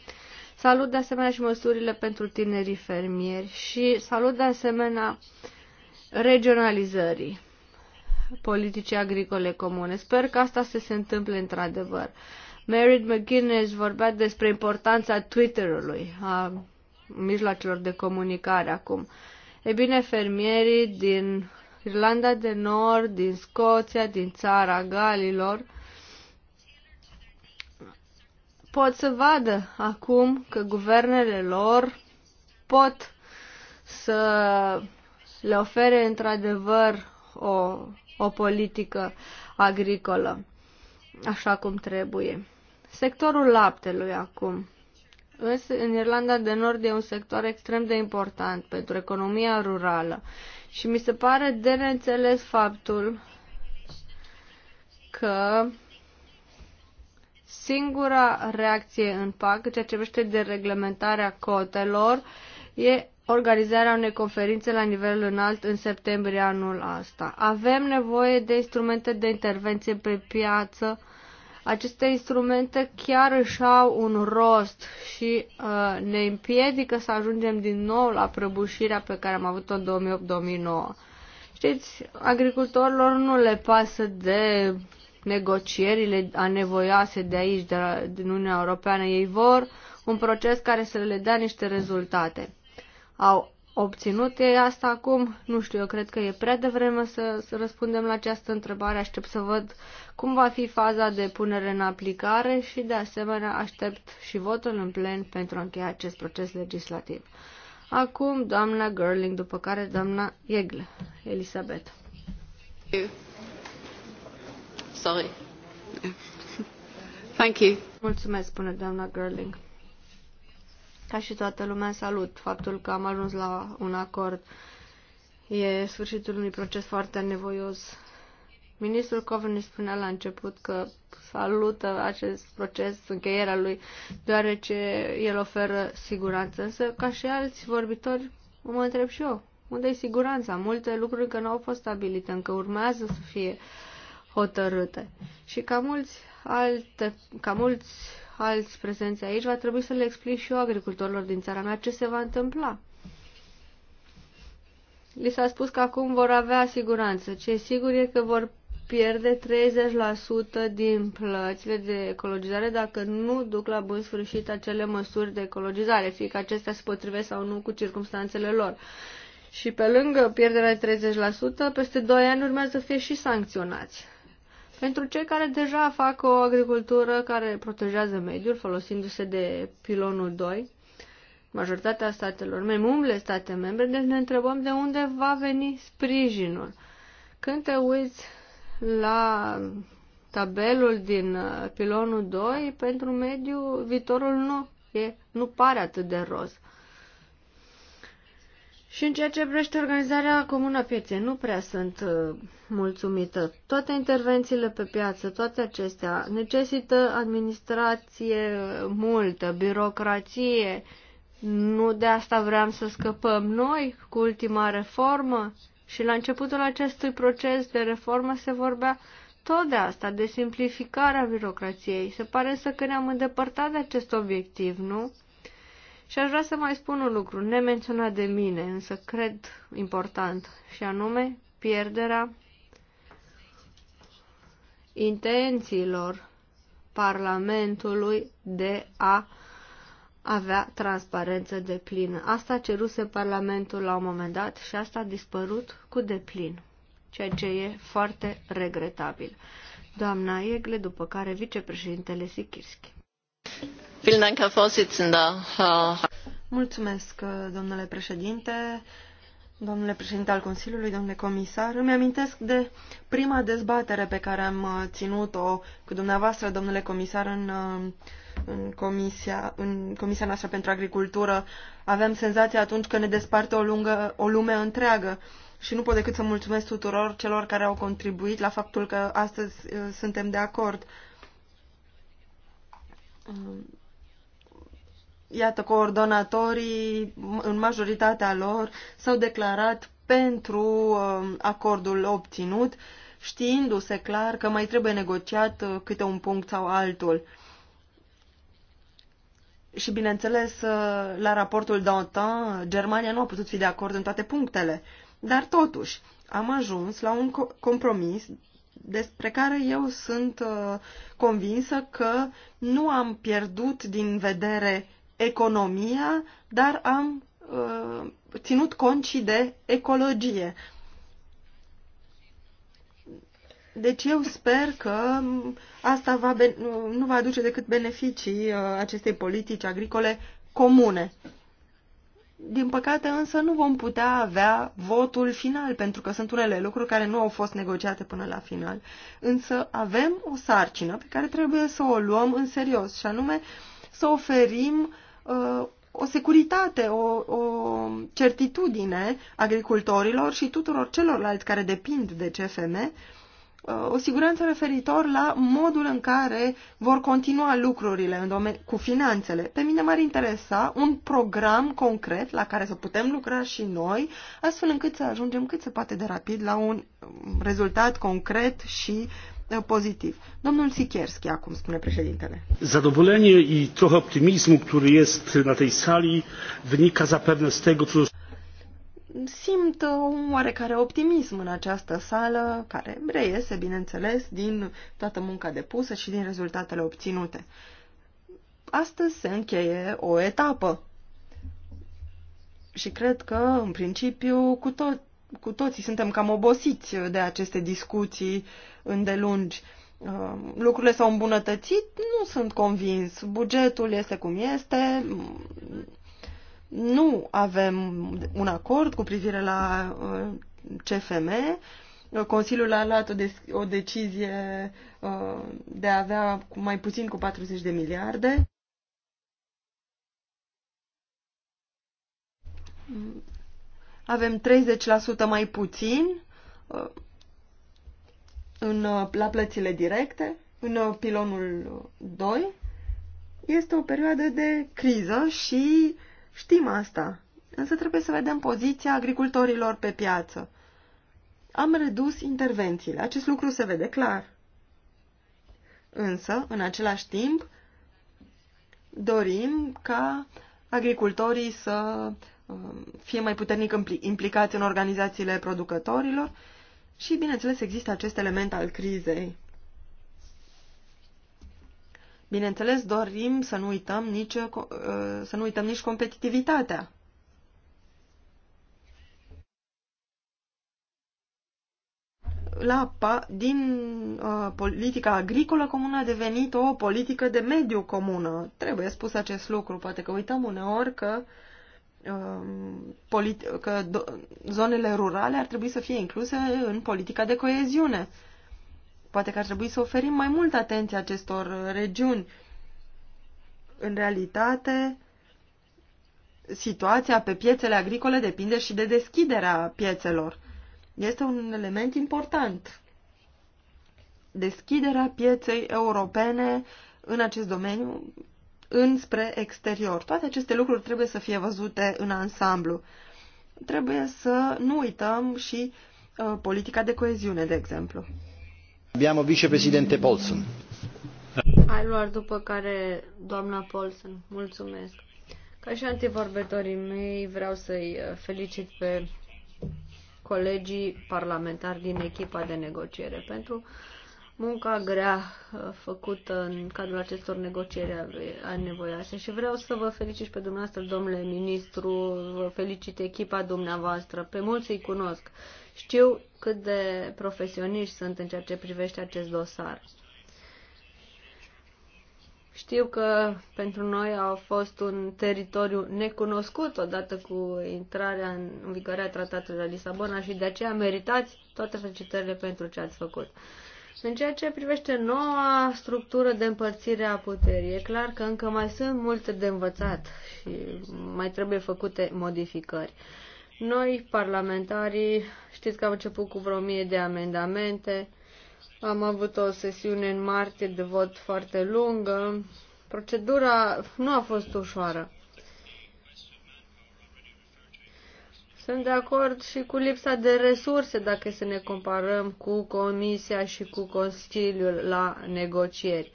Salut de asemenea și măsurile pentru tinerii fermieri și salut de asemenea regionalizării politicii agricole comune. Sper că asta să se întâmple într-adevăr. Merit McGuinness vorbea despre importanța Twitter-ului, a mijloacelor de comunicare acum. E bine, fermierii din Irlanda de Nord, din Scoția, din țara Galilor, pot să vadă acum că guvernele lor pot să le ofere într-adevăr o, o politică agricolă așa cum trebuie. Sectorul laptelui acum. Însă, în Irlanda de Nord e un sector extrem de important pentru economia rurală și mi se pare de neînțeles faptul că Singura reacție în PAC, ceea ce privește de reglementarea cotelor, e organizarea unei conferințe la nivel înalt în septembrie anul ăsta. Avem nevoie de instrumente de intervenție pe piață. Aceste instrumente chiar își au un rost și uh, ne împiedică să ajungem din nou la prăbușirea pe care am avut-o în 2008-2009. Știți, agricultorilor nu le pasă de negocierile anevoioase de aici, de la, din Uniunea Europeană. Ei vor un proces care să le dea niște rezultate. Au obținut ei asta acum? Nu știu, eu cred că e prea devreme să, să răspundem la această întrebare. Aștept să văd cum va fi faza de punere în aplicare și, de asemenea, aștept și votul în plen pentru a încheia acest proces legislativ. Acum, doamna Gerling, după care doamna Iegle, Elisabeta. Thank you. Mulțumesc, spune doamna Gerling. Ca și toată lumea, salut faptul că am ajuns la un acord. E sfârșitul unui proces foarte nevoios. Ministrul Coveney spunea la început că salută acest proces, încheierea lui, deoarece el oferă siguranță. Însă, ca și alți vorbitori, mă întreb și eu, unde e siguranța? Multe lucruri că nu au fost stabilite, încă urmează să fie uh, hotărâte. Și ca mulți, alte, ca mulți alți prezenți aici, va trebui să le explic și eu agricultorilor din țara mea ce se va întâmpla. Li s-a spus că acum vor avea siguranță. Ce e sigur e că vor pierde 30% din plățile de ecologizare dacă nu duc la bun sfârșit acele măsuri de ecologizare, fie că acestea se potrivesc sau nu cu circumstanțele lor. Și pe lângă pierderea de 30%, peste 2 ani urmează să fie și sancționați pentru cei care deja fac o agricultură care protejează mediul folosindu-se de pilonul 2, majoritatea statelor mai umble state membre, deci ne întrebăm de unde va veni sprijinul. Când te uiți la tabelul din uh, pilonul 2, pentru mediu viitorul nu, e, nu pare atât de roz. Și în ceea ce privește organizarea comună a pieței, nu prea sunt uh, mulțumită. Toate intervențiile pe piață, toate acestea, necesită administrație multă, birocrație. Nu de asta vreau să scăpăm noi cu ultima reformă. Și la începutul acestui proces de reformă se vorbea tot de asta, de simplificarea birocrației. Se pare să că ne-am îndepărtat de acest obiectiv, nu? Și aș vrea să mai spun un lucru nemenționat de mine, însă cred important, și anume pierderea intențiilor Parlamentului de a avea transparență de plină. Asta ceruse Parlamentul la un moment dat și asta a dispărut cu deplin, ceea ce e foarte regretabil. Doamna Iegle, după care vicepreședintele Sikirski. Mulțumesc, domnule președinte, domnule președinte al Consiliului, domnule comisar. Îmi amintesc de prima dezbatere pe care am uh, ținut-o cu dumneavoastră, domnule comisar, în, uh, în, comisia, în Comisia noastră pentru Agricultură. Aveam senzația atunci că ne desparte o, lungă, o lume întreagă și nu pot decât să mulțumesc tuturor celor care au contribuit la faptul că astăzi uh, suntem de acord. Um, iată, coordonatorii, în majoritatea lor, s-au declarat pentru um, acordul obținut, știindu-se clar că mai trebuie negociat uh, câte un punct sau altul. Și, bineînțeles, uh, la raportul Dantin, Germania nu a putut fi de acord în toate punctele. Dar, totuși, am ajuns la un compromis despre care eu sunt uh, convinsă că nu am pierdut din vedere economia, dar am uh, ținut cont și de ecologie. Deci eu sper că asta va, nu va aduce decât beneficii uh, acestei politici agricole comune. Din păcate însă nu vom putea avea votul final, pentru că sunt unele lucruri care nu au fost negociate până la final. Însă avem o sarcină pe care trebuie să o luăm în serios, și anume să oferim uh, o securitate, o, o certitudine agricultorilor și tuturor celorlalți care depind de CFM Uh, o siguranță referitor la modul în care vor continua lucrurile în domen- cu finanțele. Pe mine m-ar interesa un program concret la care să putem lucra și noi, astfel încât să ajungem cât se poate de rapid la un um, rezultat concret și uh, pozitiv. Domnul Sikierski, acum spune președintele. Zadovolenie și trochă optimismul care este na tej sali, ca zapevne z tego, co simt un oarecare optimism în această sală, care reiese, bineînțeles, din toată munca depusă și din rezultatele obținute. Astăzi se încheie o etapă. Și cred că, în principiu, cu, to- cu toții suntem cam obosiți de aceste discuții îndelungi. Uh, lucrurile s-au îmbunătățit? Nu sunt convins. Bugetul este cum este, nu avem un acord cu privire la uh, CFM. Consiliul a luat o, de- o decizie uh, de a avea mai puțin cu 40 de miliarde. Avem 30% mai puțin uh, în, la plățile directe, în pilonul 2. Este o perioadă de criză și Știm asta, însă trebuie să vedem poziția agricultorilor pe piață. Am redus intervențiile, acest lucru se vede clar. Însă, în același timp, dorim ca agricultorii să um, fie mai puternic implicați în organizațiile producătorilor și, bineînțeles, există acest element al crizei. Bineînțeles, dorim să nu uităm nici, uh, uh, să nu uităm nici competitivitatea. La, din uh, politica agricolă comună a devenit o politică de mediu comună. Trebuie spus acest lucru. Poate că uităm uneori că, uh, că zonele rurale ar trebui să fie incluse în politica de coeziune. Uh, Poate că ar trebui să oferim mai multă atenție acestor regiuni. În realitate, situația pe piețele agricole depinde și de deschiderea piețelor. Este un element important. Deschiderea pieței europene în acest domeniu înspre exterior. Toate aceste lucruri trebuie să fie văzute în ansamblu. Trebuie să nu uităm și uh, politica de coeziune, de exemplu. Abbiamo vicepresidente Paulson. după care doamna Paulson. Mulțumesc. Ca și antivorbitorii mei, vreau să-i uh, felicit pe colegii parlamentari din echipa de negociere pentru munca grea uh, făcută în cadrul acestor negocieri anevoioase și vreau să vă felicit pe dumneavoastră, domnule ministru, vă felicit echipa dumneavoastră, pe mulți îi cunosc. Știu cât de profesioniști sunt în ceea ce privește acest dosar. Știu că pentru noi a fost un teritoriu necunoscut odată cu intrarea în, în vigoare a tratatului la Lisabona și de aceea meritați toate felicitările pentru ce ați făcut. În ceea ce privește noua structură de împărțire a puterii, e clar că încă mai sunt multe de învățat și mai trebuie făcute modificări. Noi, parlamentarii, știți că am început cu vreo mie de amendamente, am avut o sesiune în martie de vot foarte lungă. Procedura nu a fost ușoară. Sunt de acord și cu lipsa de resurse dacă să ne comparăm cu Comisia și cu Consiliul la negocieri.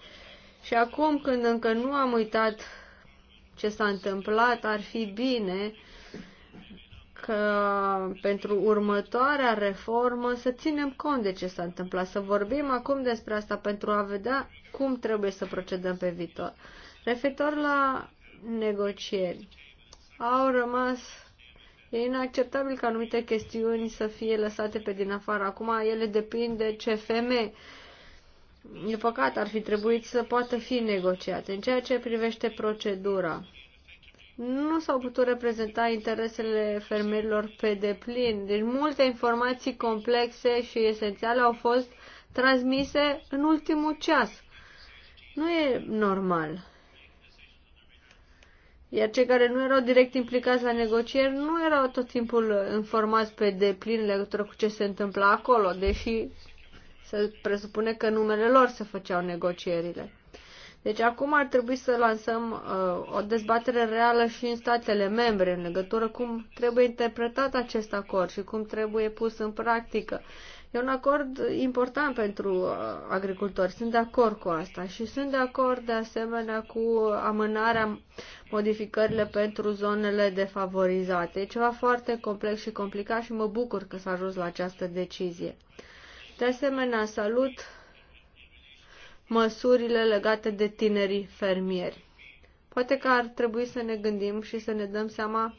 Și acum, când încă nu am uitat ce s-a întâmplat, ar fi bine ca pentru următoarea reformă să ținem cont de ce s-a întâmplat, să vorbim acum despre asta pentru a vedea cum trebuie să procedăm pe viitor. Referitor la negocieri, au rămas E inacceptabil ca anumite chestiuni să fie lăsate pe din afară. Acum ele depind de CFM. E păcat, ar fi trebuit să poată fi negociate. În ceea ce privește procedura, nu s-au putut reprezenta interesele fermierilor pe deplin. Deci multe informații complexe și esențiale au fost transmise în ultimul ceas. Nu e normal. Iar cei care nu erau direct implicați la negocieri nu erau tot timpul informați pe deplin legătură cu ce se întâmpla acolo, deși se presupune că numele lor se făceau negocierile. Deci acum ar trebui să lansăm uh, o dezbatere reală și în statele membre în legătură cum trebuie interpretat acest acord și cum trebuie pus în practică. E un acord important pentru uh, agricultori, sunt de acord cu asta și sunt de acord de asemenea cu amânarea modificările pentru zonele defavorizate. E ceva foarte complex și complicat și mă bucur că s-a ajuns la această decizie. De asemenea, salut măsurile legate de tinerii fermieri. Poate că ar trebui să ne gândim și să ne dăm seama,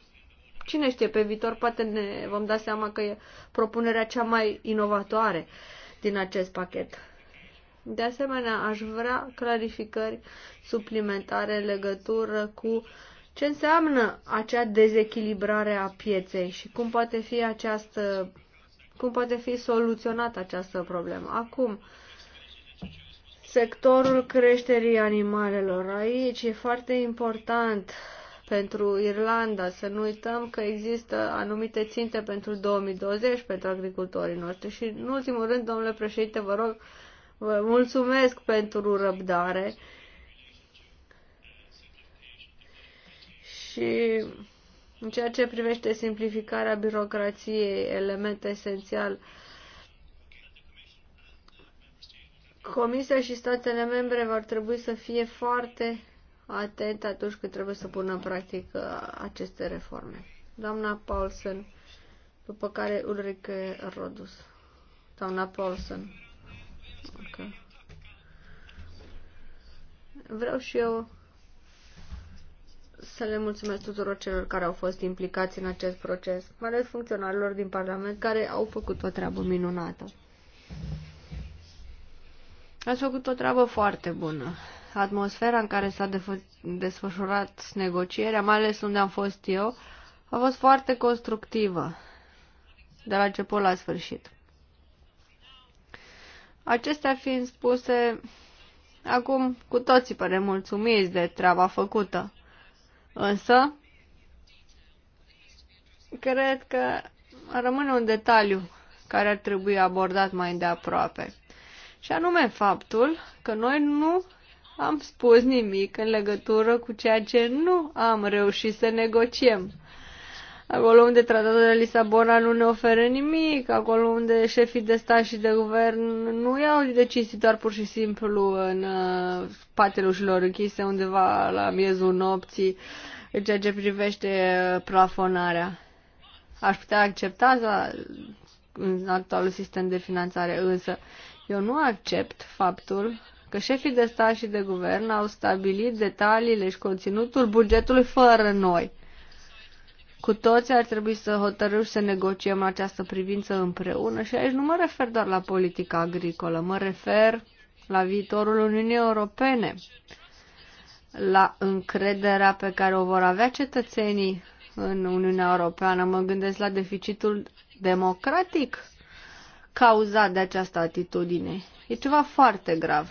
cine știe, pe viitor poate ne vom da seama că e propunerea cea mai inovatoare din acest pachet. De asemenea, aș vrea clarificări suplimentare în legătură cu ce înseamnă acea dezechilibrare a pieței și cum poate fi această cum poate fi soluționată această problemă. Acum, sectorul creșterii animalelor. Aici e foarte important pentru Irlanda să nu uităm că există anumite ținte pentru 2020 pentru agricultorii noștri și în ultimul rând, domnule președinte, vă rog, vă mulțumesc pentru răbdare și în ceea ce privește simplificarea birocrației, element esențial uh, Comisia și statele membre vor trebui să fie foarte atente atunci când trebuie să pună în practică aceste reforme. Doamna Paulsen, după care Ulrike Rodus. Doamna Paulsen. Okay. Vreau și eu să le mulțumesc tuturor celor care au fost implicați în acest proces, mai ales funcționarilor din Parlament care au făcut o treabă minunată. Ați făcut o treabă foarte bună. Atmosfera în care s-a desfășurat negocierea, mai ales unde am fost eu, a fost foarte constructivă de la început la sfârșit. Acestea fiind spuse, acum cu toții părem mulțumiți de treaba făcută. Însă, cred că rămâne un detaliu care ar trebui abordat mai de aproape. Și anume faptul că noi nu am spus nimic în legătură cu ceea ce nu am reușit să negociem. Acolo unde tratatul de Lisabona nu ne oferă nimic, acolo unde șefii de stat și de guvern nu iau decizii doar pur și simplu în uh, spatele ușilor închise undeva la miezul nopții, în ceea ce privește uh, plafonarea. Aș putea accepta în actualul sistem de finanțare, însă eu nu accept faptul că șefii de stat și de guvern au stabilit detaliile și conținutul bugetului fără noi. Cu toți ar trebui să hotărâm și să negociem în această privință împreună și aici nu mă refer doar la politica agricolă, mă refer la viitorul Uniunii Europene, la încrederea pe care o vor avea cetățenii în Uniunea Europeană. Mă gândesc la deficitul democratic cauzat de această atitudine. E ceva foarte grav.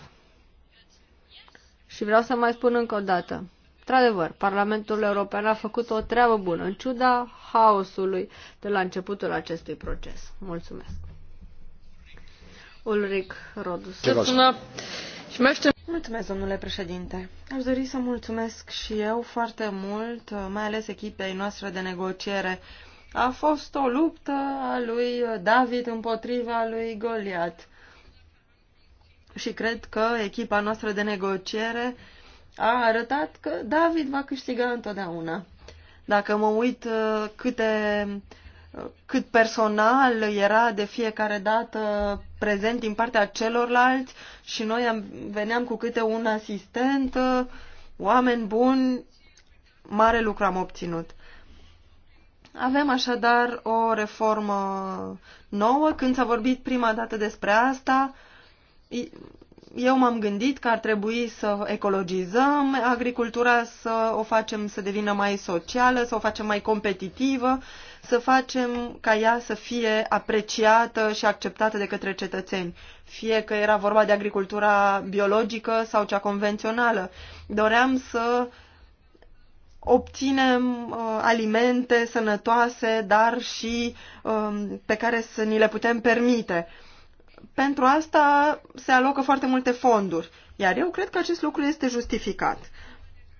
Și vreau să mai spun încă o dată. Într-adevăr, Parlamentul European a făcut o treabă bună, în ciuda haosului de la începutul acestui proces. Mulțumesc. Ulric Rodus. Mulțumesc, domnule președinte. Aș dori să mulțumesc și eu foarte mult, mai ales echipei noastre de negociere a fost o luptă a lui David împotriva lui Goliat. Și cred că echipa noastră de negociere a arătat că David va câștiga întotdeauna. Dacă mă uit uh, câte, uh, cât personal era de fiecare dată prezent din partea celorlalți și noi am, veneam cu câte un asistent, uh, oameni buni, mare lucru am obținut. Avem așadar o reformă nouă. Când s-a vorbit prima dată despre asta, eu m-am gândit că ar trebui să ecologizăm agricultura, să o facem să devină mai socială, să o facem mai competitivă, să facem ca ea să fie apreciată și acceptată de către cetățeni. Fie că era vorba de agricultura biologică sau cea convențională. Doream să obținem uh, alimente sănătoase, dar și um, pe care să ni le putem permite. Pentru asta se alocă foarte multe fonduri, iar eu cred că acest lucru este justificat.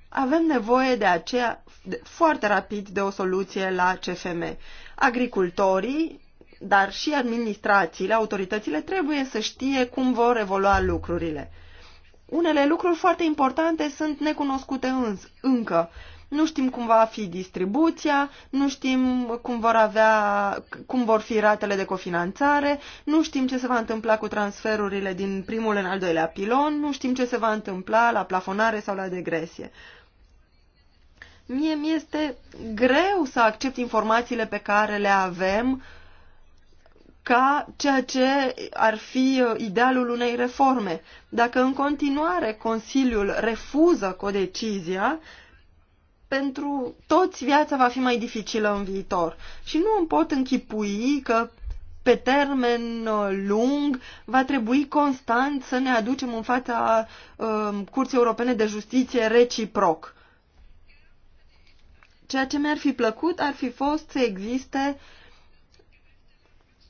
Avem nevoie de aceea de, foarte rapid de o soluție la CFM. Agricultorii, dar și administrațiile, autoritățile trebuie să știe cum vor evolua lucrurile. Unele lucruri foarte importante sunt necunoscute îns, încă nu știm cum va fi distribuția, nu știm cum vor, avea, cum vor fi ratele de cofinanțare, nu știm ce se va întâmpla cu transferurile din primul în al doilea pilon, nu știm ce se va întâmpla la plafonare sau la degresie. Mie mi-este greu să accept informațiile pe care le avem ca ceea ce ar fi idealul unei reforme. Dacă în continuare Consiliul refuză codecizia, pentru toți viața va fi mai dificilă în viitor. Și nu îmi pot închipui că pe termen uh, lung va trebui constant să ne aducem în fața um, Curții Europene de Justiție reciproc. Ceea ce mi-ar fi plăcut ar fi fost să existe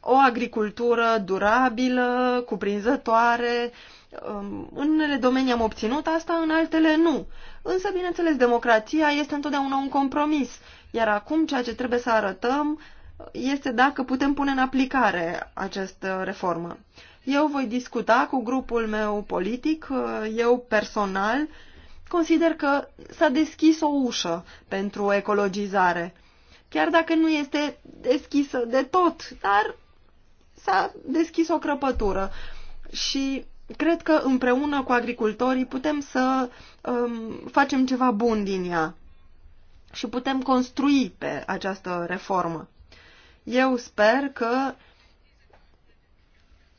o agricultură durabilă, cuprinzătoare, uh, Um, în unele domenii am obținut asta, în altele nu. Însă, bineînțeles, democrația este întotdeauna un compromis, iar acum ceea ce trebuie să arătăm este dacă putem pune în aplicare această reformă. Eu voi discuta cu grupul meu politic, uh, eu personal consider că s-a deschis o ușă pentru ecologizare. Chiar dacă nu este deschisă de tot, dar s-a deschis o crăpătură. Și cred că împreună cu agricultorii putem să um, facem ceva bun din ea și putem construi pe această reformă. Eu sper că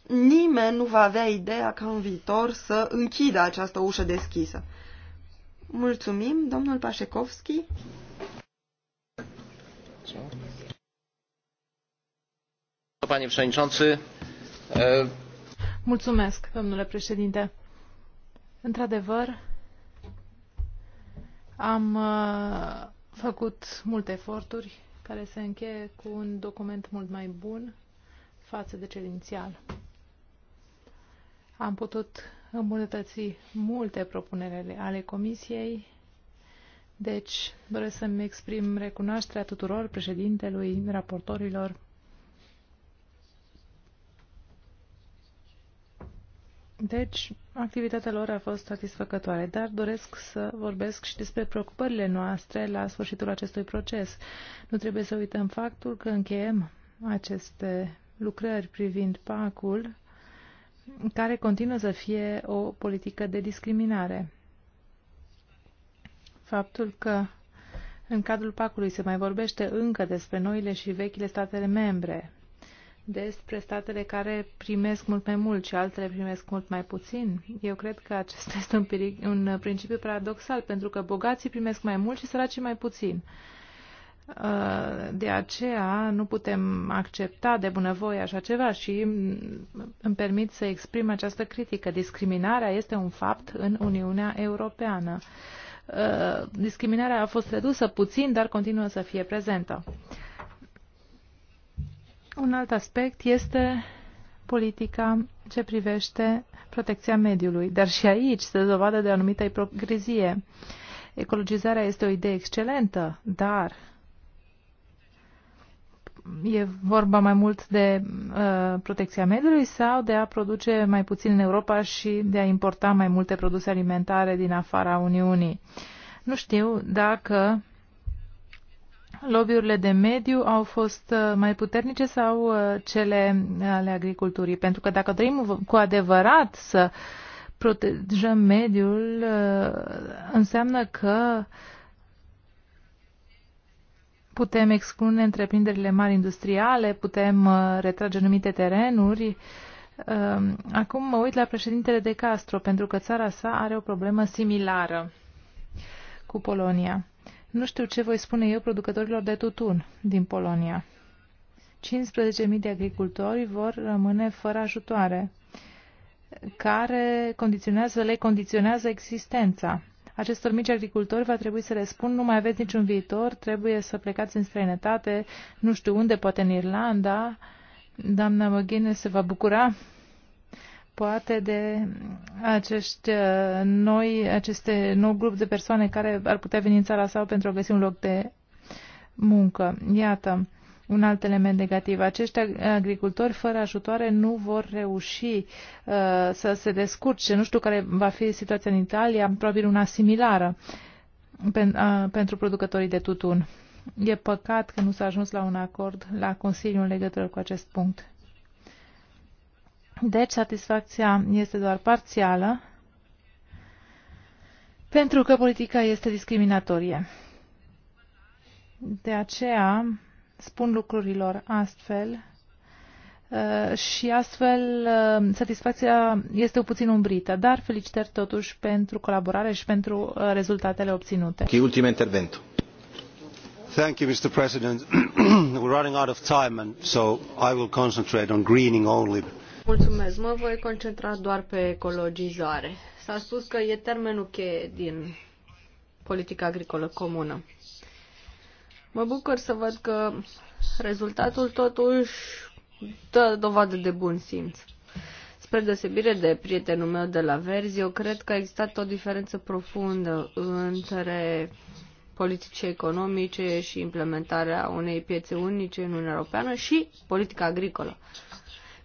nimeni nu va avea ideea ca în viitor să închidă această ușă deschisă. Mulțumim, domnul Pașekovski. Panie Przewodniczący, Mulțumesc, domnule președinte. Într-adevăr, am uh, făcut multe eforturi care se încheie cu un document mult mai bun față de cel inițial. Am putut îmbunătăți multe propuneri ale Comisiei, deci doresc să-mi exprim recunoașterea tuturor președintelui, raportorilor Deci, activitatea lor a fost satisfăcătoare, dar doresc să vorbesc și despre preocupările noastre la sfârșitul acestui proces. Nu trebuie să uităm faptul că încheiem aceste lucrări privind PACUL, care continuă să fie o politică de discriminare. Faptul că în cadrul pacului se mai vorbește încă despre noile și vechile statele membre, despre statele care primesc mult mai mult și altele primesc mult mai puțin. Eu cred că acesta este un, peric, un principiu paradoxal, pentru că bogații primesc mai mult și săracii mai puțin. De aceea nu putem accepta de bunăvoie așa ceva și îmi permit să exprim această critică. Discriminarea este un fapt în Uniunea Europeană. Discriminarea a fost redusă puțin, dar continuă să fie prezentă. Un alt aspect este politica ce privește protecția mediului. Dar și aici se dovadă de anumită ipocrizie. Ecologizarea este o idee excelentă, dar e vorba mai mult de uh, protecția mediului sau de a produce mai puțin în Europa și de a importa mai multe produse alimentare din afara Uniunii. Nu știu dacă lobby-urile de mediu au fost uh, mai puternice sau uh, cele uh, ale agriculturii? Pentru că dacă dorim cu adevărat să protejăm mediul, înseamnă că putem exclude întreprinderile mari industriale, putem retrage anumite terenuri. Um, acum mă uit la președintele de Castro, pentru că țara sa are o problemă similară cu Polonia. Nu știu ce voi spune eu producătorilor de tutun din Polonia. 15.000 de agricultori vor rămâne fără ajutoare, care condiționează, le condiționează existența. Acestor mici agricultori va trebui să le spun, nu mai aveți niciun viitor, trebuie să plecați în străinătate, nu știu unde, poate în Irlanda. Doamna Măghine se va bucura poate de acești uh, noi, aceste nou grup de persoane care ar putea veni în țara sau pentru a găsi un loc de muncă. Iată, un alt element negativ. Acești agricultori fără ajutoare nu vor reuși uh, să se descurce. Nu știu care va fi situația în Italia, probabil una similară pen, uh, pentru producătorii de tutun. E păcat că nu s-a ajuns la un acord la Consiliu în legătură cu acest punct. Deci, satisfacția este doar parțială, pentru că politica este discriminatorie. De aceea spun lucrurilor astfel uh, și astfel uh, satisfacția este o puțin umbrită, dar felicitări totuși pentru colaborare și pentru uh, rezultatele obținute. Okay, ultimul intervent. Thank you, Mr. President. We're running out of time, and so I will concentrate on greening only. Mulțumesc. Mă voi concentra doar pe ecologizare. S-a spus că e termenul cheie din politica agricolă comună. Mă bucur să văd că rezultatul totuși dă dovadă de bun simț. Spre deosebire de prietenul meu de la Verzi, eu cred că a existat o diferență profundă între politice economice și implementarea unei piețe unice în Uniunea Europeană și politica agricolă.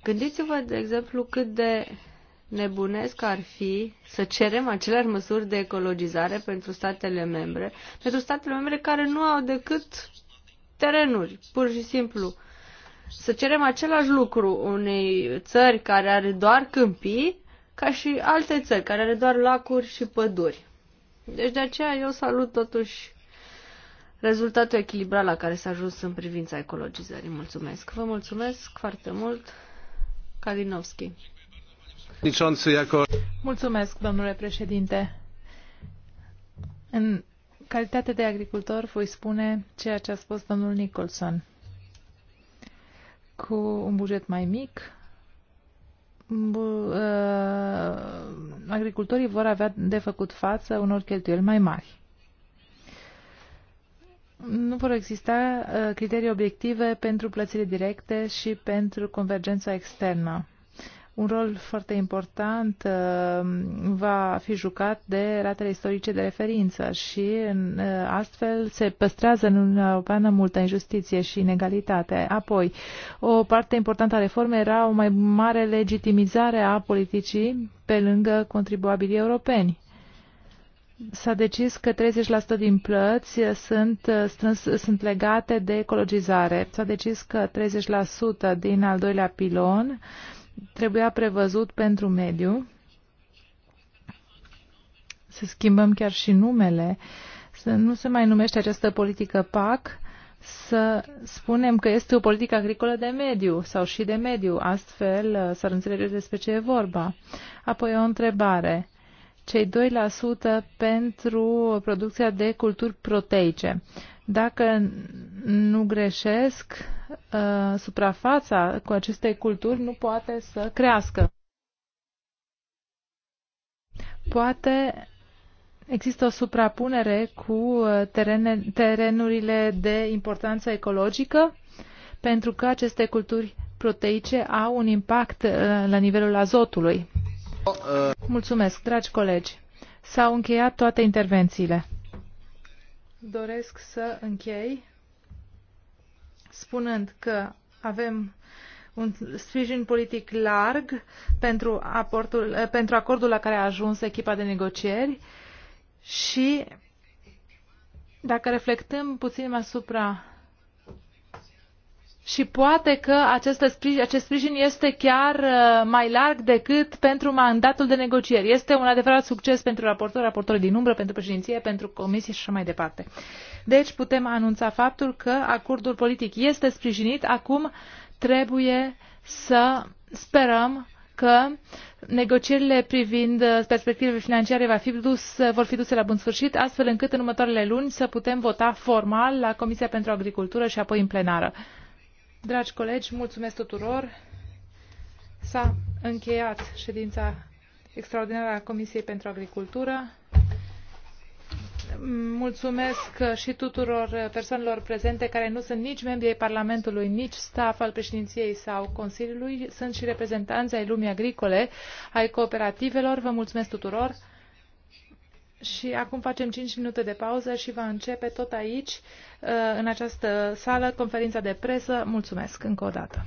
Gândiți-vă, de exemplu, cât de nebunesc ar fi să cerem aceleași măsuri de ecologizare pentru statele membre, pentru statele membre care nu au decât terenuri, pur și simplu. Să cerem același lucru unei țări care are doar câmpii, ca și alte țări care are doar lacuri și păduri. Deci de aceea eu salut totuși rezultatul echilibrat la care s-a ajuns în privința ecologizării. Mulțumesc! Vă mulțumesc foarte mult! Kalinowski. Mulțumesc, domnule președinte. În calitate de agricultor voi spune ceea ce a spus domnul Nicholson. Cu un buget mai mic, ă, agricultorii vor avea de făcut față unor cheltuieli mai mari nu vor exista uh, criterii obiective pentru plățile directe și pentru convergența externă. Un rol foarte important uh, va fi jucat de ratele istorice de referință și uh, astfel se păstrează în Uniunea Europeană multă injustiție și inegalitate. Apoi, o parte importantă a reformei era o mai mare legitimizare a politicii pe lângă contribuabilii europeni S-a decis că 30% din plăți sunt, uh, strâns, sunt legate de ecologizare. S-a decis că 30% din al doilea pilon trebuia prevăzut pentru mediu. Să schimbăm chiar și numele. Să nu se mai numește această politică PAC, să spunem că este o politică agricolă de mediu sau și de mediu. Astfel uh, s-ar înțelege despre ce e vorba. Apoi o întrebare cei 2% pentru producția de culturi proteice. Dacă nu greșesc, ă, suprafața cu aceste culturi nu poate să crească. Poate Există o suprapunere cu terene, terenurile de importanță ecologică, pentru că aceste culturi proteice au un impact ă, la nivelul azotului. Mulțumesc, dragi colegi. S-au încheiat toate intervențiile. Doresc să închei spunând că avem un sprijin politic larg pentru, aportul, pentru acordul la care a ajuns echipa de negocieri și dacă reflectăm puțin asupra și poate că acest sprijin, acest sprijin este chiar uh, mai larg decât pentru mandatul de negocieri. Este un adevărat succes pentru raportor, raportori din umbră, pentru președinție, pentru comisie și așa mai departe. Deci putem anunța faptul că acordul politic este sprijinit. Acum trebuie să sperăm că negocierile privind uh, perspectivele financiare va fi dus, uh, vor fi duse la bun sfârșit, astfel încât în următoarele luni să putem vota formal la Comisia pentru Agricultură și apoi în plenară. Dragi colegi, mulțumesc tuturor. S-a încheiat ședința extraordinară a Comisiei pentru Agricultură. Mulțumesc și tuturor persoanelor prezente care nu sunt nici membri ai Parlamentului, nici staff al președinției sau Consiliului, sunt și reprezentanți ai lumii agricole, ai cooperativelor. Vă mulțumesc tuturor. Și acum facem 5 minute de pauză și va începe tot aici, uh, în această sală, conferința de presă. Mulțumesc încă o dată.